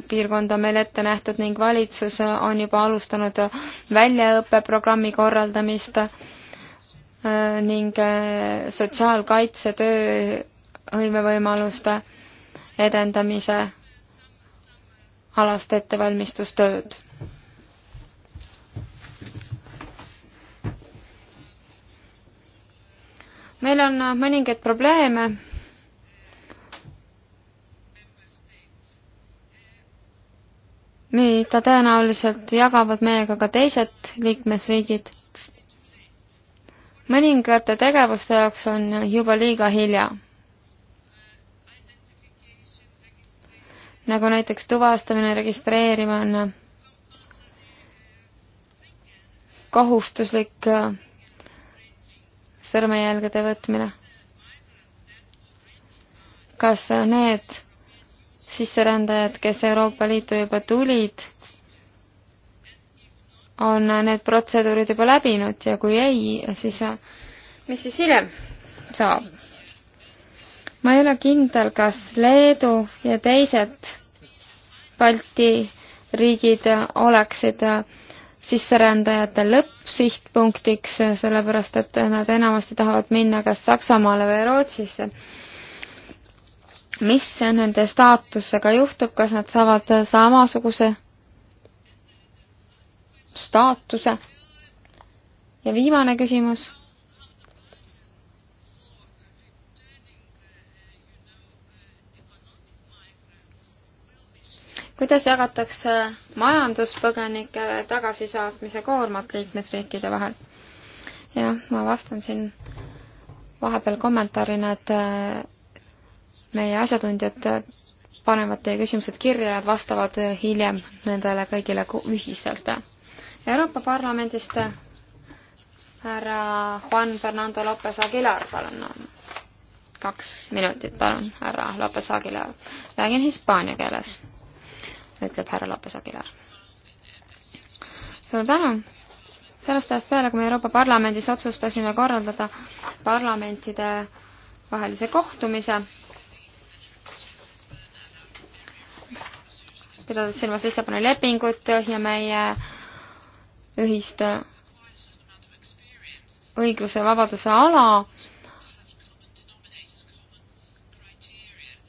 piirkond on meil ette nähtud ning valitsus on juba alustanud väljaõppeprogrammi korraldamist Äh, ning äh, sotsiaalkaitse, tööhõivevõimaluste edendamise alast ettevalmistustööd. meil on äh, mõningaid probleeme mida tõenäoliselt jagavad meiega ka teised liikmesriigid mõningate tegevuste jaoks on juba liiga hilja. nagu näiteks tuvastamine, registreerimine, kohustuslik äh, sõrmejälgede võtmine. kas need sisserändajad, kes Euroopa Liitu juba tulid, on need protseduurid juba läbinud ja kui ei, siis mis siis hiljem saab? ma ei ole kindel, kas Leedu ja teised Balti riigid oleksid sisserändajate lõppsihtpunktiks, sellepärast et nad enamasti tahavad minna kas Saksamaale või Rootsisse. mis nende staatusega juhtub, kas nad saavad samasuguse staatuse. ja viimane küsimus. kuidas jagatakse majanduspõgenike tagasisaatmise koormat liikmesriikide vahel? jah, ma vastan siin vahepeal kommentaarina, et äh, meie asjatundjad panevad teie küsimused kirja ja vastavad äh, hiljem nendele kõigile ühiselt Euroopa Parlamendist härra Juan Fernando Lopez Aguilar, palun. kaks minutit, palun, härra Lopez Aguilar. räägin hispaania keeles, ütleb härra Lopez Aguilar. suur tänu. sellest ajast peale, kui me Euroopa Parlamendis otsustasime korraldada parlamentide vahelise kohtumise, pidades silmas Lissaboni lepingut ja meie ühist õigluse ja vabaduse ala.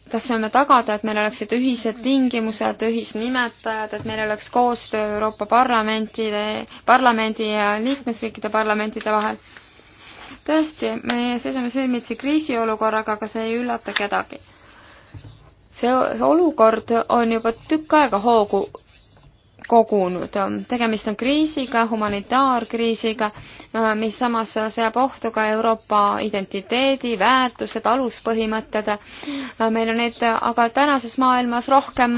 tahtsime tagada, et meil oleksid ühised tingimused, ühisnimetajad, et meil oleks koostöö Euroopa Parlamentide, parlamendi ja liikmesriikide parlamentide vahel. tõesti, me seisame silmitsi kriisiolukorraga, aga see ei üllata kedagi see olukord on juba tükk aega hoogu kogunud. tegemist on kriisiga, humanitaarkriisiga, mis samas seab ohtu ka Euroopa identiteedi, väärtused, aluspõhimõtted. meil on neid aga tänases maailmas rohkem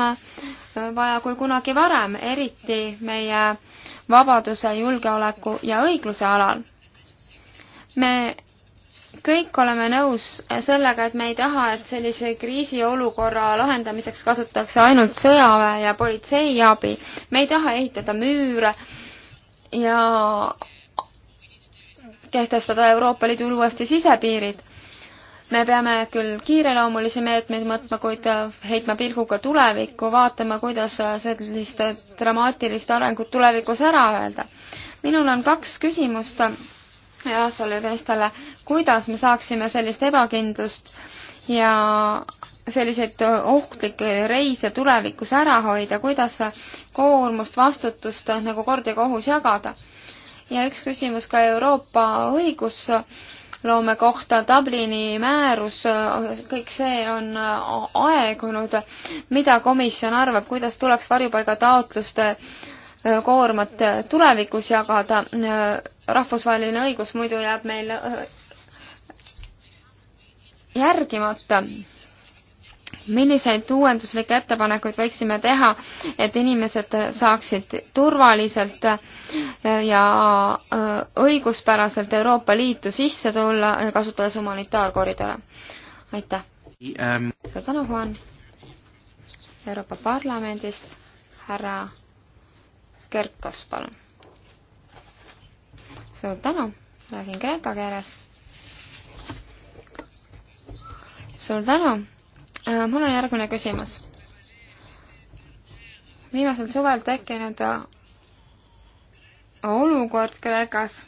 vaja kui kunagi varem, eriti meie vabaduse, julgeoleku ja õigluse alal. me kõik oleme nõus sellega, et me ei taha, et sellise kriisiolukorra lahendamiseks kasutatakse ainult sõjaväe ja politsei abi. me ei taha ehitada müüre ja kehtestada Euroopa Liidul uuesti sisepiirid. me peame küll kiireloomulisi meetmeid mõtma, kuid heitma pilguga tulevikku, vaatama, kuidas sellist dramaatilist arengut tulevikus ära öelda. minul on kaks küsimust ja solidistele, kuidas me saaksime sellist ebakindlust ja selliseid ohtlikke reise tulevikus ära hoida, kuidas koormust, vastutust nagu kord ja kohus jagada. ja üks küsimus ka Euroopa õigusloome kohta, Dublini määrus, kõik see on aegunud. mida komisjon arvab, kuidas tuleks varjupaigataotluste koormat tulevikus jagada? rahvusvaheline õigus muidu jääb meil äh, järgimata. milliseid uuenduslikke ettepanekuid võiksime teha, et inimesed saaksid turvaliselt äh, ja äh, õiguspäraselt Euroopa Liitu sisse tulla, kasutades humanitaarkoridore? aitäh um...! suur tänu, Juan! Euroopa Parlamendist härra Kerkos, palun! suur tänu, räägin kreeka keeles. suur tänu, äh, mul on järgmine küsimus. viimasel suvel tekkinud äh, olukord Kreekas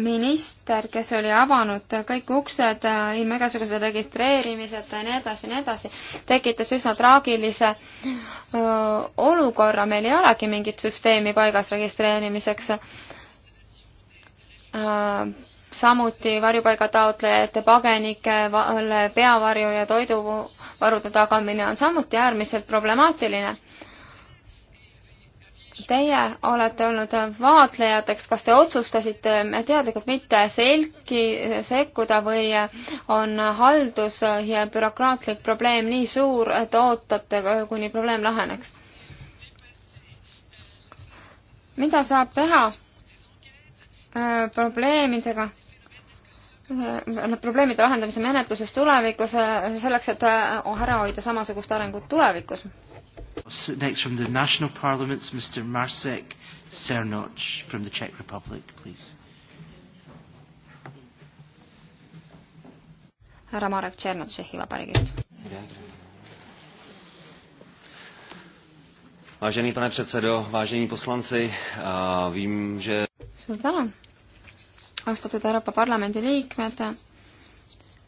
minister, kes oli avanud kõik uksed, äh, ilma igasuguse registreerimiseta ja nii edasi ja nii edasi, tekitas üsna traagilise öö, äh, olukorra, meil ei olegi mingit süsteemi paigas registreerimiseks. Äh, samuti varjupaigataotlejate, pagenikele peavarju ja toiduvarude tagamine on samuti äärmiselt problemaatiline Teie olete olnud vaatlejateks, kas te otsustasite teadlikult mitte selki sekkuda või on haldus ja bürokraatlik probleem nii suur, et ootate, kuni probleem laheneks? mida saab teha äh, probleemidega? Äh, probleemide lahendamise menetluses tulevikus äh, selleks, et ära hoida samasugust arengut tulevikus? Next from the national parliaments, Mr Marcek Cernoch from the Czech Republic, please. härra Marek Tšernov Tšehhi Vabariigist. Vážený pane předsedo, vážení poslanci, vím, že... Suur tänu, austatud Euroopa Parlamendi liikmed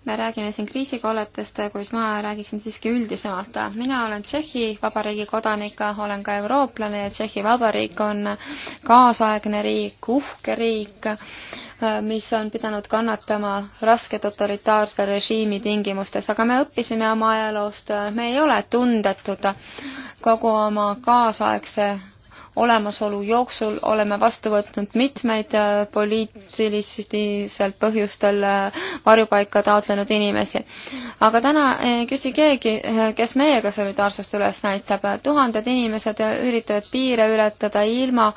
me räägime siin kriisikolletest, kuid ma räägiksin siiski üldisemalt. mina olen Tšehhi Vabariigi kodanik, olen ka eurooplane ja Tšehhi Vabariik on kaasaegne riik, uhke riik, mis on pidanud kannatama raske totalitaarse režiimi tingimustes, aga me õppisime oma ajaloost, me ei ole tundetud kogu oma kaasaegse olemasolu jooksul oleme vastu võtnud mitmeid äh, poliitilistel põhjustel äh, varjupaika taotlenud inimesi. aga täna ei äh, küsi keegi, kes meiega solidaarsust üles näitab. tuhanded inimesed üritavad piire ületada ilma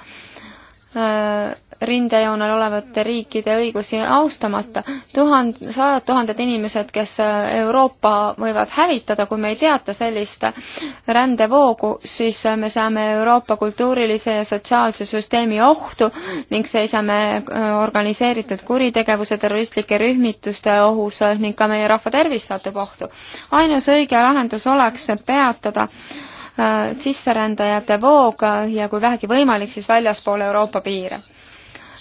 äh, rindejoonel olevate riikide õigusi austamata. tuhand, sajad tuhanded inimesed, kes äh, Euroopa võivad hävitada, kui me ei teata sellist rändevoogu, siis äh, me saame Euroopa kultuurilise ja sotsiaalse süsteemi ohtu ning seisame äh, organiseeritud kuritegevuse, terroristlike rühmituste ohus ning ka meie rahva tervis satub ohtu. ainus õige lahendus oleks peatada sisserändajate voog ja kui vähegi võimalik, siis väljaspool Euroopa piire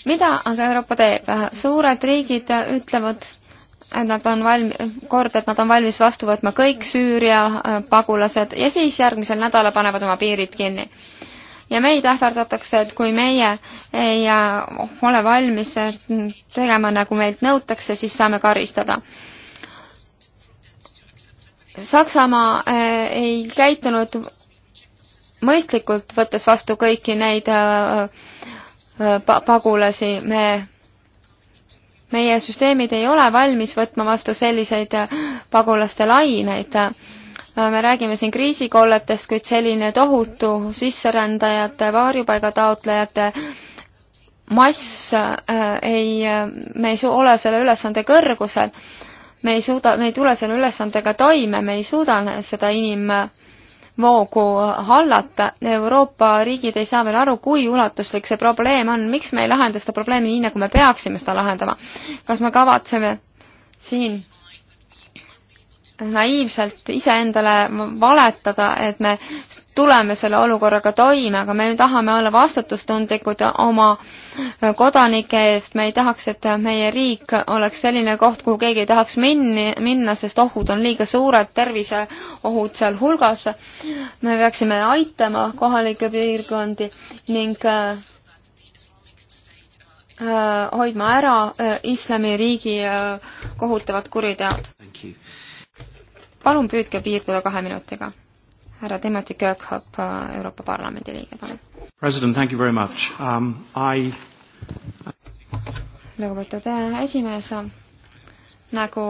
mida aga Euroopa teeb? suured riigid ütlevad, et nad on valmis, kord, et nad on valmis vastu võtma kõik Süüria äh, pagulased ja siis järgmisel nädalal panevad oma piirid kinni. ja meid ähvardatakse, et kui meie ei äh, ole valmis äh, tegema, nagu meilt nõutakse, siis saame karistada. Saksamaa ei käitunud mõistlikult, võttes vastu kõiki neid äh, Äh, pa-, pagulasi, me, meie süsteemid ei ole valmis võtma vastu selliseid äh, pagulaste laineid. Äh, me räägime siin kriisikolletest, kuid selline tohutu sisserändajate, varjupaigataotlejate mass ei, me ei ole selle ülesande kõrgusel, me ei suuda, me ei tule selle ülesandega toime, me ei suuda seda inim- voogu hallata. Euroopa riigid ei saa veel aru, kui ulatuslik see probleem on, miks me ei lahenda seda probleemi nii, nagu me peaksime seda lahendama. kas me kavatseme siin naiivselt iseendale valetada, et me tuleme selle olukorraga toime, aga me tahame olla vastutustundlikud oma kodanike eest, me ei tahaks, et meie riik oleks selline koht, kuhu keegi ei tahaks minni, minna, sest ohud on liiga suured, terviseohud sealhulgas. me peaksime aitama kohalikke piirkondi ning äh, hoidma ära äh, islamiriigi äh, kohutavad kuriteod. Thank you palun püüdke piirduda kahe minutiga. härra Timothy Kirkhope, äh, Euroopa Parlamendi liige, palun. President, thank you very much um,. I lugupeetud äh, esimees, nagu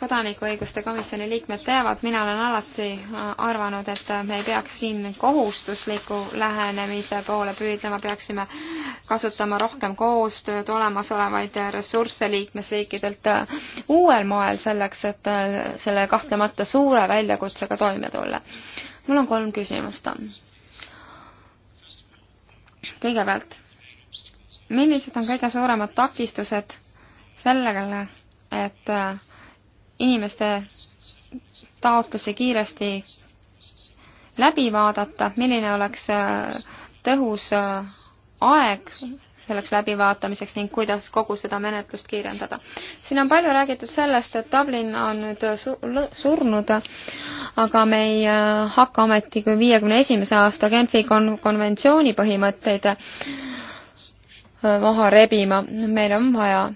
kodanikuõiguste komisjoni liikmed teavad, mina olen alati äh, arvanud, et me ei peaks siin kohustusliku lähenemise poole püüdlema, peaksime kasutama rohkem koostööd, olemasolevaid ressursse liikmesriikidelt äh, uuel moel selleks, et äh, selle kahtlemata suure väljakutsega toime tulla. mul on kolm küsimust. kõigepealt, millised on kõige suuremad takistused sellele, et äh, inimeste taotlusi kiiresti läbi vaadata, milline oleks äh, tõhus äh, aeg selleks läbivaatamiseks ning kuidas kogu seda menetlust kiirendada. siin on palju räägitud sellest, et Dublin on nüüd äh, su surnud, aga me ei hakka ometi kui viiekümne esimese aasta Genfi kon-, konventsiooni põhimõtteid maha rebima, meil on vaja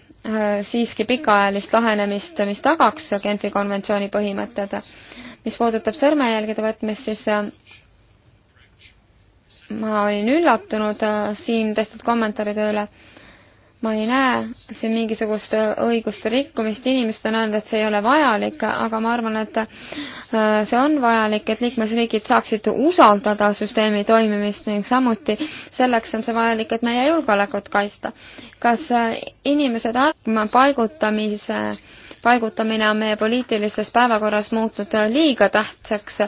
siiski pikaajalist lahenemist, mis tagaks Genfi konventsiooni põhimõtted. mis puudutab sõrmejälgede võtmist, siis äh, ma olin üllatunud äh, siin tehtud kommentaaride üle ma ei näe siin mingisugust õiguste rikkumist, inimesed on öelnud, et see ei ole vajalik, aga ma arvan, et äh, see on vajalik, et liikmesriigid saaksid usaldada süsteemi toimimist ning samuti selleks on see vajalik, et meie julgeolekut kaitsta. kas äh, inimesed paigutamise paigutamine on meie poliitilises päevakorras muutnud liiga tähtsaks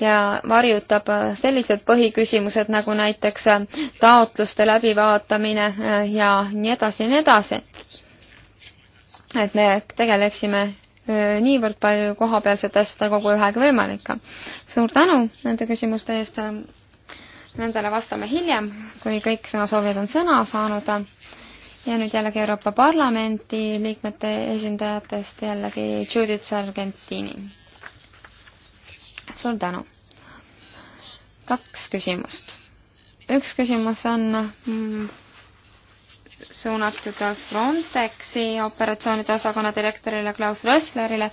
ja varjutab sellised põhiküsimused nagu näiteks taotluste läbivaatamine ja nii edasi ja nii edasi. et me tegeleksime niivõrd palju kohapealsete asjade kogu ühega võimalik. suur tänu nende küsimuste eest. Nendele vastame hiljem, kui kõik sõnasoovijad on sõna saanud ja nüüd jällegi Euroopa Parlamenti liikmete esindajatest jällegi Judith Sargentini. suur tänu. kaks küsimust. üks küsimus on mm, suunatud Frontexi operatsioonide osakonna direktorile Klaus Rösslerile.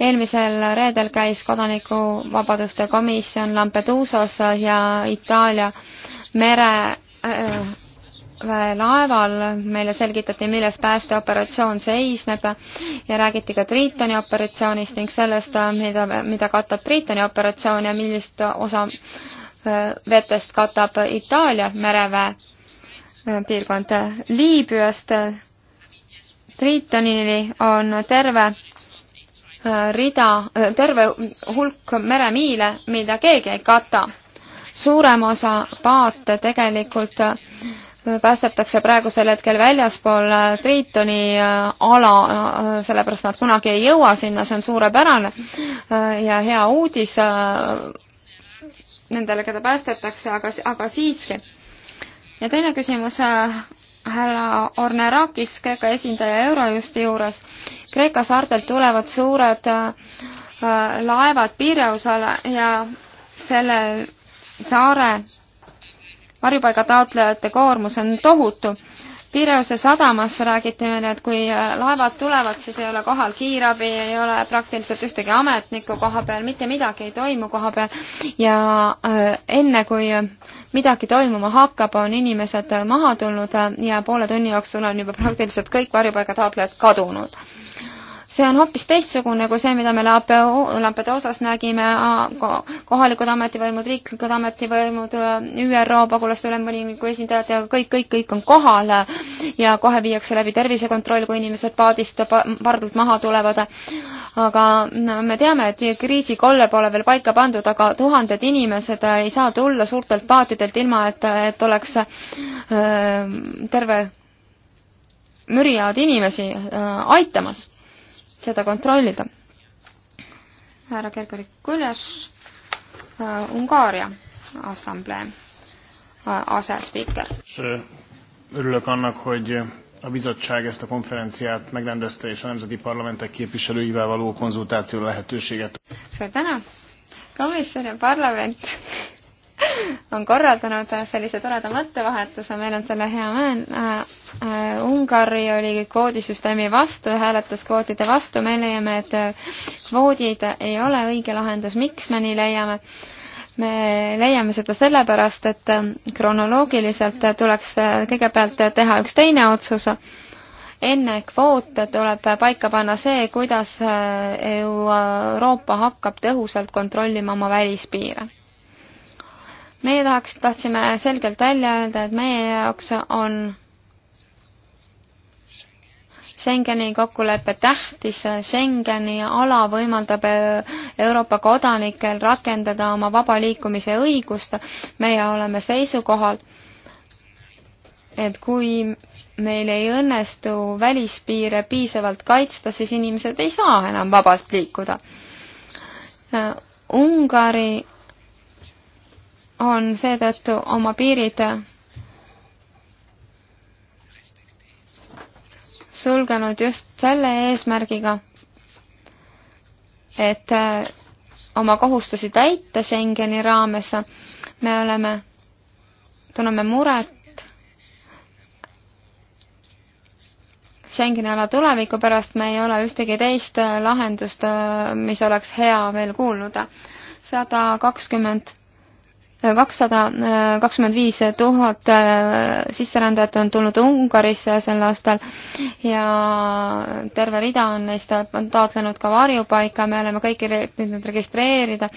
eelmisel reedel käis kodanikuvabaduste komisjon Lampedusos ja Itaalia mere äh, laeval meile selgitati, milles päästeoperatsioon seisneb ja räägiti ka Tritoni operatsioonist ning sellest, mida, mida katab Tritoni operatsioon ja millist osa äh, vetest katab Itaalia mereväe äh, piirkond. Liibüast äh, Tritonini on terve rida, terve hulk meremiile, mida keegi ei kata. suurem osa paate tegelikult äh, päästetakse praegusel hetkel väljaspool Tritoni äh, ala, äh, sellepärast nad kunagi ei jõua sinna, see on suurepärane äh, ja hea uudis nendele, keda päästetakse, aga, aga siiski. ja teine küsimus härra Ornerakis, Kreeka esindaja Eurojusti juures. Kreeka saartelt tulevad suured laevad piiriosale ja selle saare varjupaiga taotlejate koormus on tohutu. Pireuse sadamas räägiti meile, et kui laevad tulevad, siis ei ole kohal kiirabi, ei ole praktiliselt ühtegi ametnikku koha peal, mitte midagi ei toimu koha peal ja äh, enne, kui midagi toimuma hakkab, on inimesed maha tulnud ja poole tunni jooksul on juba praktiliselt kõik varjupaiga taotlejad kadunud see on hoopis teistsugune kui see, mida me Lampeduusas nägime, kohalikud ametivõimud, riiklikud ametivõimud, ÜRO pagulaste ülemvoliniku esindajad ja kõik, kõik, kõik on kohal ja kohe viiakse läbi tervisekontroll, kui inimesed paadist, pardult maha tulevad. aga me teame, et kriisikolle pole veel paika pandud, aga tuhanded inimesed ei saa tulla suurtelt paatidelt ilma, et, et oleks äh, terve müriaad inimesi äh, aitamas seda kontrollida. härra Gergeri Kuljaš, äh, Ungaria assamblee äh, asespiiker. Örülök annak, hogy a bizottság ezt a konferenciát megrendezte, és a nemzeti parlamentek képviselőivel való konzultáció lehetőséget. Suur tänu! Komisjon ja parlament *laughs* on korraldanud sellise toreda mõttevahetuse, meil on selle hea meel äh,. Äh, Ungari oli kvoodisüsteemi vastu, hääletas kvootide vastu, me leiame, et äh, kvoodid ei ole õige lahendus, miks me nii leiame? me leiame seda sellepärast, et äh, kronoloogiliselt tuleks äh, kõigepealt teha üks teine otsus enne kvoote tuleb paika panna see, kuidas Euroopa hakkab tõhusalt kontrollima oma välispiire meie tahaks, tahtsime selgelt välja öelda, et meie jaoks on Schengeni kokkulepe tähtis, Schengeni ala võimaldab Euroopa kodanikel rakendada oma vaba liikumise õigust, meie oleme seisukohal, et kui meil ei õnnestu välispiire piisavalt kaitsta, siis inimesed ei saa enam vabalt liikuda. Ungari on seetõttu oma piirid sulgenud just selle eesmärgiga, et äh, oma kohustusi täita Schengeni raames. me oleme, tunneme muret Schengeni ala tuleviku pärast, me ei ole ühtegi teist lahendust, äh, mis oleks hea veel kuulnud. sada kakskümmend kakssada kakskümmend viis tuhat äh, sisserändajat on tulnud Ungarisse sel aastal ja terve rida on neist on taotlenud ka varjupaika, me oleme kõiki püüdnud registreerida.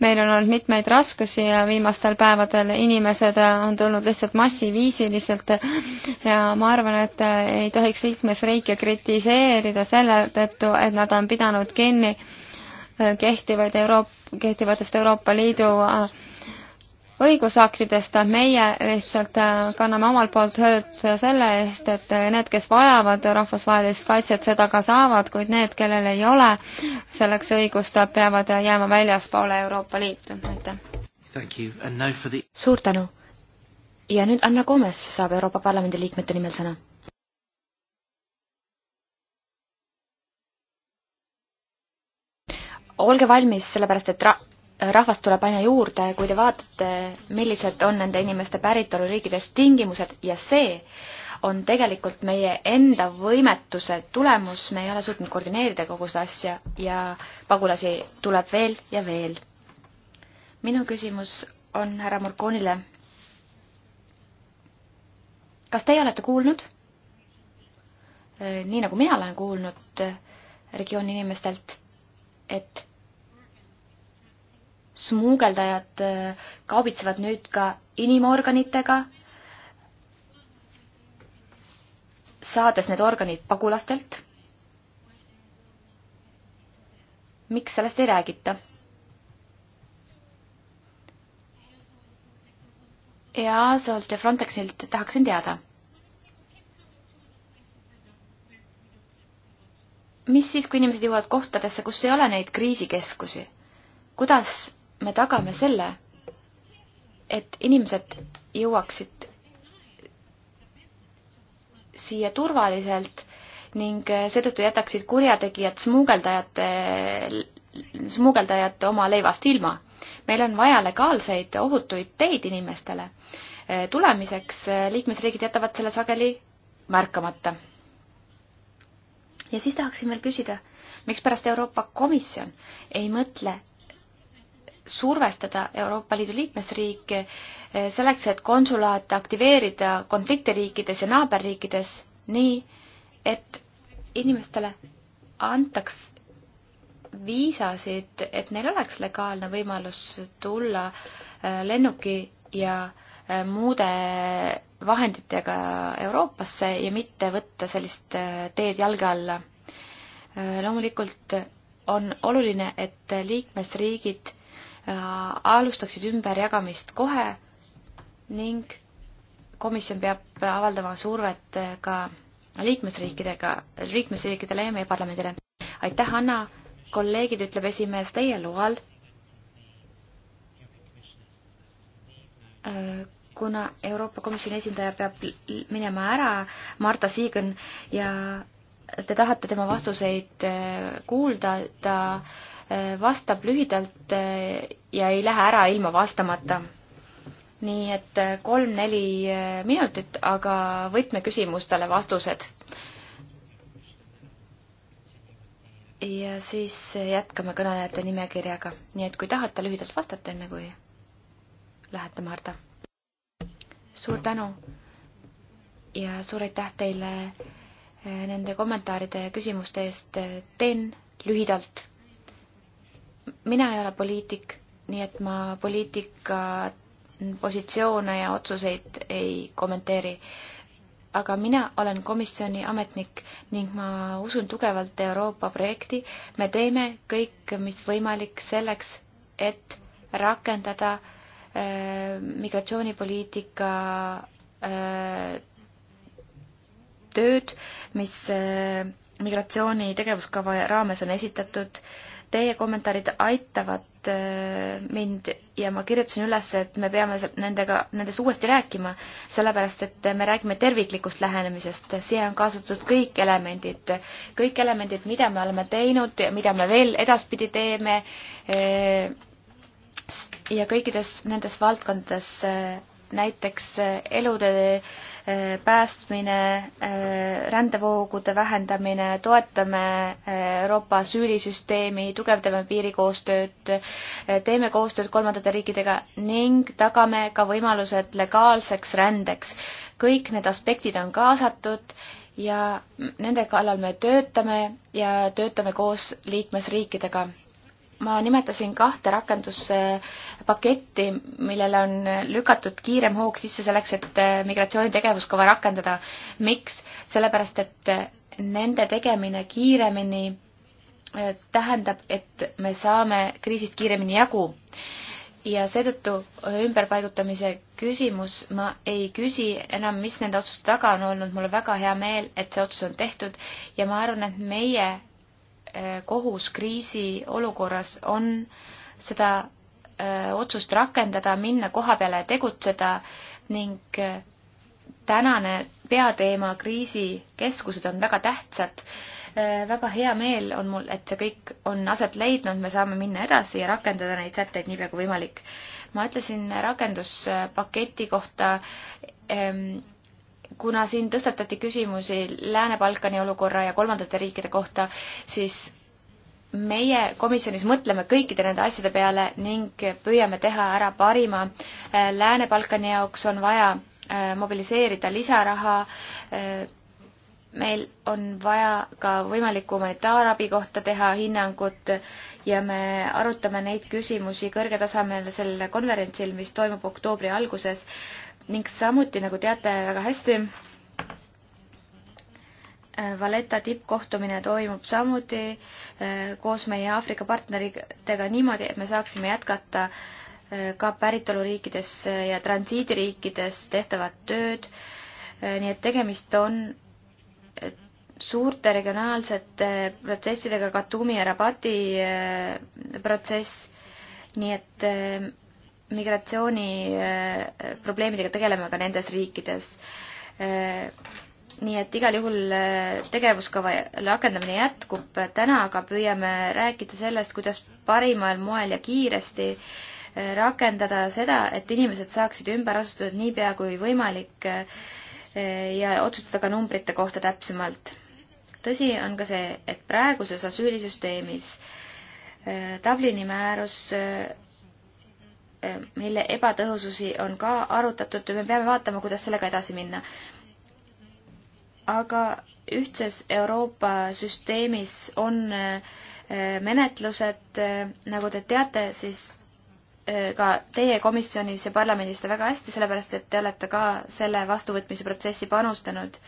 meil on olnud mitmeid raskusi ja viimastel päevadel inimesed on tulnud lihtsalt massiviisiliselt ja ma arvan, et ei tohiks liikmesriike kritiseerida selle tõttu, et nad on pidanud kinni kehtivaid Euroop-, kehtivatest Euroopa Liidu äh, õigusaktidest, meie lihtsalt äh, kanname omalt poolt hoolt selle eest, et need, kes vajavad rahvusvahelist kaitset, seda ka saavad, kuid need, kellel ei ole selleks õigust, peavad jääma väljaspoole Euroopa Liitu, aitäh. The... suur tänu. ja nüüd Anna Gomes saab Euroopa Parlamendi liikmete nimel sõna. olge valmis, sellepärast et ra-, rahvast tuleb aina juurde, kui te vaatate, millised on nende inimeste päritoluriikides tingimused ja see on tegelikult meie enda võimetuse tulemus, me ei ole suutnud koordineerida kogu seda asja ja pagulasi tuleb veel ja veel. minu küsimus on härra Morkonile. kas teie olete kuulnud, äh, nii nagu mina olen kuulnud äh, regiooni inimestelt, et smuugeldajad äh, kaubitsevad nüüd ka inimorganitega, saades need organid pagulastelt. miks sellest ei räägita? EASO-lt ja Frontexilt tahaksin teada. mis siis, kui inimesed jõuavad kohtadesse, kus ei ole neid kriisikeskusi? kuidas me tagame selle, et inimesed jõuaksid siia turvaliselt ning seetõttu jätaksid kurjategijad smuugeldajate, smuugeldajad oma leivast ilma. meil on vaja legaalseid ohutuid teid inimestele tulemiseks, liikmesriigid jätavad selle sageli märkamata. ja siis tahaksin veel küsida, mikspärast Euroopa Komisjon ei mõtle survestada Euroopa Liidu liikmesriike eh, selleks, et konsulaate aktiveerida konfliktiriikides ja naaberriikides nii, et inimestele antaks viisasid, et neil oleks legaalne võimalus tulla eh, lennuki ja eh, muude vahenditega Euroopasse ja mitte võtta sellist teed jalge alla. loomulikult on oluline, et liikmesriigid Äh, alustaksid ümberjagamist kohe ning komisjon peab avaldama survet äh, ka liikmesriikidega, liikmesriikidele ja meie parlamendile. aitäh, Anna, kolleegid, ütleb esimees teie loal. Äh, kuna Euroopa Komisjoni esindaja peab minema ära, Marta Siigen, ja te tahate tema vastuseid kuulda, ta äh, vastab lühidalt eh, ja ei lähe ära ilma vastamata. nii et eh, kolm-neli eh, minutit, aga võtmeküsimustele vastused. ja siis jätkame kõnelejate nimekirjaga, nii et kui tahate, lühidalt vastate, enne kui lähete, Marta. suur tänu ja suur aitäh teile nende kommentaaride ja küsimuste eest. teen lühidalt mina ei ole poliitik, nii et ma poliitika positsioone ja otsuseid ei kommenteeri. aga mina olen komisjoni ametnik ning ma usun tugevalt Euroopa projekti. me teeme kõik, mis võimalik selleks, et rakendada äh, migratsioonipoliitika äh, tööd, mis äh, migratsiooni tegevuskava raames on esitatud äh, Teie kommentaarid aitavad äh, mind ja ma kirjutasin üles, et me peame nendega, nendest uuesti rääkima, sellepärast et me räägime terviklikust lähenemisest, siia on kaasatud kõik elemendid, kõik elemendid, mida me oleme teinud ja mida me veel edaspidi teeme äh, ja kõikides nendes valdkondades äh, näiteks äh, elude äh, päästmine, äh, rändevoogude vähendamine, toetame Euroopa asüülisüsteemi, tugevdame piirikoostööd, teeme koostööd kolmandate riikidega ning tagame ka võimalused legaalseks rändeks. kõik need aspektid on kaasatud ja nende kallal me töötame ja töötame koos liikmesriikidega ma nimetasin kahte rakenduspaketti, millele on lükatud kiirem hoog sisse selleks, et äh, migratsiooni tegevuskava rakendada. miks? sellepärast, et äh, nende tegemine kiiremini äh, tähendab, et me saame kriisist kiiremini jagu. ja seetõttu ümberpaigutamise küsimus, ma ei küsi enam, mis nende otsuste taga on olnud, mul on väga hea meel, et see otsus on tehtud ja ma arvan, et meie Eh, kohus kriisiolukorras on seda eh, otsust rakendada, minna koha peale ja tegutseda ning eh, tänane peateema kriisikeskused on väga tähtsad. väga hea meel on mul, et see kõik on aset leidnud, me saame minna edasi ja rakendada neid sätteid niipea kui võimalik. ma ütlesin rakenduspaketi kohta ehm, kuna siin tõstatati küsimusi Lääne-Balkani olukorra ja kolmandate riikide kohta, siis meie komisjonis mõtleme kõikide nende asjade peale ning püüame teha ära parima. Äh, Lääne-Balkani jaoks on vaja äh, mobiliseerida lisaraha. Äh, meil on vaja ka võimaliku humanitaarabi kohta teha hinnangut ja me arutame neid küsimusi kõrgetasemel sel konverentsil, mis toimub oktoobri alguses ning samuti, nagu teate väga hästi, äh, Valeta tippkohtumine toimub samuti äh, koos meie Aafrika partneritega niimoodi, et me saaksime jätkata äh, ka päritoluriikides ja transiidiriikides tehtavat tööd. nii et tegemist on suurte regionaalsete protsessidega, Katumi ja Rabati protsess, nii et migratsiooniprobleemidega äh, tegeleme ka nendes riikides. Äh, nii et igal juhul äh, tegevuskava rakendamine jätkub, täna aga püüame rääkida sellest, kuidas parimal moel ja kiiresti rakendada seda, et inimesed saaksid ümber asutud niipea kui võimalik ja otsustada ka numbrite kohta täpsemalt. tõsi on ka see, et praeguses asüülisüsteemis Dublini määrus mille ebatõhususi on ka arutatud ja me peame vaatama, kuidas sellega edasi minna. aga ühtses Euroopa süsteemis on äh, menetlused, äh, nagu te teate, siis äh, ka teie komisjonis ja parlamendis seda väga hästi, sellepärast et te olete ka selle vastuvõtmise protsessi panustanud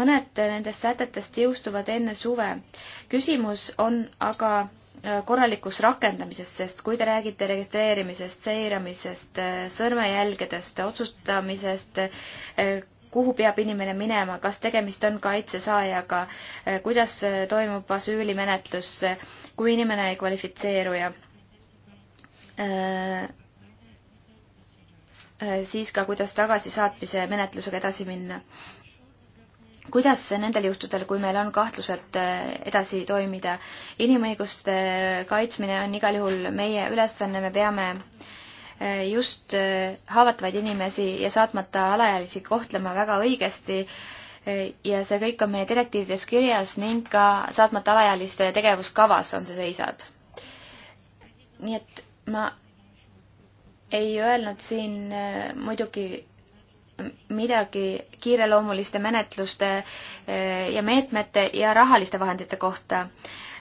mõned nendest sätetest jõustuvad enne suve. küsimus on aga Äh, korralikus rakendamises, sest kui te räägite registreerimisest, seiramisest, äh, sõrmejälgedest, otsustamisest, äh, kuhu peab inimene minema, kas tegemist on kaitsesaajaga, kuidas toimub asüülimenetlus, kui inimene ei kvalifitseeru ja siis ka, kuidas tagasisaatmise menetlusega edasi minna kuidas nendel juhtudel, kui meil on kahtlused eh, edasi toimida? inimõiguste kaitsmine on igal juhul meie ülesanne, me peame eh, just eh, haavatavaid inimesi ja saatmata alaealisi kohtlema väga õigesti ja see kõik on meie direktiivides kirjas ning ka saatmata alaealiste tegevuskavas on see seisab. nii et ma ei öelnud siin muidugi midagi kiireloomuliste menetluste eh, ja meetmete ja rahaliste vahendite kohta.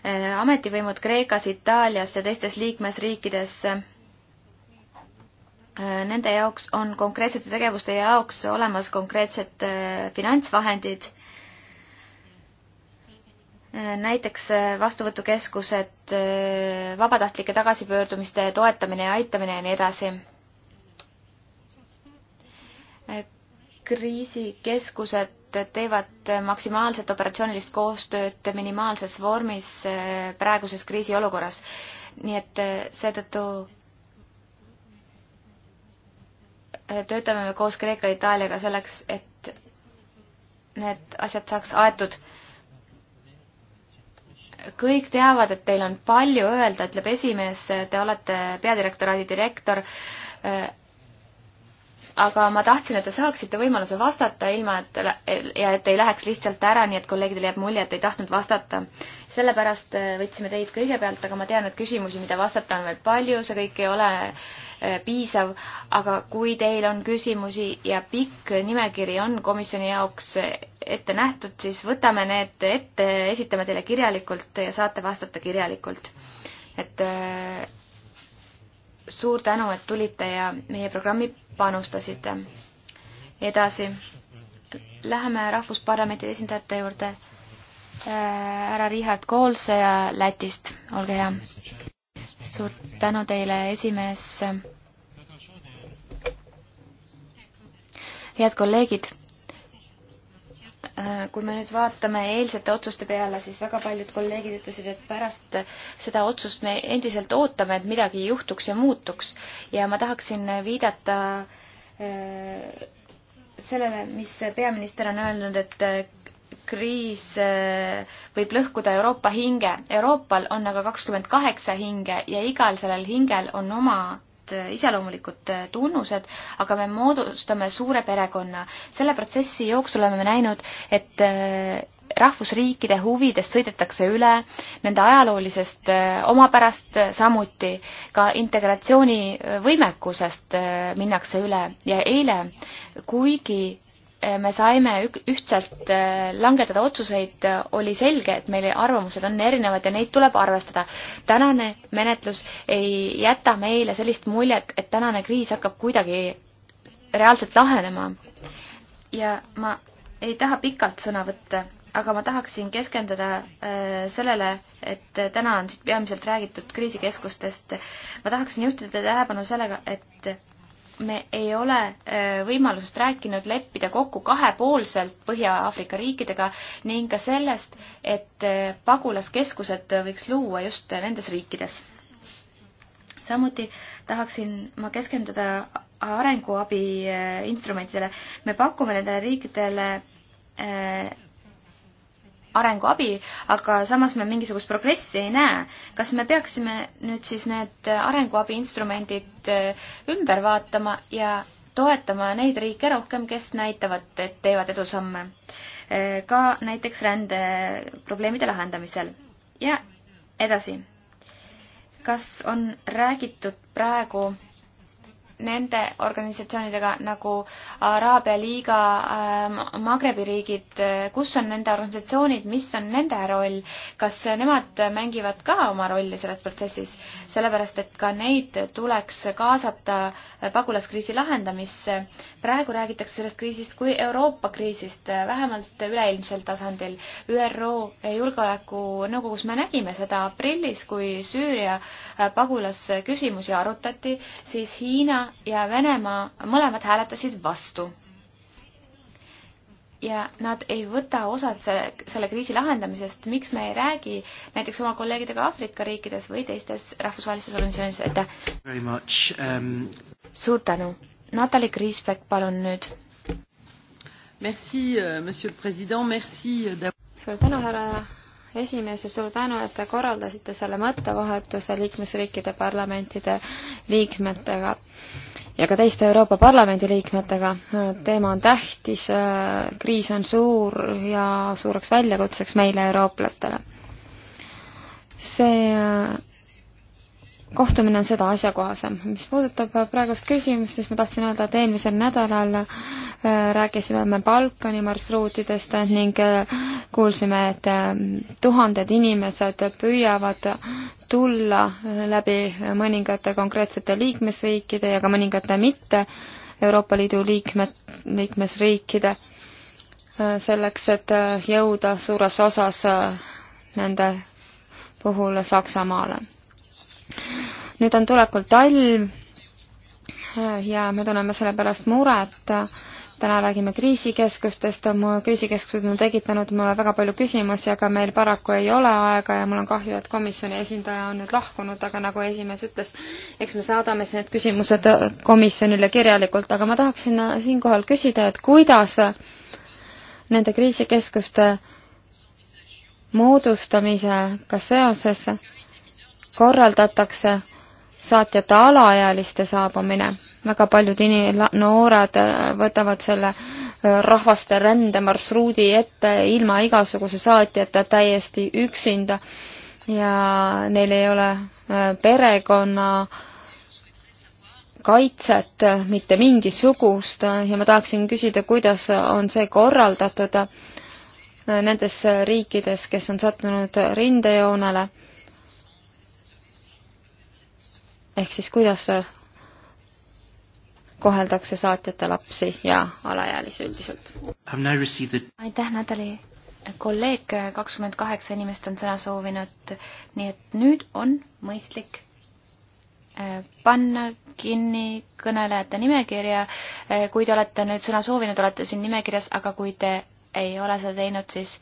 Eh, ametivõimud Kreekas, Itaalias ja teistes liikmesriikides eh, Nende jaoks on konkreetsete tegevuste jaoks olemas konkreetsed finantsvahendid, näiteks vastuvõtukeskused, vabatahtlike tagasipöördumiste toetamine ja aitamine ja nii edasi kriisikeskused teevad maksimaalset operatsioonilist koostööd minimaalses vormis eh, praeguses kriisiolukorras. nii et eh, seetõttu eh, töötame me koos Kreeka ja Itaaliaga selleks, et need asjad saaks aetud. kõik teavad, et teil on palju öelda, ütleb esimees, te olete peadirektoraadi direktor aga ma tahtsin, et te saaksite võimaluse vastata, ilma et ja et ei läheks lihtsalt ära, nii et kolleegidel jääb mulje, et ei tahtnud vastata. sellepärast äh, võtsime teid kõigepealt, aga ma tean, et küsimusi, mida vastata, on veel palju, see kõik ei ole äh, piisav, aga kui teil on küsimusi ja pikk nimekiri on komisjoni jaoks äh, ette nähtud, siis võtame need ette, esitame teile kirjalikult ja saate vastata kirjalikult. et suur tänu, et tulite ja meie programmi panustasite. edasi, läheme rahvusparlamenti esindajate juurde. härra äh, Richard Koolse ja Lätist, olge hea. suur tänu teile, esimees. head kolleegid Äh, kui me nüüd vaatame eilsete otsuste peale, siis väga paljud kolleegid ütlesid, et pärast seda otsust me endiselt ootame, et midagi juhtuks ja muutuks. ja ma tahaksin viidata äh, sellele, mis peaminister on öelnud, et äh, kriis võib lõhkuda Euroopa hinge. Euroopal on aga kakskümmend kaheksa hinge ja igal sellel hingel on oma sellised äh, iseloomulikud äh, tunnused, aga me moodustame suure perekonna. selle protsessi jooksul oleme näinud, et äh, rahvusriikide huvidest sõidetakse üle, nende ajaloolisest omapärast samuti, ka integratsioonivõimekusest minnakse üle ja eile, kuigi me saime ühtselt äh, langetada otsuseid, äh, oli selge, et meil arvamused on erinevad ja neid tuleb arvestada. tänane menetlus ei jäta meile sellist muljet, et tänane kriis hakkab kuidagi reaalselt lahenema. ja ma ei taha pikalt sõna võtta, aga ma tahaksin keskenduda äh, sellele, et täna on siit peamiselt räägitud kriisikeskustest. ma tahaksin juhtida tähelepanu sellega, et me ei ole äh, võimalusest rääkinud leppida kokku kahepoolselt Põhja-Aafrika riikidega ning ka sellest, et äh, pagulaskeskused võiks luua just nendes riikides. samuti tahaksin ma keskenduda arenguabi äh, instrumentidele. me pakume nendele riikidele arenguabi, aga samas me mingisugust progressi ei näe. kas me peaksime nüüd siis need arenguabi instrumendid äh, ümber vaatama ja toetama neid riike rohkem, kes näitavad, et teevad edusamme? Äh, ka näiteks rändeprobleemide lahendamisel. ja edasi. kas on räägitud praegu nende organisatsioonidega nagu Araabia Liiga äh,, Magrebi riigid, äh, kus on nende organisatsioonid, mis on nende roll, kas nemad mängivad ka oma rolli selles protsessis, sellepärast et ka neid tuleks kaasata äh, pagulaskriisi lahendamisse. praegu räägitakse sellest kriisist kui Euroopa kriisist, äh, vähemalt üleilmsel tasandil. ÜRO Julgeolekunõukogus me nägime seda aprillis, kui Süüria pagulasküsimusi arutati, siis Hiina Hiina ja Venemaa mõlemad hääletasid vastu. ja nad ei võta osad selle, selle kriisi lahendamisest, miks me ei räägi näiteks oma kolleegidega Aafrika riikides või teistes rahvusvahelistes organisatsioonides, aitäh um...! suur tänu! Natali Kriisbeck, palun nüüd! Merci, euh, monsieur president, merci euh, suur tänu, härra esimees ja suur tänu, et te korraldasite selle mõttevahetuse liikmesriikide parlamentide liikmetega ja ka teiste Euroopa Parlamendi liikmetega. teema on tähtis, kriis on suur ja suureks väljakutseks meile, eurooplastele. see kohtumine on seda asjakohasem. mis puudutab äh, praegust küsimust, siis ma tahtsin öelda, et eelmisel nädalal äh, rääkisime me Balkani marsruutidest ning äh, kuulsime, et tuhanded inimesed püüavad tulla läbi mõningate konkreetsete liikmesriikide ja ka mõningate mitte Euroopa Liidu liikme, liikmesriikide selleks, et jõuda suures osas nende puhul Saksamaale nüüd on tulekul talv ja me tunneme selle pärast muret. täna räägime kriisikeskustest, kriisikeskused on tekitanud mulle väga palju küsimusi, aga meil paraku ei ole aega ja mul on kahju, et komisjoni esindaja on nüüd lahkunud, aga nagu esimees ütles, eks me saadame siis need küsimused komisjonile kirjalikult, aga ma tahaksin siinkohal küsida, et kuidas nende kriisikeskuste moodustamisega seoses korraldatakse saatjate alaealiste saabumine. väga paljud ini-, noored äh, võtavad selle äh, rahvaste rändemarsruudi ette ilma igasuguse saatjata täiesti üksinda ja neil ei ole äh, perekonna kaitset mitte mingisugust ja ma tahaksin küsida, kuidas on see korraldatud nendes riikides, kes on sattunud rindejoonele ehk siis kuidas äh, koheldakse saatjate lapsi ja alaealisi üldiselt. aitäh, Natali. kolleeg äh, kakskümmend kaheksa inimest on sõna soovinud, nii et nüüd on mõistlik äh, panna kinni kõnelejate nimekirja. kui te olete nüüd sõna soovinud, olete siin nimekirjas, aga kui te ei ole seda teinud, siis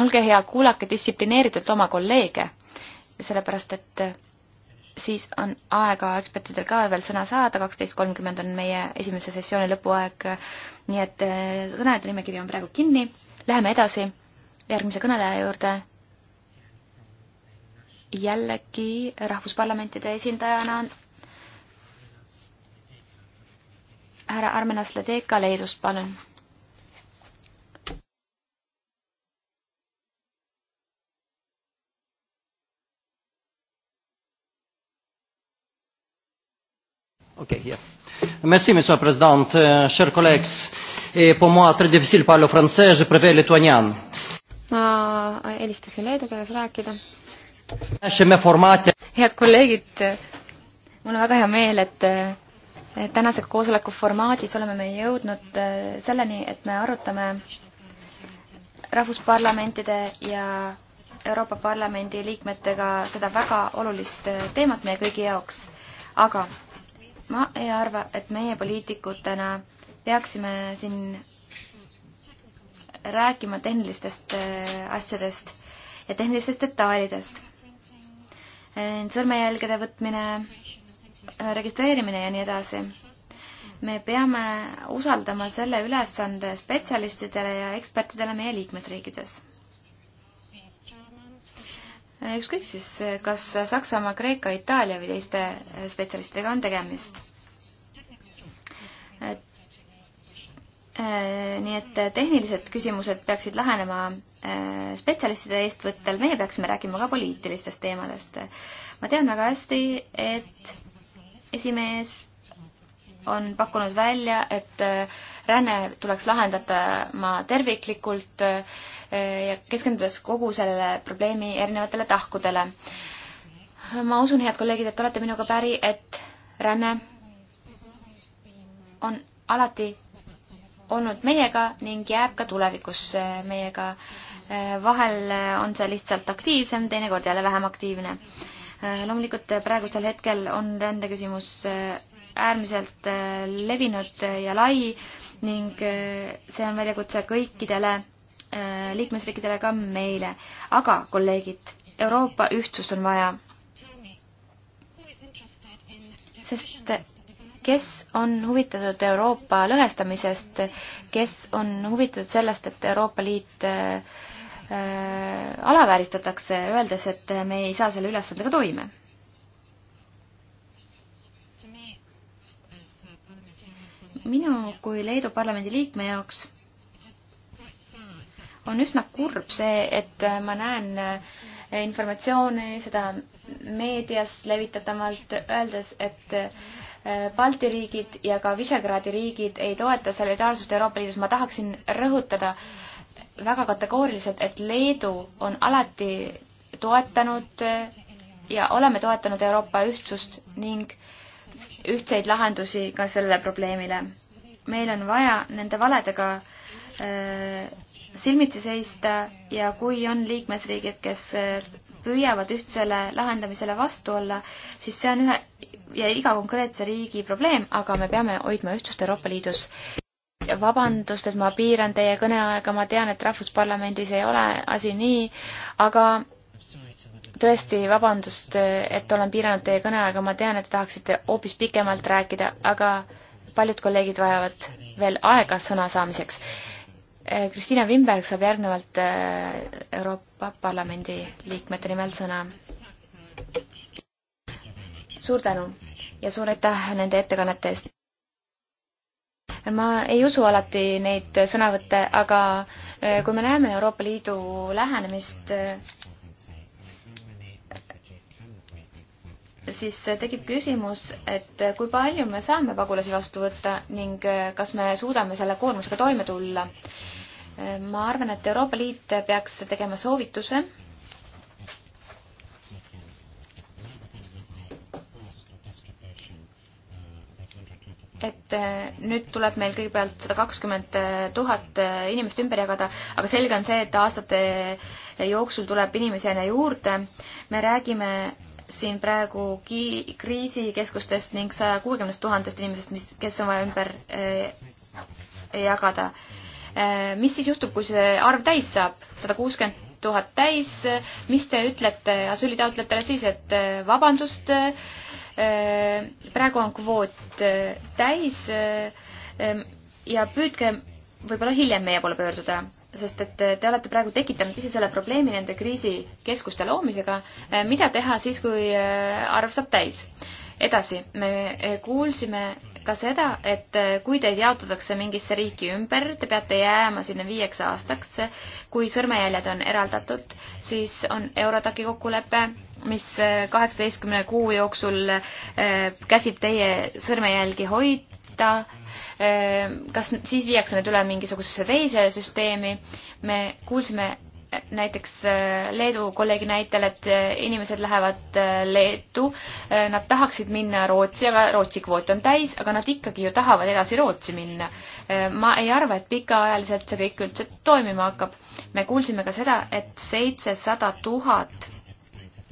olge hea, kuulake distsiplineeritult oma kolleege, sellepärast et siis on aega ekspertidel ka veel sõna saada, kaksteist kolmkümmend on meie esimese sessiooni lõpuaeg, nii et sõnade äh, nimekiri on praegu kinni, läheme edasi järgmise kõneleja juurde. jällegi rahvusparlamentide esindajana härra Armenas Ledeka Leedust, palun Ok, yeah. Merci, Monsieur le Président. Euh, chers collègues, et pour moi, très difficile de parler français, je préfère lituanien. ma helistaksin leedu keeles rääkida. head kolleegid, mul on väga hea meel, et tänase koosoleku formaadis oleme me jõudnud äh, selleni, et me arutame rahvusparlamentide ja Euroopa Parlamendi liikmetega seda väga olulist äh, teemat meie kõigi jaoks. aga ma ei arva, et meie poliitikutena peaksime siin rääkima tehnilistest äh, asjadest ja tehnilistest detailidest. Äh, sõrmejälgede võtmine, äh, registreerimine ja nii edasi. me peame usaldama selle ülesande spetsialistidele ja ekspertidele meie liikmesriikides ükskõik siis, kas Saksamaa, Kreeka, Itaalia või teiste spetsialistidega on tegemist. E, nii et tehnilised küsimused peaksid lahenema e, spetsialistide eestvõttel, meie peaksime rääkima ka poliitilistest teemadest. ma tean väga hästi, et esimees on pakkunud välja, et e, ränne tuleks lahendada terviklikult ja keskendudes kogu sellele probleemi erinevatele tahkudele. ma usun, head kolleegid, et olete minuga päri, et ränne on alati olnud meiega ning jääb ka tulevikus meiega. vahel on see lihtsalt aktiivsem, teinekord jälle vähem aktiivne. loomulikult praegusel hetkel on rändeküsimus äärmiselt levinud ja lai ning see on väljakutse kõikidele Äh, liikmesriikidele ka meile. aga, kolleegid, Euroopa ühtsust on vaja. sest kes on huvitatud Euroopa lõhestamisest, kes on huvitatud sellest, et Euroopa Liit äh, äh alavääristatakse, öeldes, et me ei saa selle ülesandega toime minu kui Leedu parlamendi liikme jaoks on üsna kurb see, et ma näen äh, informatsiooni, seda meedias levitatavalt öeldes, et äh, Balti riigid ja ka Visegradi riigid ei toeta solidaarsust Euroopa Liidus, ma tahaksin rõhutada väga kategooriliselt, et Leedu on alati toetanud äh, ja oleme toetanud Euroopa ühtsust ning ühtseid lahendusi ka sellele probleemile. meil on vaja nende valedega äh, silmitsi seista ja kui on liikmesriigid, kes püüavad ühtsele lahendamisele vastu olla, siis see on ühe ja iga konkreetse riigi probleem, aga me peame hoidma ühtsust Euroopa Liidus. vabandust, et ma piiran teie kõneaega, ma tean, et Rahvusparlamendis ei ole asi nii, aga tõesti, vabandust, et olen piiranud teie kõneaega, ma tean, et te tahaksite hoopis pikemalt rääkida, aga paljud kolleegid vajavad veel aega sõna saamiseks Eh, Kristiina Vimberg saab järgnevalt eh, Euroopa Parlamendi liikmete nimel sõna. suur tänu ja suur aitäh nende ettekannete eest. ma ei usu alati neid sõnavõtte, aga eh, kui me näeme Euroopa Liidu lähenemist, siis tekib küsimus, et kui palju me saame pagulasi vastu võtta ning kas me suudame selle koormusega toime tulla ma arvan, et Euroopa Liit peaks tegema soovituse et eh, nüüd tuleb meil kõigepealt sada kakskümmend tuhat eh, inimest ümber jagada, aga selge on see, et aastate jooksul tuleb inimesi aina juurde. me räägime siin praegu kriisikeskustest ning saja kuuekümnest tuhandest inimesest, mis, kes on vaja ümber eh, jagada Äh, mis siis juhtub, kui see arv täis saab, sada kuuskümmend tuhat täis, mis te ütlete asüülitaotlejatele siis, et äh, vabandust, äh, praegu on kvoot täis ähm, ja püüdke võib-olla hiljem meie poole pöörduda, sest et te olete praegu tekitanud ise selle probleemi nende kriisikeskuste loomisega, mida teha siis, kui arv saab täis? edasi, me kuulsime ka seda, et äh, kui teid jaotatakse mingisse riiki ümber, te peate jääma sinna viieks aastaks, kui sõrmejäljed on eraldatud, siis on Eurotaki kokkulepe, mis äh, kaheksateistkümne kuu jooksul äh, käsib teie sõrmejälgi hoida, kas siis viiakse need üle mingisugusesse teise süsteemi, me kuulsime näiteks äh, Leedu kolleegi näitel, et äh, inimesed lähevad äh, Leetu, nad tahaksid minna Rootsi, aga Rootsi kvoot on täis, aga nad ikkagi ju tahavad edasi Rootsi minna. ma ei arva, et pikaajaliselt see kõik üldse toimima hakkab. me kuulsime ka seda, et seitsesada tuhat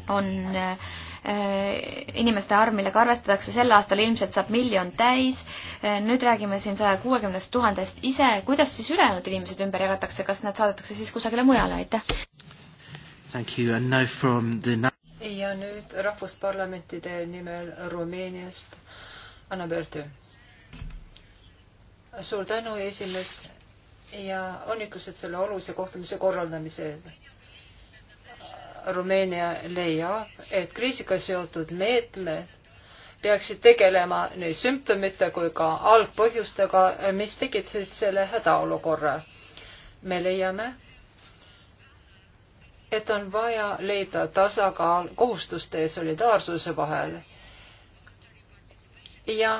on äh, Äh, inimeste arv, millega arvestatakse, sel aastal ilmselt saab miljon täis. Äh, nüüd räägime siin saja kuuekümnest tuhandest ise, kuidas siis ülejäänud inimesed ümber jagatakse, kas nad saadetakse siis kusagile mujale, aitäh? The... ja nüüd rahvusparlamentide nimel Rumeeniast Anna Pöördu. suur tänu, esimees ja õnnitlused selle olulise kohtumise korraldamise eest Rumeenia leiab, et kriisiga seotud meetmed peaksid tegelema nii sümptomite kui ka algpõhjustega, mis tekitasid selle hädaolukorra. me leiame, et on vaja leida tasakaal kohustuste ja solidaarsuse vahel ja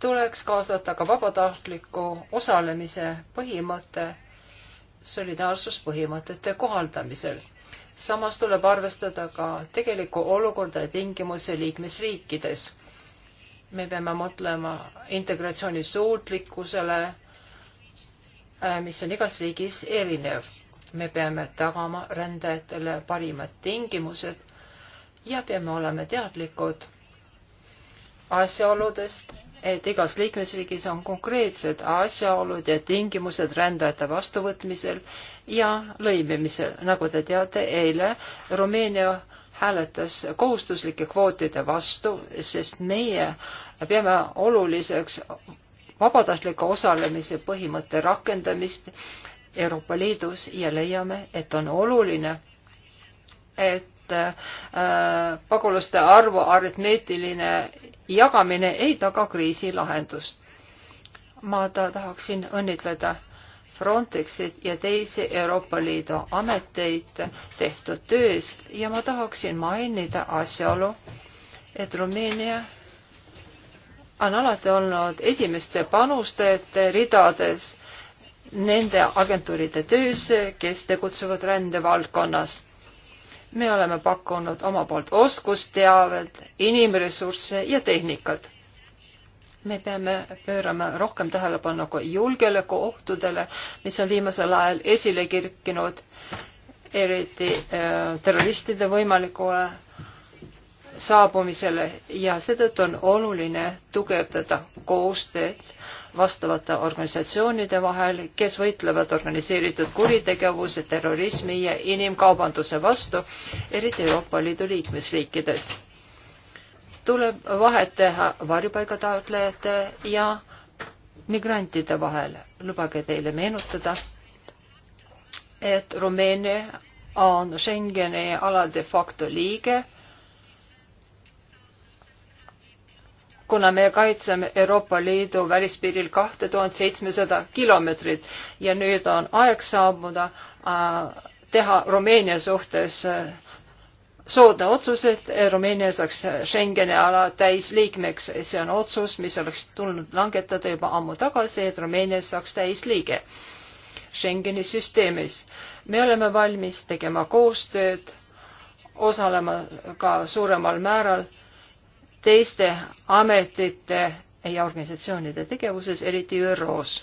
tuleks kaasata ka vabatahtliku osalemise põhimõte solidaarsuspõhimõtete kohaldamisel samas tuleb arvestada ka tegelikku olukorda ja tingimusi liikmesriikides. me peame mõtlema integratsiooni suutlikkusele, äh, mis on igas riigis erinev. me peame tagama rändajatele parimad tingimused ja peame olema teadlikud asjaoludest, et igas liikmesriigis on konkreetsed asjaolud ja tingimused rändajate vastuvõtmisel ja lõimimisel. nagu te teate, eile Rumeenia hääletas kohustuslike kvootide vastu, sest meie peame oluliseks vabatahtliku osalemise põhimõtte rakendamist Euroopa Liidus ja leiame, et on oluline, et Äh, pagulaste arvu aritmeetiline jagamine ei taga kriisi lahendust. ma ta tahaksin õnnitleda Frontexit ja teisi Euroopa Liidu ameteid tehtud töö eest ja ma tahaksin mainida asjaolu, et Rumeenia on alati olnud esimeste panustajate ridades nende agentuuride töös, kes tegutsevad rändevaldkonnas me oleme pakkunud oma poolt oskusteavet, inimressursse ja tehnikat. me peame pöörama rohkem tähelepanu ka julgeolekuohtudele, mis on viimasel ajal esile kerkinud, eriti äh, terroristide võimalikule saabumisele ja seetõttu on oluline tugevdada koostööd vastavate organisatsioonide vahel, kes võitlevad organiseeritud kuritegevuse, terrorismi ja inimkaubanduse vastu, eriti Euroopa Liidu liikmesriikides. tuleb vahet teha varjupaigataotlejate ja migrantide vahel. lubage teile meenutada, et Rumeenia on Schengeni ala de facto liige kuna me kaitseme Euroopa Liidu välispiiril kahte tuhat seitsmesada kilomeetrit ja nüüd on aeg saabuda äh, teha Rumeenia suhtes äh, soodne otsus, et äh, Rumeenia saaks Schengeni ala täisliikmeks. see on otsus, mis oleks tulnud langetada juba ammu tagasi, et Rumeenia saaks täisliige Schengeni süsteemis. me oleme valmis tegema koostööd, osalema ka suuremal määral teiste ametite ja organisatsioonide tegevuses, eriti ÜRO-s.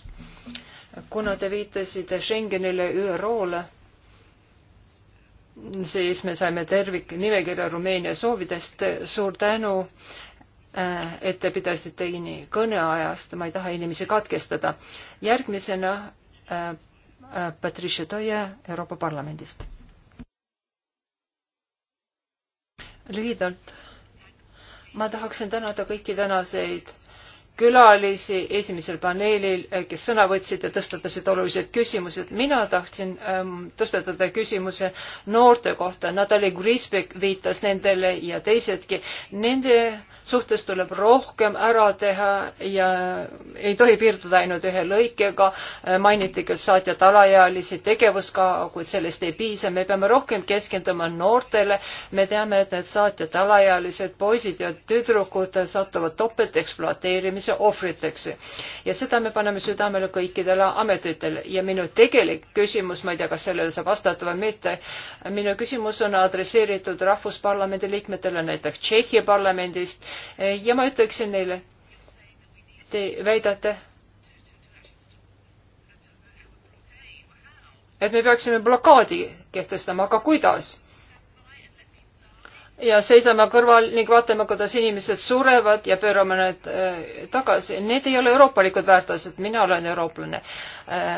kuna te viitasite Schengenile, ÜRO-le, siis me saime terviknimekirja Rumeenia soovidest. suur tänu, äh, et te pidasite kinni kõneajast, ma ei taha inimesi katkestada. järgmisena äh, äh, Patricia Toie Euroopa Parlamendist. lühidalt ma tahaksin tänada kõiki tänaseid külalisi esimesel paneelil, eh, kes sõna võtsid ja tõstatasid olulised küsimused. mina tahtsin ähm, tõstatada küsimuse noorte kohta. Natalja Grisbeck viitas nendele ja teisedki. Nende suhtes tuleb rohkem ära teha ja ei tohi piirduda ainult ühe lõikega. Eh, mainiti küll saatjat alaealisi tegevuskava, kuid sellest ei piisa. me peame rohkem keskenduma noortele. me teame, et need saatjad alaealised poisid ja tüdrukud eh, satuvad topeltekspluateerimise langetakse ohvriteks. ja seda me paneme südamele kõikidele ametitele ja minu tegelik küsimus, ma ei tea, kas sellele saab vastata või mitte, minu küsimus on adresseeritud rahvusparlamendi liikmetele, näiteks Tšehhi parlamendist ja ma ütleksin neile, te väidate, et me peaksime blokaadi kehtestama, aga kuidas? ja seisame kõrval ning vaatame, kuidas inimesed surevad ja pöörame need äh, tagasi. Need ei ole euroopalikud väärtused, mina olen eurooplane. Äh,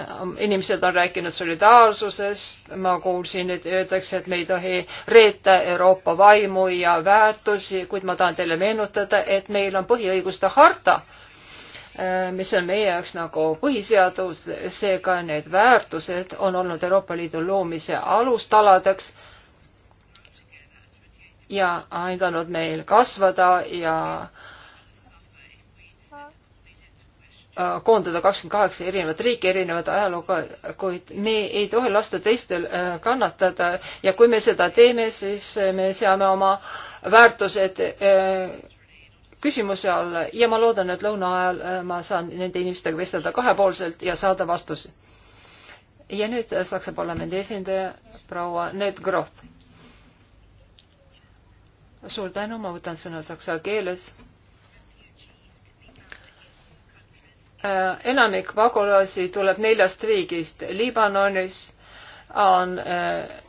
inimesed on rääkinud solidaarsusest, ma kuulsin, et öeldakse, et me ei tohi reeta Euroopa vaimu ja väärtusi, kuid ma tahan teile meenutada, et meil on põhiõiguste harta, äh, mis on meie jaoks nagu põhiseadus, seega need väärtused on olnud Euroopa Liidu loomise alustaladeks ja aidanud meil kasvada ja äh, koondada kakskümmend kaheksa erinevat riiki, erinevat ajalugu, kuid me ei tohi lasta teistel äh, kannatada ja kui me seda teeme, siis äh, me seame oma väärtused küsimuse alla ja ma loodan, et lõuna ajal ma saan nende inimestega vestelda kahepoolselt ja saada vastuse. ja nüüd Saksa parlamendi esindaja proua Ned Groth suur tänu, ma võtan sõna saksa keeles äh, enamik pagulasi tuleb neljast riigist. Liibanonis on äh,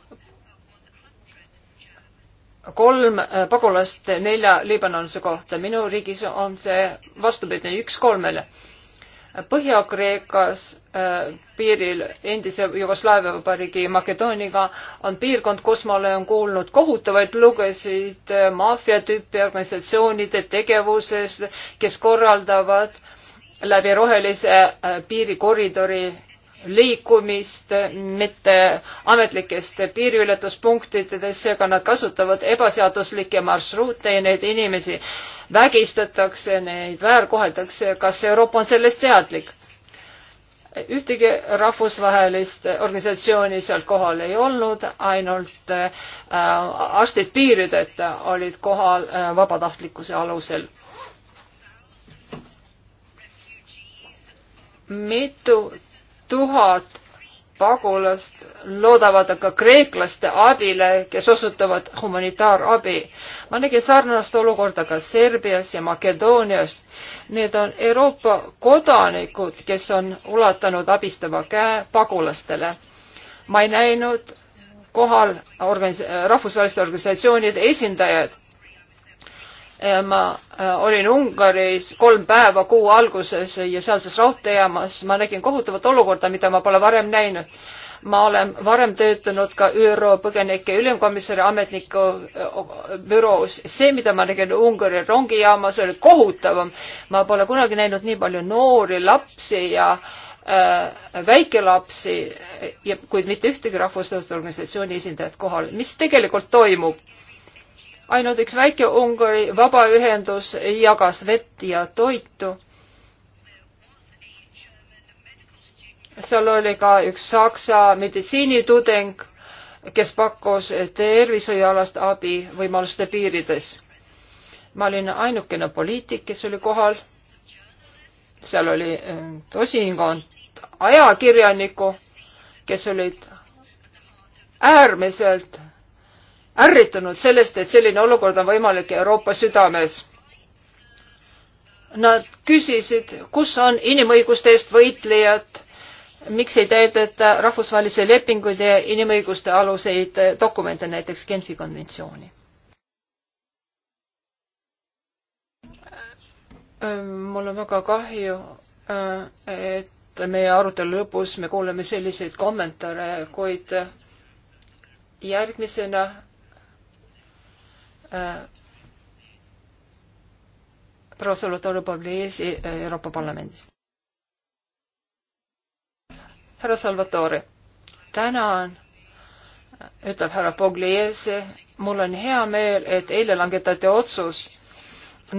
kolm äh, pagulast nelja liibanonlase kohta. minu riigis on see vastupidine, üks kolmele. Põhja-Kreekas äh, piiril endise Jugoslaavia vabariigi Makedooniaga on piirkond, kus ma olen kuulnud kohutavaid lugesid äh, maffia tüüpi organisatsioonide tegevusest, kes korraldavad läbi rohelise äh, piirikoridori liikumist mitte ametlikest piiriületuspunktidesse, aga nad kasutavad ebaseaduslikke marsruute ja neid inimesi vägistatakse, neid väärkoheldakse, kas Euroopa on sellest teadlik? ühtegi rahvusvahelist organisatsiooni seal kohal ei olnud, ainult äh, arstid piirideta olid kohal äh, vabatahtlikkuse alusel. mitu tuhat pagulast loodavad aga kreeklaste abile, kes osutavad humanitaarabi. ma nägin sarnast olukorda ka Serbias ja Makedoonias. Need on Euroopa kodanikud, kes on ulatanud abistava käe pagulastele. ma ei näinud kohal organis-, rahvusvaheliste organisatsioonide esindajad, Äh, ma äh, olin Ungaris kolm päeva kuu alguses ja sealses raudteejaamas ma nägin kohutavat olukorda, mida ma pole varem näinud. ma olen varem töötanud ka ÜRO põgenike ülemkomissari ametniku äh, büroos. see, mida ma nägin Ungari rongijaamas, oli kohutavam. ma pole kunagi näinud nii palju noori, lapsi ja äh, väikelapsi ja kuid mitte ühtegi rahvusvahelise organisatsiooni esindajat kohal, mis tegelikult toimub ainult üks väike Ungari vabaühendus jagas vett ja toitu. seal oli ka üks Saksa meditsiinitudeng, kes pakkus tervishoiualast abi võimaluste piirides. ma olin ainukene poliitik, kes oli kohal. seal oli ähm, tosinkond ajakirjanikku, kes olid äärmiselt ärritunud sellest, et selline olukord on võimalik Euroopa südames. Nad küsisid, kus on inimõiguste eest võitlejad, miks ei täideta rahvusvahelisi lepinguid ja inimõiguste aluseid dokumente, näiteks Genfi konventsiooni mul on väga kahju, et meie arutelu lõpus me kuuleme selliseid kommentaare, kuid järgmisena Äh, resolutului Publiesi äh, Euroopa Parlamendist. härra Salvatore, tänan, ütleb härra Pugliese, mul on hea meel, et eile langetati otsus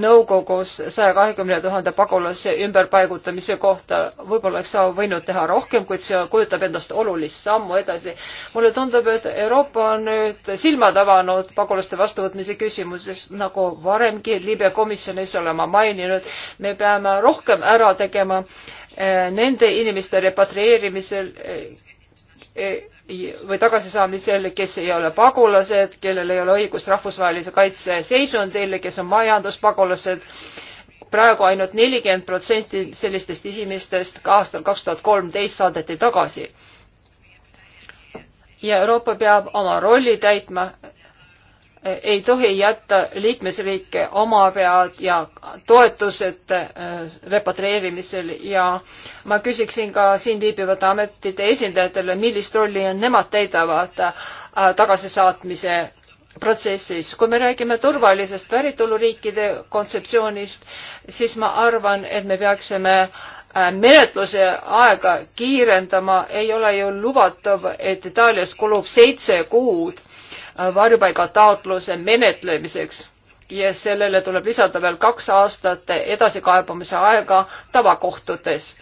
nõukogus saja kahekümne tuhande pagulase ümberpaigutamise kohta. võib-olla oleks võinud teha rohkem, kuid see kujutab endast olulist sammu edasi. mulle tundub, et Euroopa on nüüd silmad avanud pagulaste vastuvõtmise küsimuses, nagu varemgi Liibüa komisjonis olema maininud. me peame rohkem ära tegema eh, nende inimeste repatrieerimisel eh, eh, või tagasisaamisel, kes ei ole pagulased, kellel ei ole õigust rahvusvahelise kaitse seisundile, kes on majanduspagulased. praegu ainult nelikümmend protsenti sellistest inimestest ka aastal kaks tuhat kolmteist saadeti tagasi. ja Euroopa peab oma rolli täitma ei tohi jätta liikmesriike oma pead ja toetused äh, repatrieerimisel ja ma küsiksin ka siin viibivate ametite esindajatele, millist rolli nemad täidavad äh, tagasisaatmise protsessis. kui me räägime turvalisest päritoluriikide kontseptsioonist, siis ma arvan, et me peaksime äh, menetluse aega kiirendama, ei ole ju lubatav, et Itaalias kulub seitse kuud varjupaigataotluse menetlemiseks ja sellele tuleb lisada veel kaks aastat edasikaebamise aega tavakohtutes.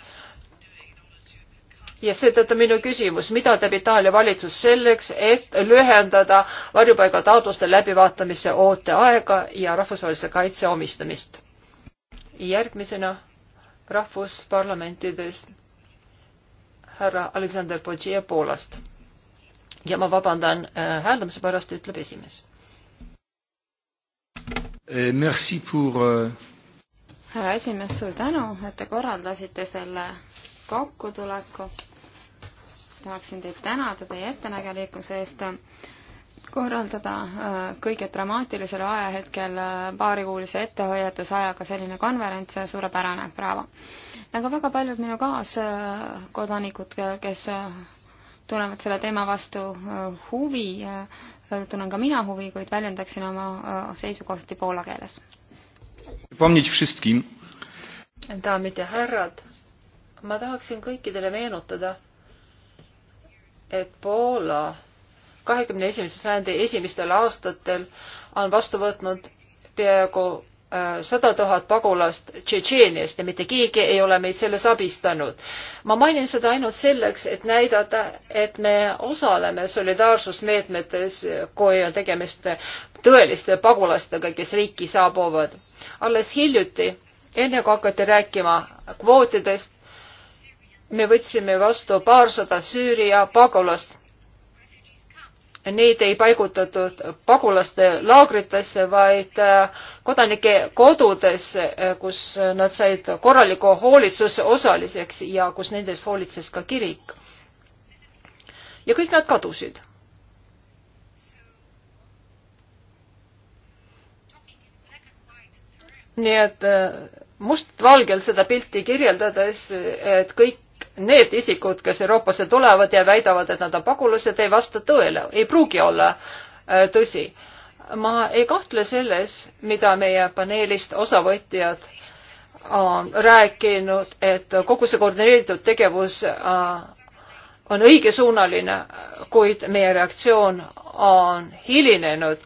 ja seetõttu minu küsimus, mida teeb Itaalia valitsus selleks, et lühendada varjupaigataotluste läbivaatamise ooteaega ja rahvusvahelise kaitse omistamist? järgmisena rahvusparlamentidest härra Aleksander Podžija Poolast ja ma vabandan äh, hääldamise pärast, ütleb esimees. Eh, merci pour äh, härra esimees, suur tänu, et te korraldasite selle kokkutuleku. tahaksin teid tänada teie ettenägelikkuse eest korraldada äh, kõige dramaatilisel ajahetkel paarikuulise ettehoiatusajaga selline konverents, suurepärane, braavo. nagu väga paljud minu kaaskodanikud, kes tunnevad selle teema vastu äh, huvi, äh, tunnen ka mina huvi, kuid väljendaksin oma äh, seisukohti poola keeles. daamid ja härrad, ma tahaksin kõikidele meenutada, et Poola kahekümne esimese sajandi esimestel aastatel on vastu võtnud peaaegu sada tuhat pagulast Tšetšeeniast ja mitte keegi ei ole meid selles abistanud. ma mainin seda ainult selleks, et näidata, et me osaleme solidaarsusmeetmetes, kui on tegemist tõeliste pagulastega, kes riiki saabuvad. alles hiljuti, enne kui hakati rääkima kvootidest, me võtsime vastu paarsada Süüria pagulast Neid ei paigutatud pagulaste laagritesse, vaid äh, kodanike kodudesse, äh, kus nad said korraliku hoolitsuse osaliseks ja kus nendest hoolitses ka kirik. ja kõik nad kadusid nii et äh, mustvalgel seda pilti kirjeldades, et kõik need isikud, kes Euroopasse tulevad ja väidavad, et nad on pagulased, ei vasta tõele, ei pruugi olla äh, tõsi. ma ei kahtle selles, mida meie paneelist osavõtjad on äh, rääkinud, et kogu see koordineeritud tegevus äh, on õigesuunaline, kuid meie reaktsioon on hilinenud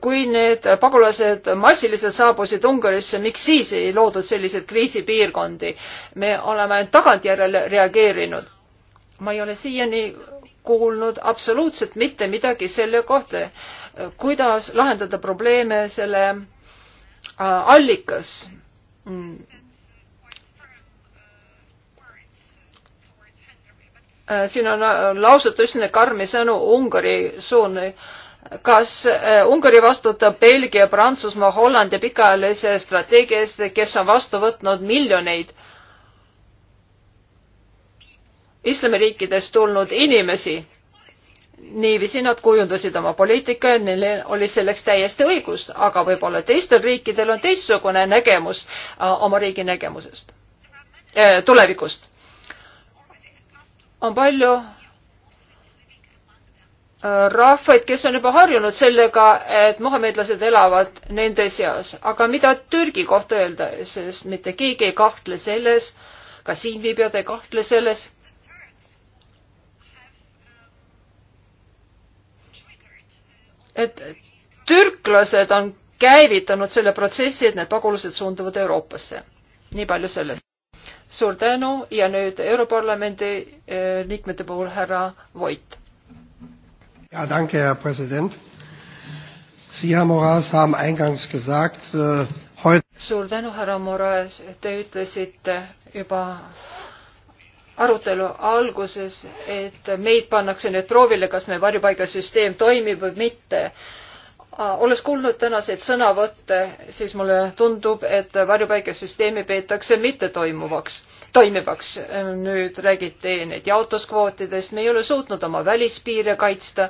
kui need pagulased massiliselt saabusid Ungarisse, miks siis ei loodud selliseid kriisipiirkondi? me oleme tagantjärele reageerinud. ma ei ole siiani kuulnud absoluutselt mitte midagi selle kohta, kuidas lahendada probleeme selle äh, allikas. Mm. Äh, siin on lausutud üsna karmi sõnu Ungari suunal kas äh, Ungari vastutab Belgia, Prantsusmaa, Hollandi pikaajalise strateegia eest, kes on vastu võtnud miljoneid islamiriikidest tulnud inimesi. niiviisi nad kujundasid oma poliitika ja neil oli selleks täiesti õigus, aga võib-olla teistel riikidel on teistsugune nägemus äh, oma riigi nägemusest, äh, tulevikust. on palju Äh, rahvaid, kes on juba harjunud sellega, et muhamedlased elavad nende seas. aga mida Türgi kohta öelda, sest mitte keegi ei kahtle selles, ka siinviibijad ei kahtle selles, et türklased on käivitanud selle protsessi, et need pagulased suunduvad Euroopasse. nii palju sellest. suur tänu ja nüüd Europarlamendi äh, liikmete puhul härra Voit Ja, danke, Herr Präsident. Sie, Herr Moraes, haben eingangs gesagt, äh, heute. Suur tänu, härra Moraes, te ütlesite juba arutelu alguses, et meid pannakse nüüd proovile, kas meie varjupaigasüsteem toimib või mitte Äh, olles kuulnud tänaseid sõnavõtte, siis mulle tundub, et varjupaigasüsteemi peetakse mittetoimuvaks, toimivaks. Äh, nüüd räägiti neid jaotuskvootidest, me ei ole suutnud oma välispiire kaitsta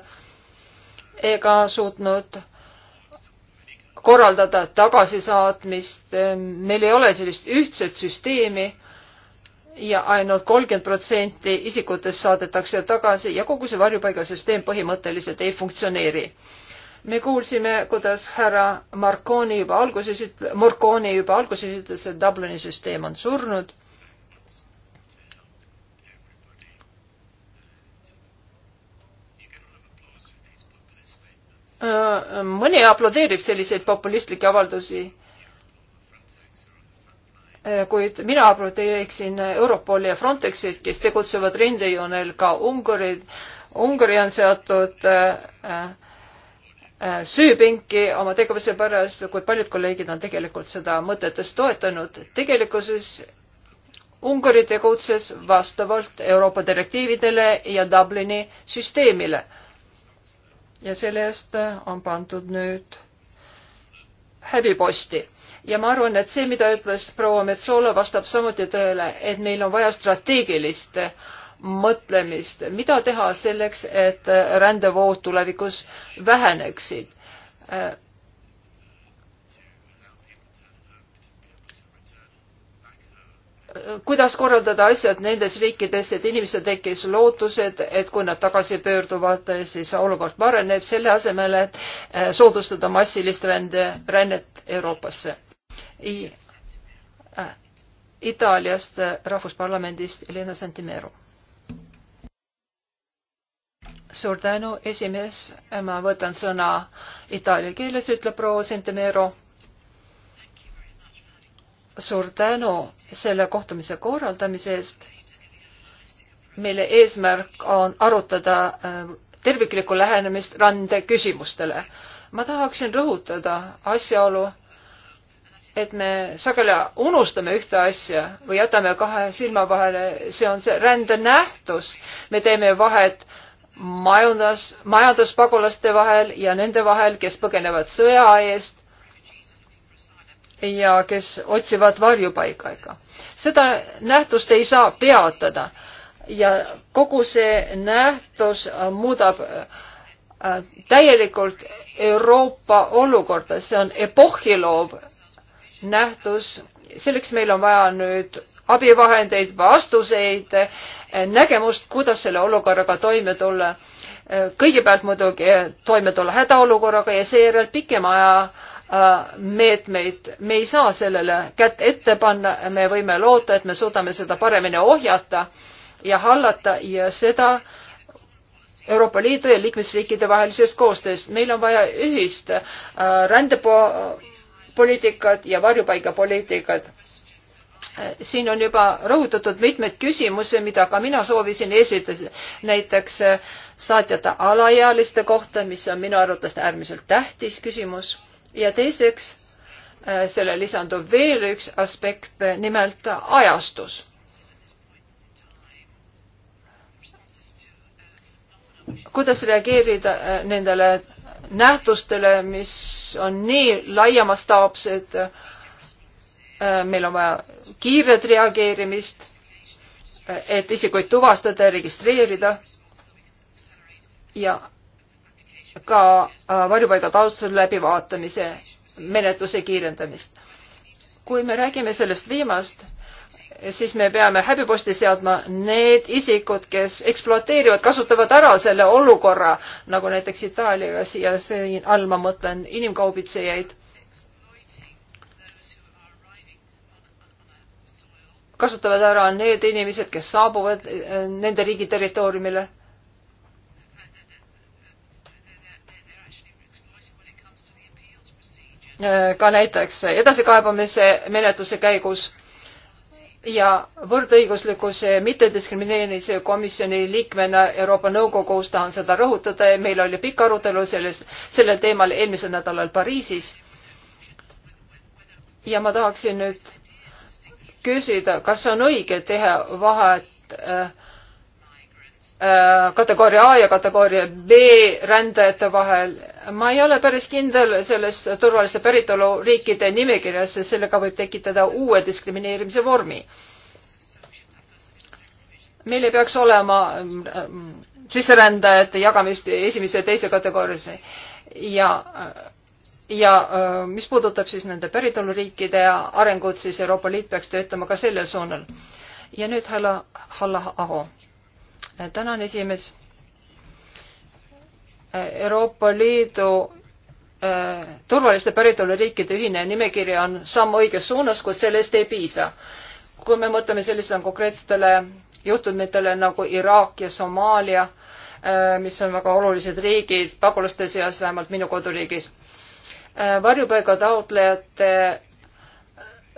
ega suutnud korraldada tagasisaatmist, äh, meil ei ole sellist ühtset süsteemi ja ainult kolmkümmend protsenti isikutest saadetakse tagasi ja kogu see varjupaigasüsteem põhimõtteliselt ei funktsioneeri me kuulsime, kuidas härra Marconi juba alguses, Morconi juba alguses ütles, et Dublini süsteem on surnud. Äh, mõni aplodeerib selliseid populistlikke avaldusi, äh, kuid mina aplodeeriksin Europoli ja Frontexit, kes tegutsevad rindejoonel ka Ungarid. Ungari on seotud äh, Äh, süüpinki oma tegevuse pärast, kuid paljud kolleegid on tegelikult seda mõtetes toetanud. tegelikkuses Ungari tegutses vastavalt Euroopa direktiividele ja Dublini süsteemile. ja selle eest on pandud nüüd häbiposti. ja ma arvan, et see, mida ütles proua Metsola, vastab samuti tõele, et meil on vaja strateegilist äh, mõtlemist, mida teha selleks, et rändevood tulevikus väheneksid. kuidas korraldada asjad nendes riikides, et inimestel tekkis lootused, et kui nad tagasi pöörduvad, siis olukord paraneb, selle asemel, et eh, soodustada massilist rände, rännet Euroopasse. Eh, Itaaliast eh, rahvusparlamendist Elena Santimero suur tänu, esimees, ma võtan sõna itaalia keeles, ütleb proua Sentemero. suur tänu selle kohtumise korraldamise eest, mille eesmärk on arutada ähm, terviklikku lähenemist rande küsimustele. ma tahaksin rõhutada asjaolu, et me sageli unustame ühte asja või jätame kahe silma vahele, see on see rändenähtus. me teeme vahet äh, majandus, majanduspagulaste vahel ja nende vahel, kes põgenevad sõja eest ja kes otsivad varjupaigaga. seda nähtust ei saa peatada ja kogu see nähtus muudab äh, täielikult Euroopa olukorda, see on epohhiloov nähtus selleks meil on vaja nüüd abivahendeid, vastuseid, nägemust, kuidas selle olukorraga toime tulla. kõigepealt muidugi toime tulla hädaolukorraga ja seejärel pikema aja äh, meetmeid. me ei saa sellele kätt ette panna, me võime loota, et me suudame seda paremini ohjata ja hallata ja seda Euroopa Liidu ja liikmesriikide vahelisest koostööst. meil on vaja ühist äh, rändepo- poliitikat ja varjupaigapoliitikat. siin on juba rõhutatud mitmeid küsimusi, mida ka mina soovisin esitada, näiteks äh, saatjate alaealiste kohta, mis on minu arvates äärmiselt tähtis küsimus ja teiseks äh, selle lisandub veel üks aspekt, äh, nimelt ajastus kuidas reageerida nendele nähtustele, mis on nii laiamastaapsed. Äh, meil on vaja kiiret reageerimist, äh, et isikuid tuvastada ja registreerida ja ka äh, varjupaigataotluse läbivaatamise menetluse kiirendamist. kui me räägime sellest viimast siis me peame häbiposti seadma need isikud, kes ekspluateerivad, kasutavad ära selle olukorra, nagu näiteks Itaalias ja siin all ma mõtlen inimkaubitsejaid. kasutavad ära need inimesed, kes saabuvad eh, nende riigi territooriumile eh, ka näiteks edasikaebamise menetluse käigus ja võrdõiguslikkuse mittediskrimineerimise komisjoni liikmena Euroopa Nõukogus tahan seda rõhutada ja meil oli pikk arutelu selles, sellel teemal eelmisel nädalal Pariisis. ja ma tahaksin nüüd küsida, kas on õige teha vahet äh, Äh, kategooria A ja kategooria B rändajate vahel. ma ei ole päris kindel sellest turvaliste päritolu riikide nimekirjas, sest sellega võib tekitada uue diskrimineerimise vormi. meil ei peaks olema ähm, äh, sisserändajate jagamist esimese ja teise kategooriasse ja äh, ja mis puudutab siis nende päritoluriikide arengut, siis Euroopa Liit peaks töötama ka sellel suunal. ja nüüd härra Halla Aho tänan, esimees. Euroopa Liidu äh, turvaliste päritoluriikide ühine nimekiri on samm õiges suunas, kuid sellest ei piisa. kui me mõtleme sellistele konkreetsetele juhtumitele nagu Iraak ja Somaalia, äh, mis on väga olulised riigid pagulaste seas, vähemalt minu koduriigis. Äh, varjupaiga taotlejate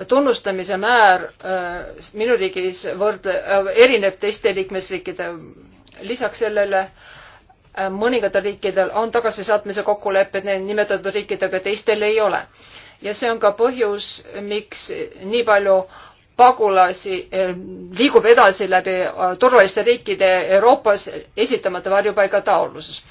tunnustamise määr äh, minu riigis võrdle-, äh, erineb teiste liikmesriikide. lisaks sellele äh, mõningatel riikidel on tagasisaatmise kokkulepped nimetatud riikidega, teistel ei ole. ja see on ka põhjus, miks nii palju pagulasi liigub edasi läbi turvaliste riikide Euroopas esitamata varjupaigataotluses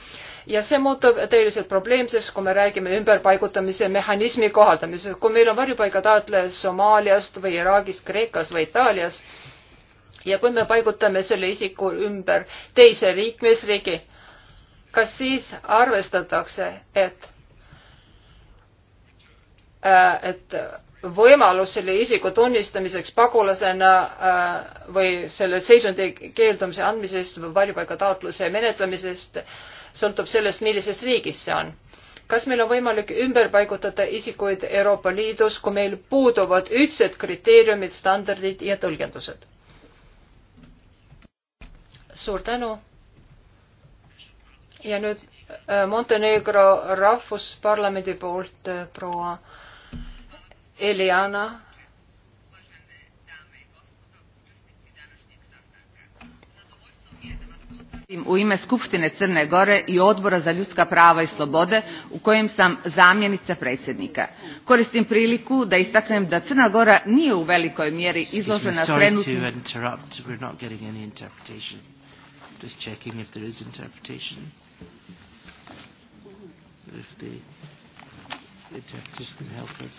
ja see muutub tõeliselt probleemseks, kui me räägime ümberpaigutamise mehhanismi kohaldamisest. kui meil on varjupaigataotleja Somaaliast või Iraagist, Kreekas või Itaalias ja kui me paigutame selle isiku ümber teise liikmesriigi, kas siis arvestatakse, et, äh, et võimalus selle isiku tunnistamiseks pagulasena äh, või selle seisundi keeldumise andmisest või varjupaigataotluse menetlemisest äh, sõltub sellest, millisest riigist see on. kas meil on võimalik ümber paigutada isikuid Euroopa Liidus, kui meil puuduvad ühtsed kriteeriumid, standardid ja tõlgendused? suur tänu. ja nüüd äh, Montenegro rahvusparlamendi poolt äh, proua Eliana u ime skupštine crne gore i odbora za ljudska prava i slobode u kojem sam zamjenica predsjednika. koristim priliku da istaknem da crna gora nije u velikoj mjeri izložena trenutnim Just checking if there is interpretation. If the interpreters can help us.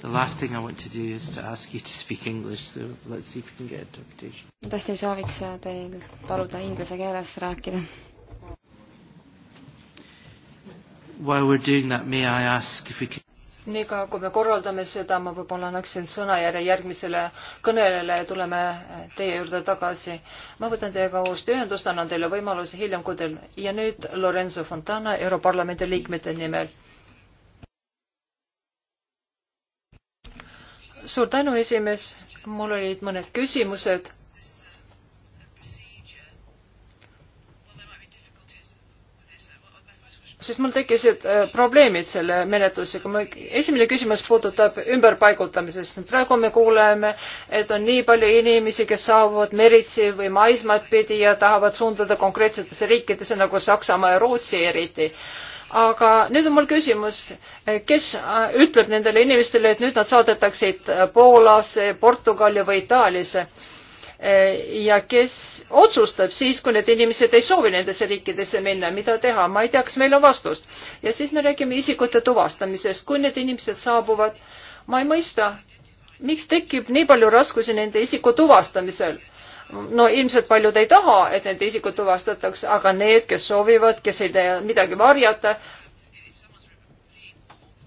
The last thing I want to do is to ask you to speak English, so let's see if we can get interpretation. ma tõesti ei sooviks teil paluda inglise keeles rääkida. While we're doing that, may I ask if we can niikaua, kui me korraldame seda, ma võib-olla annaksin sõnajärje järgmisele kõnelejale ja tuleme teie juurde tagasi. ma võtan teiega uuesti ühendust, annan teile võimaluse hiljem, kui teil ja nüüd Lorenzo Fontana Europarlamendi liikmete nimel suur tänu, esimees, mul olid mõned küsimused. sest mul tekkisid äh, probleemid selle menetlusega. mu esimene küsimus puudutab ümberpaigutamisest. praegu me kuuleme, et on nii palju inimesi, kes saabuvad meritsi või maismaad pidi ja tahavad suunduda konkreetsetesse riikidesse nagu Saksamaa ja Rootsi eriti aga nüüd on mul küsimus, kes äh, ütleb nendele inimestele, et nüüd nad saadetaksid äh, Poolasse, Portugali või Itaaliasse? Äh, ja kes otsustab siis, kui need inimesed ei soovi nendesse riikidesse minna, mida teha, ma ei tea, kas meil on vastust. ja siis me räägime isikute tuvastamisest, kui need inimesed saabuvad, ma ei mõista, miks tekib nii palju raskusi nende isiku tuvastamisel no ilmselt paljud ei taha, et nende isikud tuvastatakse, aga need, kes soovivad, kes ei tee midagi varjata,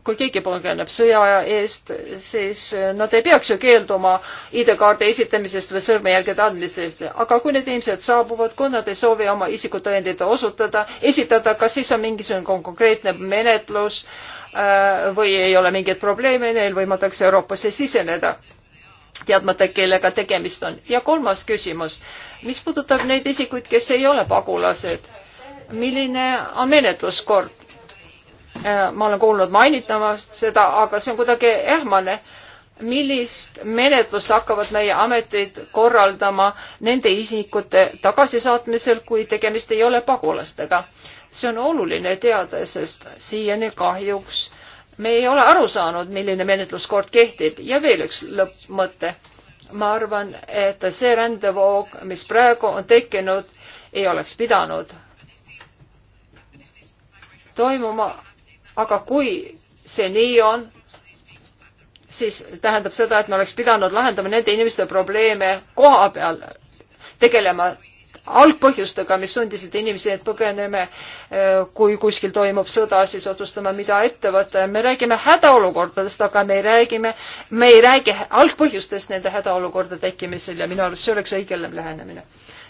kui keegi põgeneb sõja eest, siis nad ei peaks ju keelduma ID-kaardi esitamisest või sõrmejälgede andmisest, aga kui need inimesed saabuvad, kui nad ei soovi oma isikutõendeid osutada, esitada, kas siis on mingisugune konkreetne menetlus äh, või ei ole mingeid probleeme, neil võimaldatakse Euroopasse siseneda teadmata, kellega tegemist on. ja kolmas küsimus, mis puudutab neid isikuid, kes ei ole pagulased, milline on menetluskord? Äh, ma olen kuulnud mainitavast seda, aga see on kuidagi ähmane millist menetlust hakkavad meie ametid korraldama nende isikute tagasisaatmisel, kui tegemist ei ole pagulastega. see on oluline teada, sest siiani kahjuks me ei ole aru saanud, milline menetluskord kehtib ja veel üks lõppmõte. ma arvan, et see rändevoog, mis praegu on tekkinud, ei oleks pidanud toimuma, aga kui see nii on, siis tähendab seda, et me oleks pidanud lahendama nende inimeste probleeme koha peal, tegelema algpõhjustega, mis sundisid inimesi, et põgeneme. Eh, kui kuskil toimub sõda, siis otsustame, mida ette võtta ja me räägime hädaolukordadest, aga me räägime, me ei räägi algpõhjustest nende hädaolukorda tekkimisel ja minu arust see oleks õigem lähenemine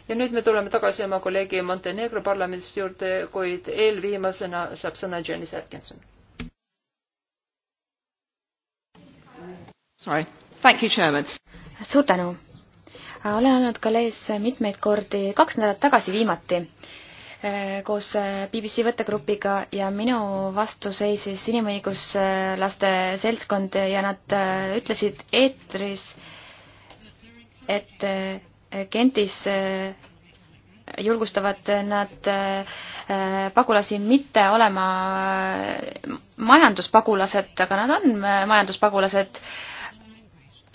ja nüüd me tuleme tagasi oma kolleegi Montenegro parlamendist juurde, kuid eelviimasena saab sõna Janice Atkinson. suur tänu olen olnud Calais mitmeid kordi, kaks nädalat tagasi viimati, äh, koos äh, BBC võttegrupiga ja minu vastu seisis inimõiguslaste seltskond ja nad äh, ütlesid eetris, et Gentis julgustavad nad pagulasi mitte olema majanduspagulased, aga nad on majanduspagulased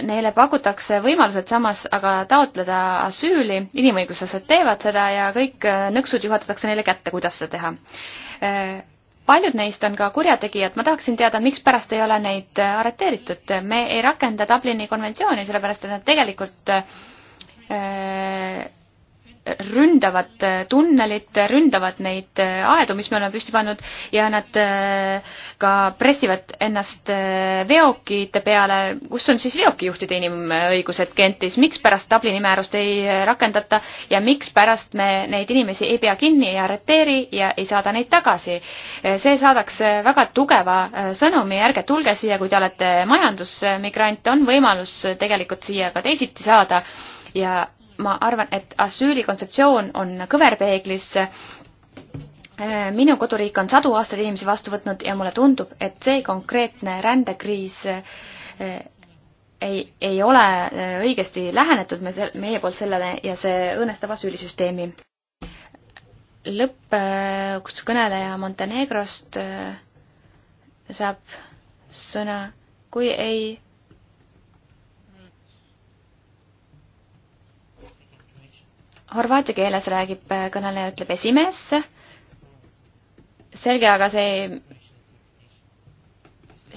neile pakutakse võimalused samas aga taotleda asüüli, inimõiguslased teevad seda ja kõik äh, nõksud juhatatakse neile kätte, kuidas seda teha. Äh, paljud neist on ka kurjategijad, ma tahaksin teada, mikspärast ei ole neid äh, arreteeritud, me ei rakenda Dublini konventsiooni, sellepärast et nad tegelikult ründavad äh, tunnelit, ründavad neid äh, aedu, mis me oleme püsti pannud ja nad äh, ka pressivad ennast veokite peale. kus on siis veokijuhtide inimõigused Gentis, mikspärast Dublini määrust ei rakendata ja mikspärast me neid inimesi ei pea kinni ja arreteeri ja ei saada neid tagasi? see saadaks väga tugeva sõnumi, ärge tulge siia, kui te olete majandusmigrant, on võimalus tegelikult siia ka teisiti saada ja ma arvan, et asüüli kontseptsioon on kõverpeeglis. minu koduriik on sadu aastaid inimesi vastu võtnud ja mulle tundub, et see konkreetne rändekriis eh, ei, ei ole eh, õigesti lähenetud me sel-, meie poolt sellele ja see õõnestab asüülisüsteemi. lõpuks eh, kõneleja Montenegrost saab sõna, kui ei Horvaatia keeles räägib äh, kõneleja, ütleb esimees. selge, aga see,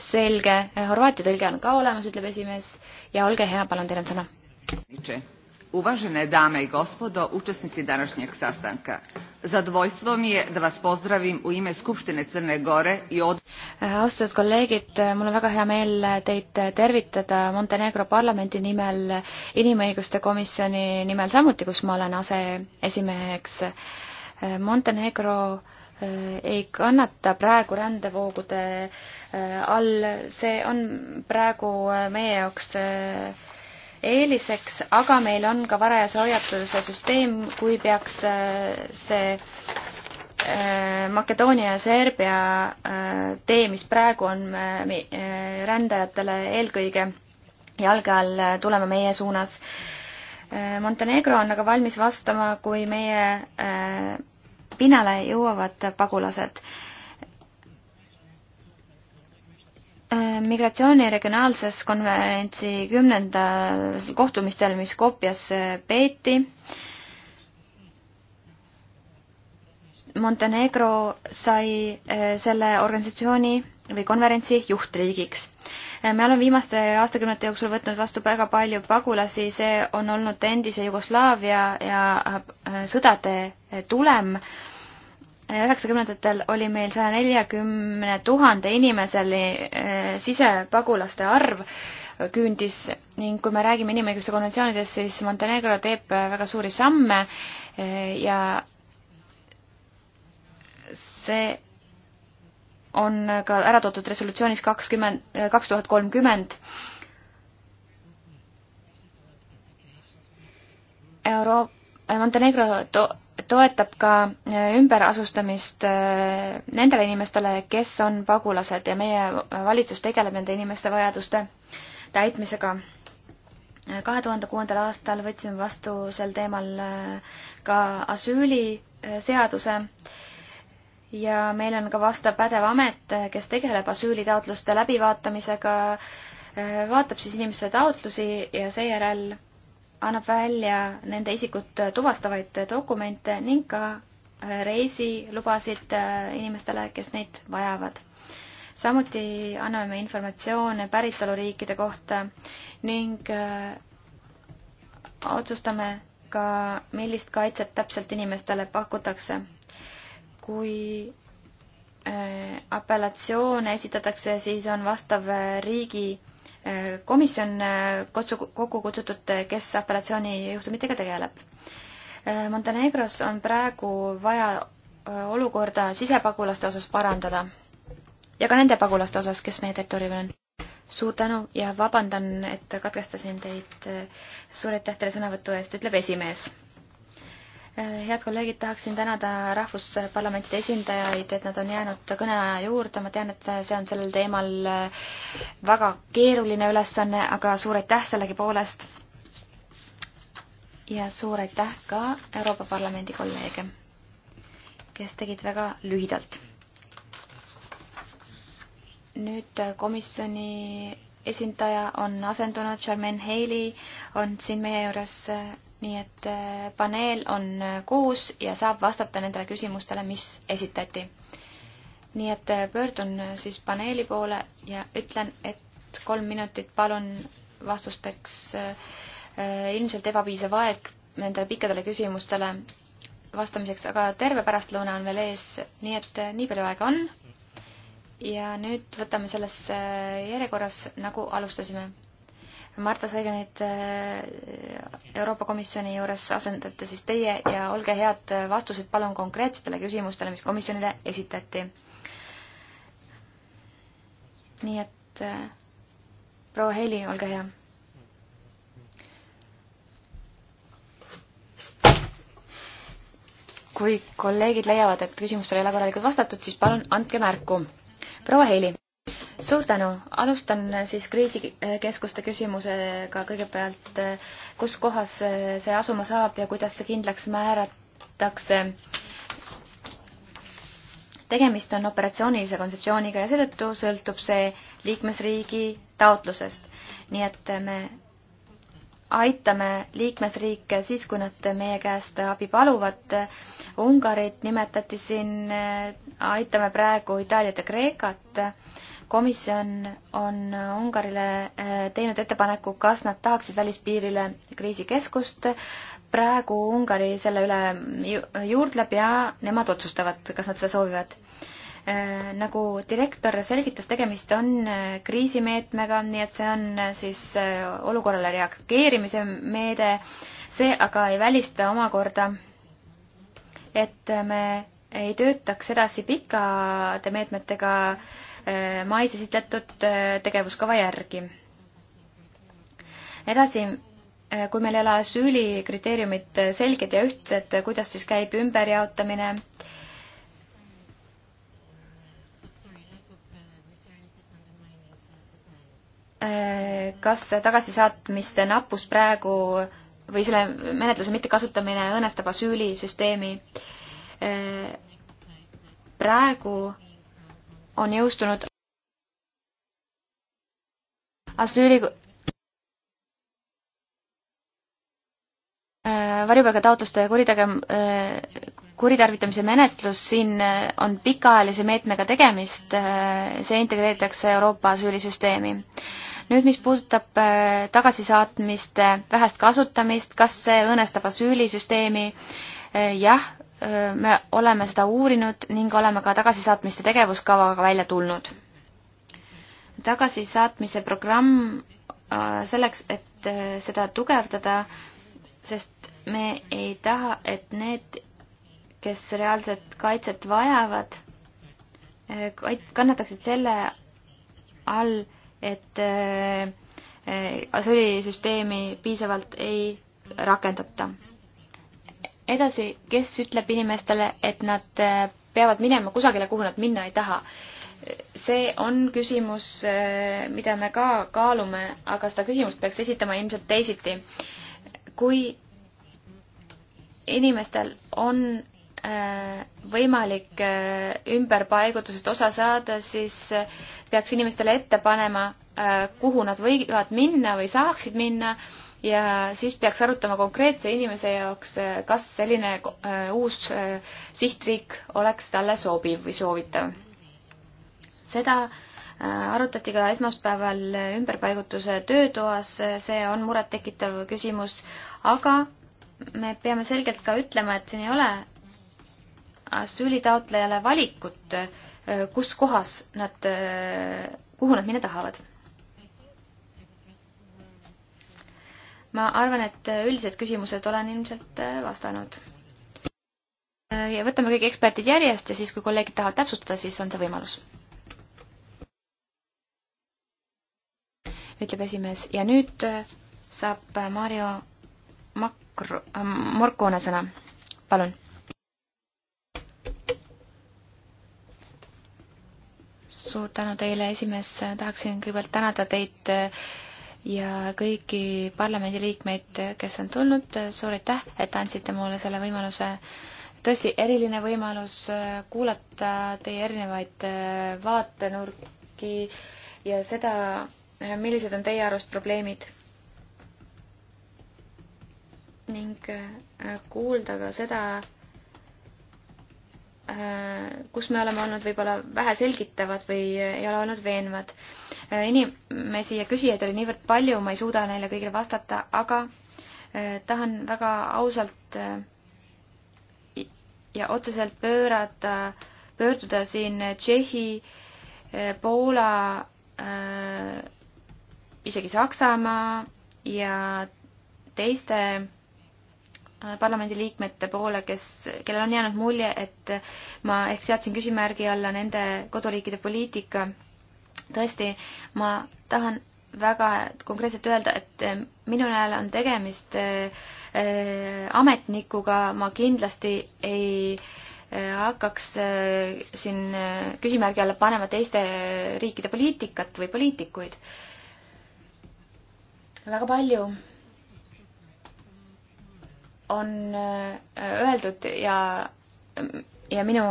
selge, äh, Horvaatia tõlge on ka olemas, ütleb esimees ja olge hea, palun, teil on sõna. Uvažene dame i gospodo, učesnici današnjeg sastanka. Zadvojstvo mi je da vas pozdravim u ime Skupštine Crne Gore i od... Austatud kolleegid, mul on väga hea meel teid tervitada Montenegro parlamendi nimel, inimõiguste komisjoni nimel samuti, kus ma olen aseesimeheks. Montenegro eh, ei kannata praegu rändevoogude eh, all, see on praegu eh, meie jaoks eeliseks, aga meil on ka varajase hoiatuse süsteem, kui peaks äh, see äh, Makedoonia ja Serbia äh, tee, mis praegu on rändajatele eelkõige jalge all, tulema meie suunas. Montenegro on aga valmis vastama, kui meie pinnale jõuavad pagulased Äh, migratsiooni regionaalses konverentsi kümnendal kohtumistel, mis Kopjas äh, peeti, Montenegro sai äh, selle organisatsiooni või konverentsi juhtriigiks. me oleme viimaste aastakümnete jooksul võtnud vastu väga palju pagulasi, see on olnud endise Jugoslaavia ja sõdade tulem üheksakümnendatel oli meil saja neljakümne tuhande inimeseni eh, sisepagulaste arv küündis ning kui me räägime inimõiguste konventsioonidest, siis Montenegro teeb väga suuri samme eh, ja see on ka ära toodud resolutsioonis kakskümmend, eh, kaks tuhat kolmkümmend. Euroopa Montenegro to toetab ka äh, ümberasustamist äh, nendele inimestele, kes on pagulased ja meie valitsus tegeleb nende inimeste vajaduste täitmisega. Äh, kahe tuhande kuuendal aastal võtsime vastu sel teemal ka asüüliseaduse ja meil on ka vastav pädev amet, kes tegeleb asüülitaotluste läbivaatamisega, vaatab siis inimeste taotlusi ja seejärel annab välja nende isikut tuvastavaid dokumente ning ka äh, reisilubasid äh, inimestele, kes neid vajavad. samuti anname me informatsioone päritoluriikide kohta ning äh, otsustame ka, millist kaitset täpselt inimestele pakutakse. kui apellatsioone esitatakse, siis on vastav riigi komisjon äh, kutsu, kokku kutsutud, äh, kes apellatsioonijuhtumitega tegeleb. Äh, Montenegros on praegu vaja olukorda sisepagulaste osas parandada ja ka nende pagulaste osas, kes meie territooriumil on. suur tänu ja vabandan, et katkestasin teid. suur aitäh teile sõnavõtu eest, ütleb esimees Äh, head kolleegid, tahaksin tänada rahvusparlamentide esindajaid, et nad on jäänud kõneaja juurde, ma tean, et see on sellel teemal äh, väga keeruline ülesanne, aga suur aitäh sellegipoolest. ja suur aitäh ka Euroopa Parlamendi kolleege, kes tegid väga lühidalt. nüüd äh, komisjoni esindaja on asendunud, Charmaine Haley on siin meie juures nii et äh, paneel on äh, koos ja saab vastata nendele küsimustele, mis esitati. nii et äh, pöördun siis paneeli poole ja ütlen, et kolm minutit palun vastusteks ilmselt ebapiisav aeg nendele pikkadele küsimustele vastamiseks, aga terve pärastlõuna on veel ees, nii et nii palju aega on. ja nüüd võtame selles järjekorras, nagu alustasime Marta Saiganit äh, Euroopa Komisjoni juures asendate siis teie ja olge head, äh, vastused palun konkreetsetele küsimustele, mis komisjonile esitati. nii et äh, proua Heli, olge hea. kui kolleegid leiavad, et küsimustele ei ole korralikult vastatud, siis palun andke märku. proua Heli suur tänu, alustan äh, siis kriisikeskuste küsimusega kõigepealt, äh, kus kohas äh, see asuma saab ja kuidas see kindlaks määratakse. tegemist on operatsioonilise kontseptsiooniga ja seetõttu sõltub see liikmesriigi taotlusest. nii et me aitame liikmesriike siis, kui nad meie käest abi paluvad. Ungarit nimetati siin, aitame praegu Itaaliat ja Kreekat komisjon on äh, Ungarile äh, teinud ettepaneku, kas nad tahaksid välispiirile kriisikeskust. praegu Ungari selle üle juurdleb ja nemad otsustavad, kas nad seda soovivad äh, nagu direktor selgitas, tegemist on kriisimeetmega, nii et see on siis olukorrale reageerimise meede. see aga ei välista omakorda, et me ei töötaks edasi pikkade meetmetega äh, Äh, mais esitletud äh, tegevuskava järgi. edasi, äh, kui meil ei ole asüülikriteeriumid selged ja ühtsed, kuidas siis käib ümberjaotamine, kas tagasisaatmiste nappus praegu või selle menetluse mittekasutamine õõnestab asüülisüsteemi? praegu on jõustunud asüüli äh, varjupaigataotluste kuritegem-, äh, kuritarvitamise menetlus, siin äh, on pikaajalise meetmega tegemist, see integreeritakse Euroopa asüülisüsteemi. nüüd, mis puudutab tagasisaatmiste vähest kasutamist, kas see õõnestab asüülisüsteemi, jah, me oleme seda uurinud ning oleme ka tagasisaatmiste tegevuskavaga välja tulnud. tagasisaatmise programm selleks, et seda tugevdada, sest me ei taha, et need, kes reaalset kaitset vajavad, kannataksid selle all, et asüülisüsteemi piisavalt ei rakendata edasi, kes ütleb inimestele, et nad äh, peavad minema kusagile, kuhu nad minna ei taha? see on küsimus, äh, mida me ka kaalume, aga seda küsimust peaks esitama ilmselt teisiti. kui inimestel on äh, võimalik ümberpaigutusest osa saada, siis peaks inimestele ette panema, kuhu nad võivad minna või saaksid minna ja siis peaks arutama konkreetse inimese jaoks, kas selline äh, uus äh, sihtriik oleks talle sobiv või soovitav. seda äh, arutati ka esmaspäeval ümberpaigutuse töötoas, see on murettekitav küsimus, aga me peame selgelt ka ütlema, et siin ei ole asüülitaotlejale valikut, kus kohas nad, kuhu nad minna tahavad ma arvan, et üldised küsimused olen ilmselt äh, vastanud. Äh, ja võtame kõik eksperdid järjest ja siis, kui kolleegid tahavad täpsustada, siis on see võimalus. ütleb esimees ja nüüd äh, saab Mario Makro- äh,, Morkone sõna. palun. suur tänu teile, esimees, tahaksin kõigepealt tänada teid äh, ja kõiki parlamendiliikmeid, kes on tulnud, suur aitäh, et andsite mulle selle võimaluse. tõesti eriline võimalus äh, kuulata teie erinevaid äh, vaatenurki ja seda, äh, millised on teie arust probleemid. ning kuulda ka seda, Äh, kus me oleme olnud võib-olla vähe selgitavad või ei ole olnud veenvad. Äh, inimesi ja küsijaid oli niivõrd palju, ma ei suuda neile kõigile vastata, aga äh, tahan väga ausalt ja otseselt pöörata, pöörduda siin Tšehhi, Poola, isegi Saksamaa ja teiste Äh, parlamendiliikmete poole, kes, kellel on jäänud mulje, et ma ehk seadsin küsimärgi alla nende koduriikide poliitika. tõesti, ma tahan väga konkreetselt öelda, et äh, minu näol on tegemist äh, ametnikuga, ma kindlasti ei hakkaks siin küsimärgi alla panema teiste riikide poliitikat või poliitikuid. väga palju on äh, öeldud ja, ja minu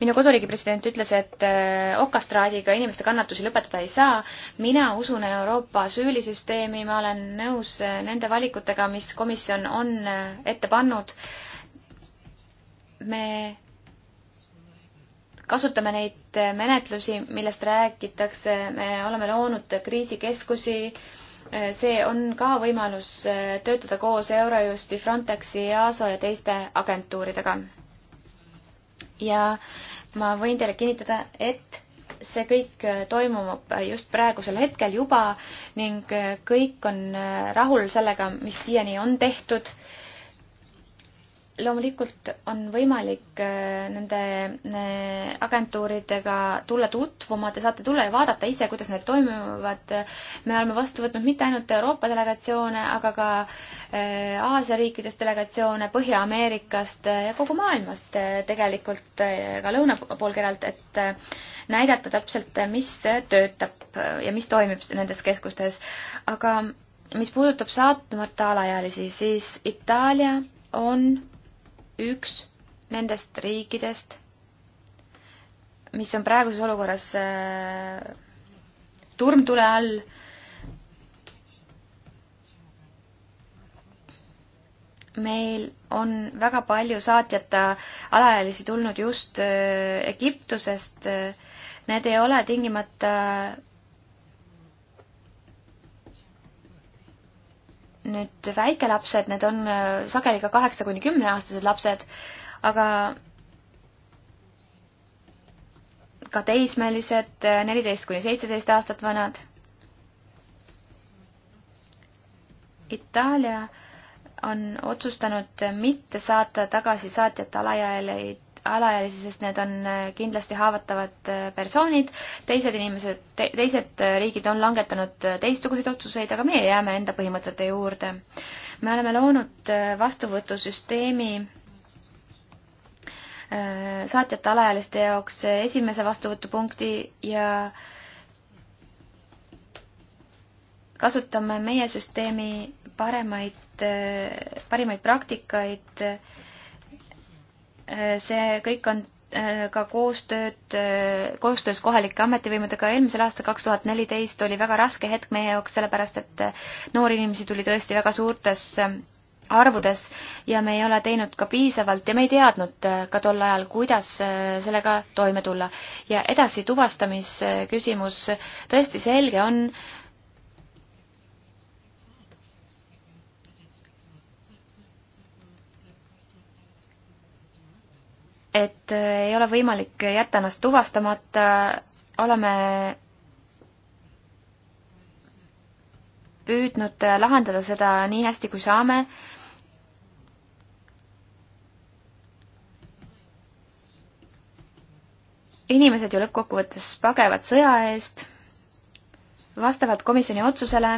minu koduriigi president ütles, et äh, okastraadiga inimeste kannatusi lõpetada ei saa. mina usun Euroopa asüülisüsteemi, ma olen nõus äh, nende valikutega, mis komisjon on ette pannud. me kasutame neid menetlusi, millest räägitakse, me oleme loonud kriisikeskusi Äh, see on ka võimalus äh, töötada koos Eurojusti, Frontexi, EASO ja teiste agentuuridega. ja ma võin teile kinnitada, et see kõik äh, toimub just praegusel hetkel juba ning kõik on rahul sellega, mis siiani on tehtud loomulikult on võimalik äh, nende äh, agentuuridega tulla tutvuma, te saate tulla ja vaadata ise, kuidas need toimivad. me oleme vastu võtnud mitte ainult Euroopa delegatsioone, aga ka äh, Aasia riikidest delegatsioone, Põhja-Ameerikast ja kogu maailmast tegelikult ka lõunapoolkeralt, et näidata täpselt, mis töötab ja mis toimib nendes keskustes. aga mis puudutab saatmata alaealisi, siis Itaalia on üks nendest riikidest, mis on praeguses olukorras äh, turmtule all. meil on väga palju saatjata alaealisi tulnud just äh, Egiptusest. Äh, need ei ole tingimata nüüd väikelapsed, need on äh, sageli ka kaheksa kuni kümneaastased lapsed, aga ka teismelised, äh, neliteist kuni seitseteist aastat vanad. Itaalia on otsustanud mitte saata tagasi saatjate alaealeid alaealisi, sest need on äh, kindlasti haavatavad äh, persoonid, teised inimesed te,, teised äh, riigid on langetanud teistsuguseid otsuseid, aga meie jääme enda põhimõtete juurde. me oleme loonud vastuvõtusüsteemi saatjate alaealiste jaoks esimese vastuvõtupunkti ja kasutame meie süsteemi paremaid, parimaid praktikaid äh, Äh, see kõik on äh, ka koostööd, äh, koostöös kohalike ametivõimudega. eelmisel aastal, kaks tuhat neliteist, oli väga raske hetk meie jaoks, sellepärast et noori inimesi tuli tõesti väga suurtes ähm, arvudes ja me ei ole teinud ka piisavalt ja me ei teadnud ka tol ajal, kuidas sellega toime tulla. ja edasi tuvastamisküsimus, tõesti selge on, et äh, ei ole võimalik jätta ennast tuvastamata, oleme püüdnud äh, lahendada seda nii hästi, kui saame. inimesed ju lõppkokkuvõttes pagevad sõja eest, vastavalt komisjoni otsusele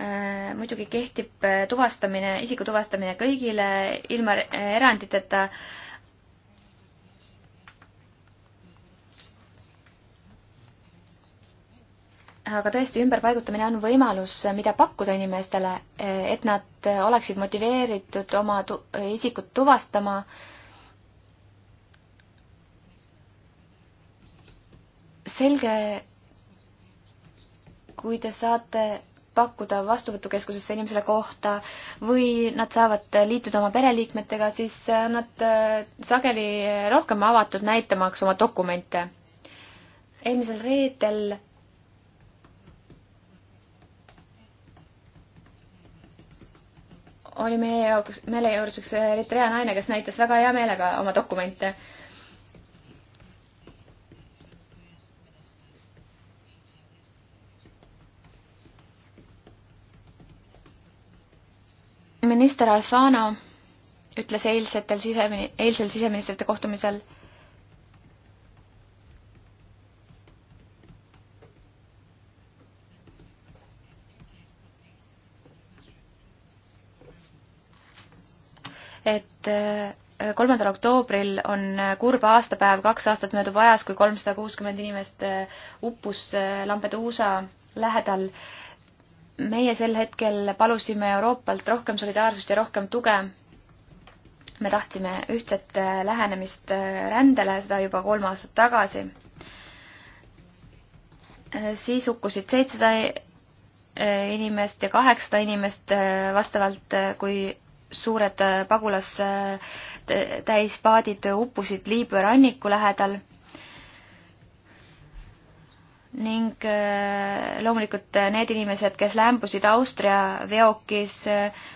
Äh, muidugi kehtib äh, tuvastamine, isiku tuvastamine kõigile ilma äh, eranditeta. aga tõesti, ümberpaigutamine on võimalus, mida pakkuda inimestele, et nad oleksid motiveeritud oma tu isikut tuvastama. selge, kui te saate pakkuda vastuvõtukeskusesse inimesele kohta või nad saavad liituda oma pereliikmetega, siis äh, nad äh, sageli rohkem avatud näitamaks oma dokumente. eelmisel reedel oli meie jaoks, meele juures üks äh, Eritrea naine, kes näitas väga hea meelega oma dokumente minister Alfano ütles eilsetel sisemini-, eilsel siseministrite kohtumisel, et äh, kolmandal oktoobril on äh, kurb aastapäev, kaks aastat möödub ajas, kui kolmsada kuuskümmend inimest äh, uppus Lampeduusa lähedal meie sel hetkel palusime Euroopalt rohkem solidaarsust ja rohkem tuge. me tahtsime ühtset äh, lähenemist äh, rändele, seda juba kolm aastat tagasi. Äh, siis hukkusid seitsesada inimest ja kaheksasada inimest vastavalt, kui suured pagulastäispaadid uppusid Liibüa ranniku lähedal ning äh, loomulikult äh, need inimesed, kes lämbusid Austria veokis, äh,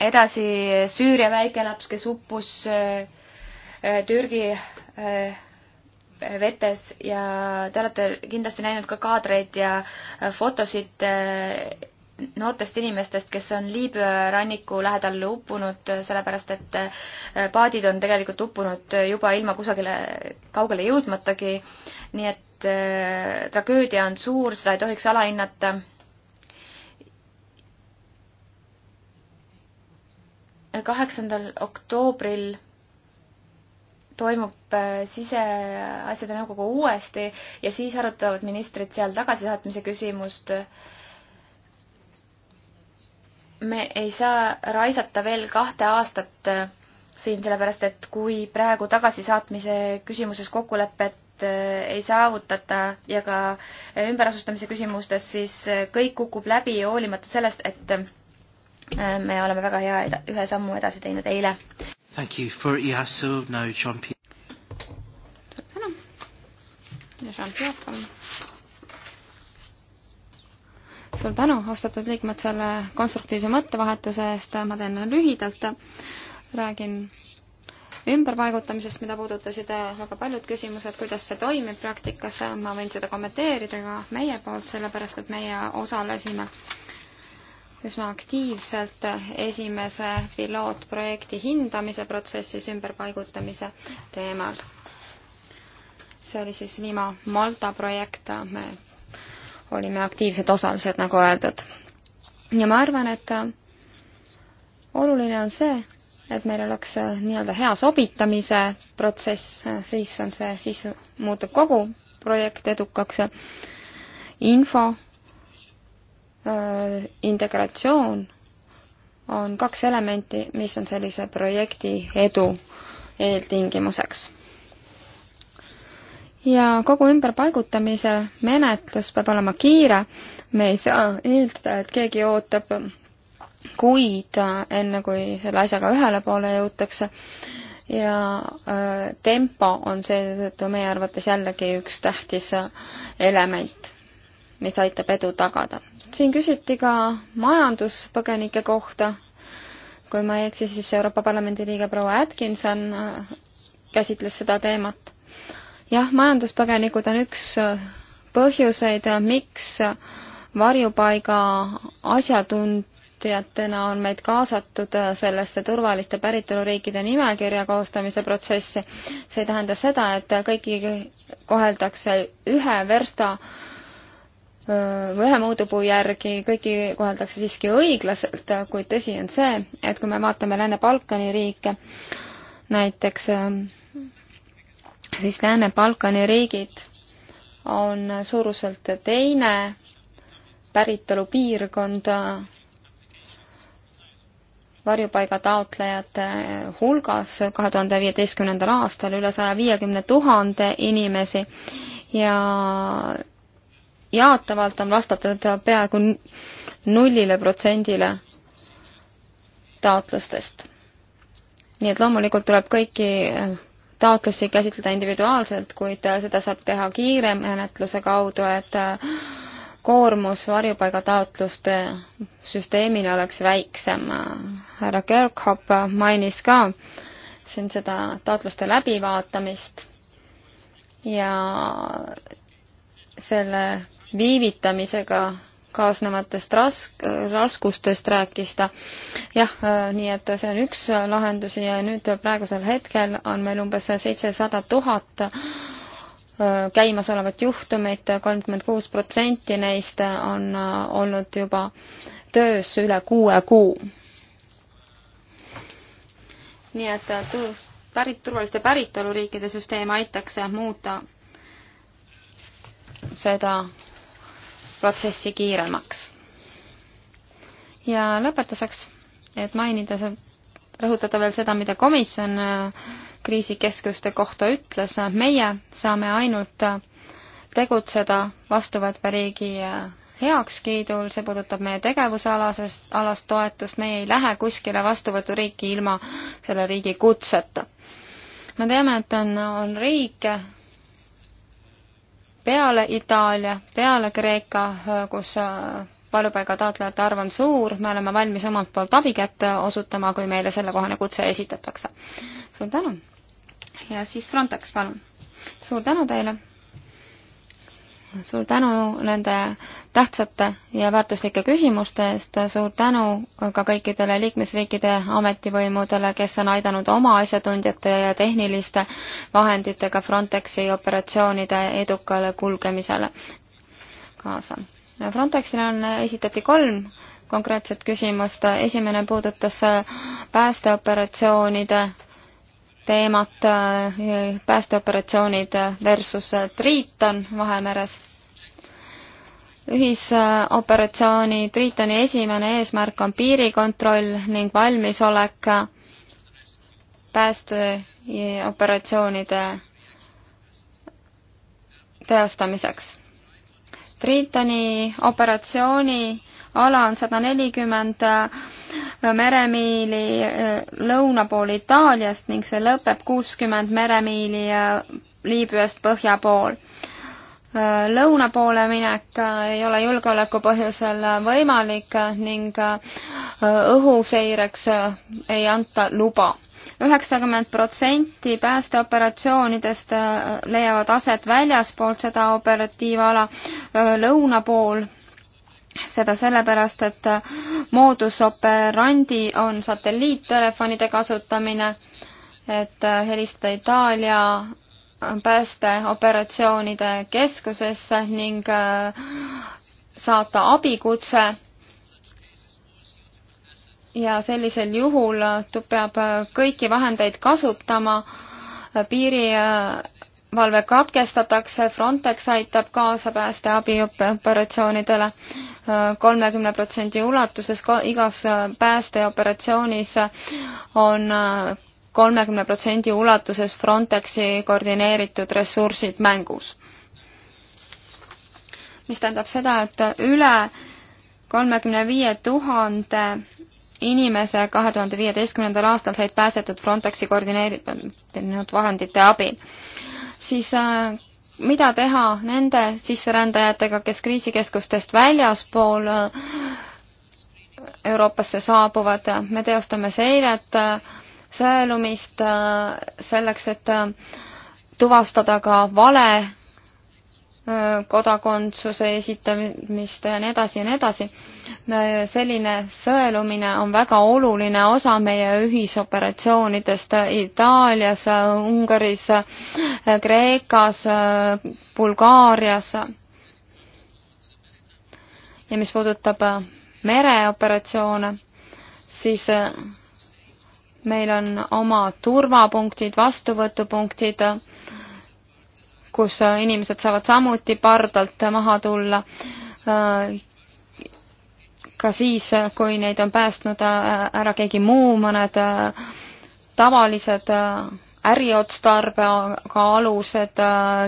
edasi Süüria väikelaps, kes uppus Türgi vetes ja te olete kindlasti näinud ka kaadreid ja fotosid noortest inimestest, kes on Liibüa ranniku lähedal uppunud, sellepärast et äh, paadid on tegelikult uppunud juba ilma kusagile kaugele jõudmatagi. nii et äh, tragöödia on suur, seda ei tohiks alahinnata. kaheksandal oktoobril toimub äh, siseasjade nõukogu uuesti ja siis arutavad ministrid seal tagasisaatmise küsimust äh, me ei saa raisata veel kahte aastat äh, siin, sellepärast et kui praegu tagasisaatmise küsimuses kokkulepet äh, ei saavutata ja ka äh, ümberasustamise küsimustes, siis kõik kukub läbi, hoolimata sellest, et me oleme väga hea eda-, ühe sammu edasi teinud eile. suur tänu ja Jean-Pierre, palun suur tänu, austatud liikmed, selle konstruktiivse mõttevahetuse eest, ma teen lühidalt, räägin ümberpaigutamisest, mida puudutasid väga paljud küsimused, kuidas see toimib praktikas, ma võin seda kommenteerida ka meie poolt, sellepärast et meie osalesime üsna aktiivselt esimese pilootprojekti hindamise protsessis ümberpaigutamise teemal. see oli siis Lima Malta projekt, me olime aktiivsed osalised, nagu öeldud. ja ma arvan, et äh, oluline on see, et meil oleks äh, nii-öelda hea sobitamise protsess, äh, siis on see, siis muutub kogu projekt edukaks. info äh, integratsioon on kaks elementi, mis on sellise projekti edu eeltingimuseks ja kogu ümberpaigutamise menetlus peab olema kiire, me ei saa eeldada, et keegi ootab kuid, enne kui selle asjaga ühele poole jõutakse ja äh, tempo on seetõttu meie arvates jällegi üks tähtis element, mis aitab edu tagada. siin küsiti ka majanduspõgenike kohta, kui ma ei eksi, siis Euroopa Parlamendi liige proua Atkinson äh, käsitles seda teemat jah, majanduspõgenikud on üks äh, põhjuseid, äh, miks äh, varjupaiga asjatundjatena on meid kaasatud sellesse turvaliste päritoluriikide nimekirja koostamise protsessi. see ei tähenda seda, et kõiki koheldakse ühe versta ühe mõõdupuu järgi kõiki koheldakse siiski õiglaselt, kuid tõsi on see, et kui me vaatame Lääne-Balkani riike, näiteks ehk siis Lääne-Balkani riigid on suuruselt teine päritolupiirkond varjupaiga taotlejate hulgas kahe tuhande viieteistkümnendal aastal üle saja viiekümne tuhande inimesi ja jaatavalt on vastatud peaaegu nullile protsendile taotlustest. nii et loomulikult tuleb kõiki taotlusi käsitleda individuaalselt, kuid äh, seda saab teha kiire menetluse kaudu, et äh, koormus varjupaigataotluste süsteemile oleks väiksem. härra Kirkhopp mainis ka siin seda taotluste läbivaatamist ja selle viivitamisega kaasnevatest rask-, raskustest rääkis ta. jah, äh, nii et see on üks lahendusi ja nüüd praegusel hetkel on meil umbes seitsesada tuhat äh, käimasolevat juhtumit, kolmkümmend kuus protsenti neist on äh, olnud juba töös üle kuue kuu. nii et pärit, turvaliste päritoluriikide süsteem aitaks muuta seda protsessi kiiremaks. ja lõpetuseks, et mainida, rõhutada veel seda, mida komisjon äh, kriisikeskuste kohta ütles, äh, meie saame ainult äh, tegutseda vastuvõtva riigi heakskiidul, see puudutab meie tegevusalasest, alast toetust, meie ei lähe kuskile vastuvõturiiki ilma selle riigi kutseta. me teame, et on, on riike, peale Itaalia, peale Kreeka, kus varjupaigataotlejate äh, arv on suur, me oleme valmis omalt poolt abi kätte äh, osutama, kui meile sellekohane kutse esitatakse. suur tänu! ja siis Frontex, palun! suur tänu teile! suur tänu nende tähtsate ja väärtuslike küsimuste eest, suur tänu ka kõikidele liikmesriikide ametivõimudele, kes on aidanud oma asjatundjate ja tehniliste vahenditega Frontexi operatsioonide edukale kulgemisele kaasa. Frontexile on, esitati kolm konkreetset küsimust, esimene puudutas päästeoperatsioonide teemat, päästeoperatsioonid versus Triiton Vahemeres. ühisoperatsiooni Triitoni esimene eesmärk on piirikontroll ning valmisolek päästeoperatsioonide teostamiseks. Triitoni operatsiooni ala on sada nelikümmend 140 meremiili eh, lõuna pool Itaaliast ning see lõpeb kuuskümmend meremiili eh, Liibüast põhja pool. Eh, lõuna poole minek ei ole julgeoleku põhjusel võimalik ning õhuseireks ei anta luba üheksakümmend protsenti päästeoperatsioonidest leiavad aset väljaspoolt seda operatiivala lõuna pool seda sellepärast, et moodus operandi on satelliittelefonide kasutamine, et helistada Itaalia päästeoperatsioonide keskusesse ning äh, saata abikutse. ja sellisel juhul peab äh, kõiki vahendeid kasutama, piiri äh, valve katkestatakse, Frontex aitab kaasa päästeabioperatsioonidele kolmekümne protsendi ulatuses igas äh, päästeoperatsioonis äh, on äh, kolmekümne protsendi ulatuses Frontexi koordineeritud ressursid mängus. mis tähendab seda, et üle kolmekümne viie tuhande inimese kahe tuhande viieteistkümnendal aastal said pääsetud Frontexi koordineeritud vahendite abil. siis mida teha nende sisserändajatega, kes kriisikeskustest väljaspool Euroopasse saabuvad, me teostame seiret, sõelumist selleks, et tuvastada ka vale kodakondsuse esitamist ja nii edasi ja nii edasi. selline sõelumine on väga oluline osa meie ühisoperatsioonidest Itaalias, Ungaris, Kreekas, Bulgaarias. ja mis puudutab mereoperatsioone, siis meil on oma turvapunktid, vastuvõtupunktid kus inimesed saavad samuti pardalt maha tulla ka siis, kui neid on päästnud ära keegi muu, mõned tavalised äriotstarbega alused,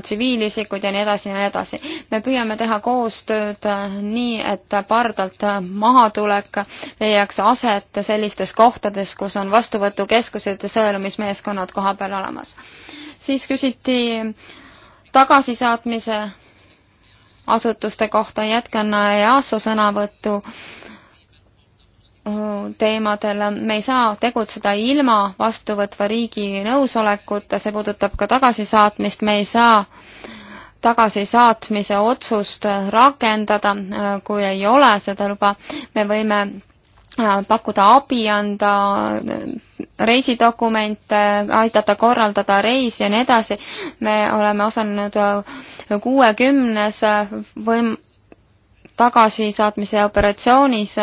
tsiviilisikud ja nii edasi ja nii edasi. me püüame teha koostööd nii, et pardalt mahatulek leiaks aset sellistes kohtades, kus on vastuvõtukeskused ja sõelumismeeskonnad kohapeal olemas. siis küsiti äh, tagasisaatmise asutuste kohta jätkan EASO sõnavõttu uh, teemadel, me ei saa tegutseda ilma vastuvõtva riigi nõusolekuta, see puudutab ka tagasisaatmist, me ei saa tagasisaatmise otsust rakendada, uh, kui ei ole seda luba, me võime Äh, pakkuda abi, anda äh, reisidokumente, aidata korraldada reisi ja nii edasi. me oleme osalenud äh, kuuekümnes võim-, tagasisaatmise operatsioonis,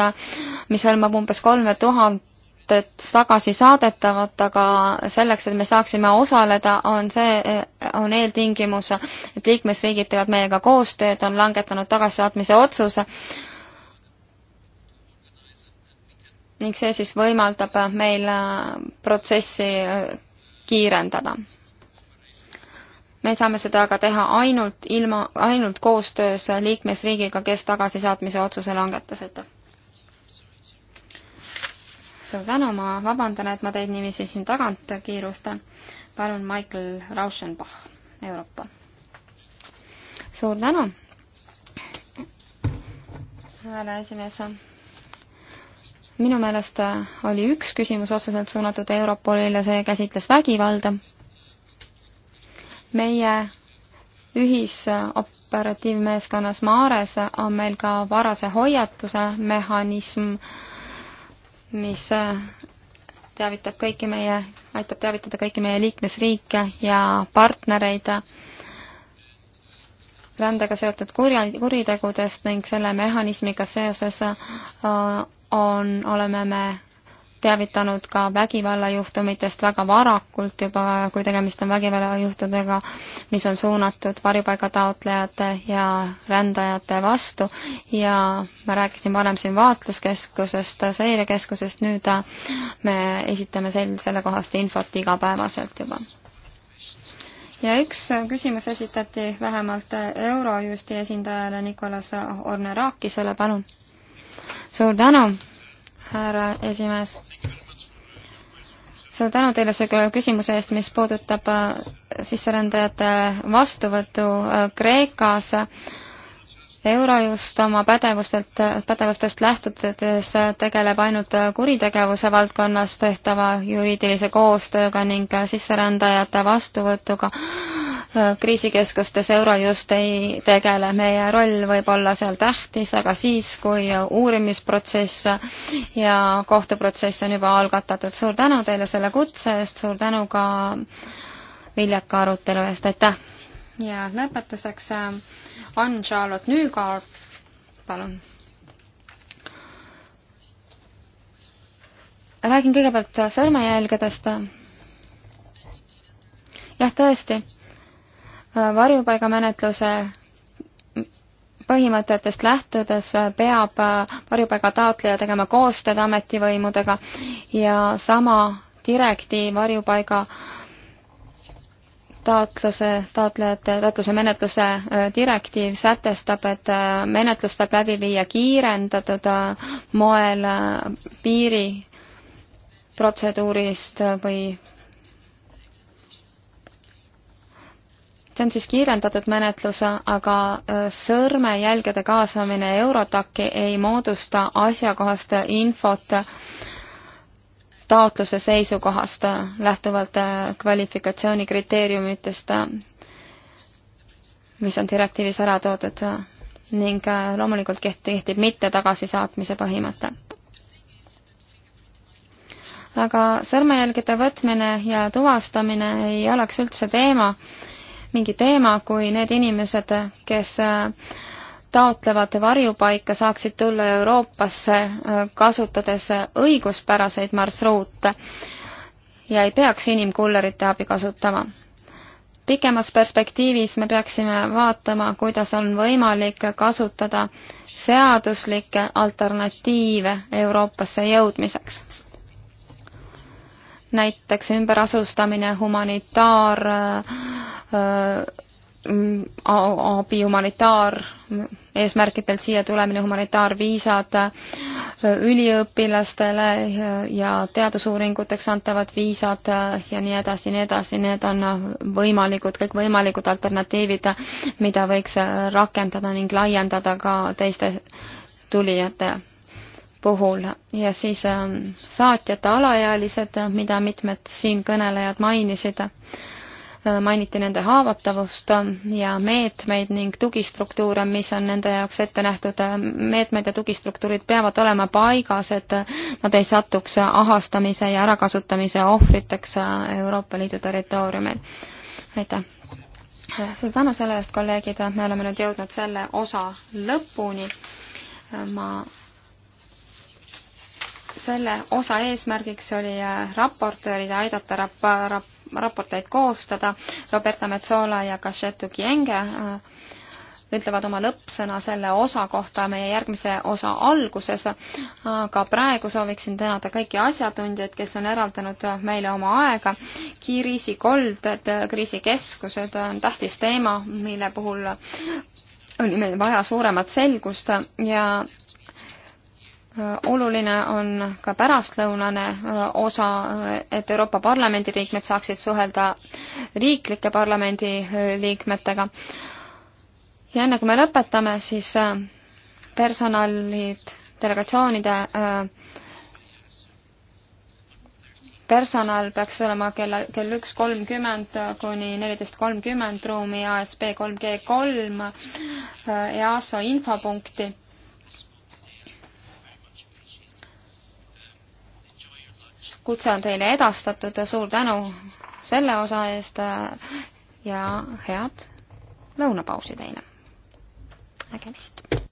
mis hõlmab umbes kolme tuhat tagasi saadetavat, aga selleks, et me saaksime osaleda, on see, on eeltingimus, et liikmesriigid teevad meiega koostööd, on langetanud tagasisaatmise otsuse ning see siis võimaldab meil äh, protsessi äh, kiirendada. me saame seda aga teha ainult ilma, ainult koostöös liikmesriigiga, kes tagasisaatmise otsuse langetas, aitäh. suur tänu, ma vabandan, et ma teid niiviisi siin tagant kiirustan. palun, Michael Rauschenbach, Euroopa. suur tänu, härra esimees minu meelest äh, oli üks küsimus otseselt suunatud Europolile, see käsitles vägivalda. meie ühisoperatiivmeeskonnas Maares on meil ka varase hoiatuse mehhanism, mis äh, teavitab kõiki meie, aitab teavitada kõiki meie liikmesriike ja partnereid rändega seotud kurja, kuritegudest ning selle mehhanismiga seoses äh, on, oleme me teavitanud ka vägivallajuhtumitest väga varakult juba, kui tegemist on vägivallajuhtudega, mis on suunatud varjupaigataotlejate ja rändajate vastu ja ma rääkisin varem siin vaatluskeskusest, seirekeskusest, nüüd me esitame sel-, sellekohast infot igapäevaselt juba ja üks küsimus esitati vähemalt Eurojusti esindajale Nikolas Ornerakisele, palun suur tänu, härra esimees. suur tänu teile selle küsimuse eest, mis puudutab äh, sisserändajate vastuvõttu äh, Kreekas. Eurojust oma pädevustelt, pädevustest lähtudes tegeleb ainult kuritegevuse valdkonnas tehtava juriidilise koostööga ning sisserändajate vastuvõtuga äh, Äh, kriisikeskustes euro just ei tegele, meie roll võib olla seal tähtis, aga siis, kui uurimisprotsess ja kohtuprotsess on juba algatatud. suur tänu teile selle kutse eest, suur tänu ka viljaka arutelu eest, aitäh! ja lõpetuseks on äh, Charlotte Nüügaard, palun. räägin kõigepealt sõrmejälgedest. jah, tõesti varjupaigamenetluse põhimõtetest lähtudes peab varjupaiga taotleja tegema koostööd ametivõimudega ja sama direktiiv varjupaiga taotluse, taotlejate, taotluse menetluse direktiiv sätestab, et menetlus tuleb läbi viia kiirendatud moel piiriprotseduurist või see on siis kiirendatud menetlus, aga äh, sõrmejälgede kaasamine Eurotaki ei moodusta asjakohast infot taotluse seisukohast lähtuvalt äh, kvalifikatsioonikriteeriumitest, äh, mis on direktiivis ära toodud ning loomulikult kehtib, kehtib mitte tagasisaatmise põhimõte aga sõrmejälgede võtmine ja tuvastamine ei oleks üldse teema, mingi teema, kui need inimesed, kes äh, taotlevad varjupaika, saaksid tulla Euroopasse, äh, kasutades õiguspäraseid marsruute ja ei peaks inimkullerite abi kasutama. pikemas perspektiivis me peaksime vaatama, kuidas on võimalik kasutada seaduslikke alternatiive Euroopasse jõudmiseks näiteks ümberasustamine, humanitaar äh, äh, abi humanitaareesmärkidel siia tulemine, humanitaarviisad äh, üliõpilastele ja teadusuuringuteks antavad viisad ja nii edasi, nii edasi, need on võimalikud, kõikvõimalikud alternatiivid, mida võiks rakendada ning laiendada ka teiste tulijate puhul ja siis ähm, saatjate alaealised, mida mitmed siinkõnelejad mainisid, äh, mainiti nende haavatavust ja meetmeid ning tugistruktuure, mis on nende jaoks ette nähtud, äh, meetmed ja tugistruktuurid peavad olema paigas, et nad ei satuks ahastamise ja ärakasutamise ohvriteks äh, Euroopa Liidu territooriumil. aitäh! suur tänu selle eest, kolleegid, me oleme nüüd jõudnud selle osa lõpuni. ma selle osa eesmärgiks oli äh, raportööride aidata rap-, rap-, raporteid koostada. Roberta Metsola ja Kachetu Kienge äh, ütlevad oma lõppsõna selle osa kohta meie järgmise osa alguses, aga praegu sooviksin tänada kõiki asjatundjaid, kes on eraldanud meile oma aega. kriisikolded, äh, kriisikeskused on tähtis teema, mille puhul on meil vaja suuremat selgust ja oluline on ka pärastlõunane äh, osa, äh, et Euroopa Parlamendi liikmed saaksid suhelda riiklike parlamendi äh, liikmetega. ja enne kui me lõpetame, siis personalid, delegatsioonide personal peaks olema kella, kell üks kolmkümmend kuni neliteist kolmkümmend ruumi ASB kolm G kolm EASO infopunkti kutse on teile edastatud ja suur tänu selle osa eest ja head lõunapausi teile. nägemist!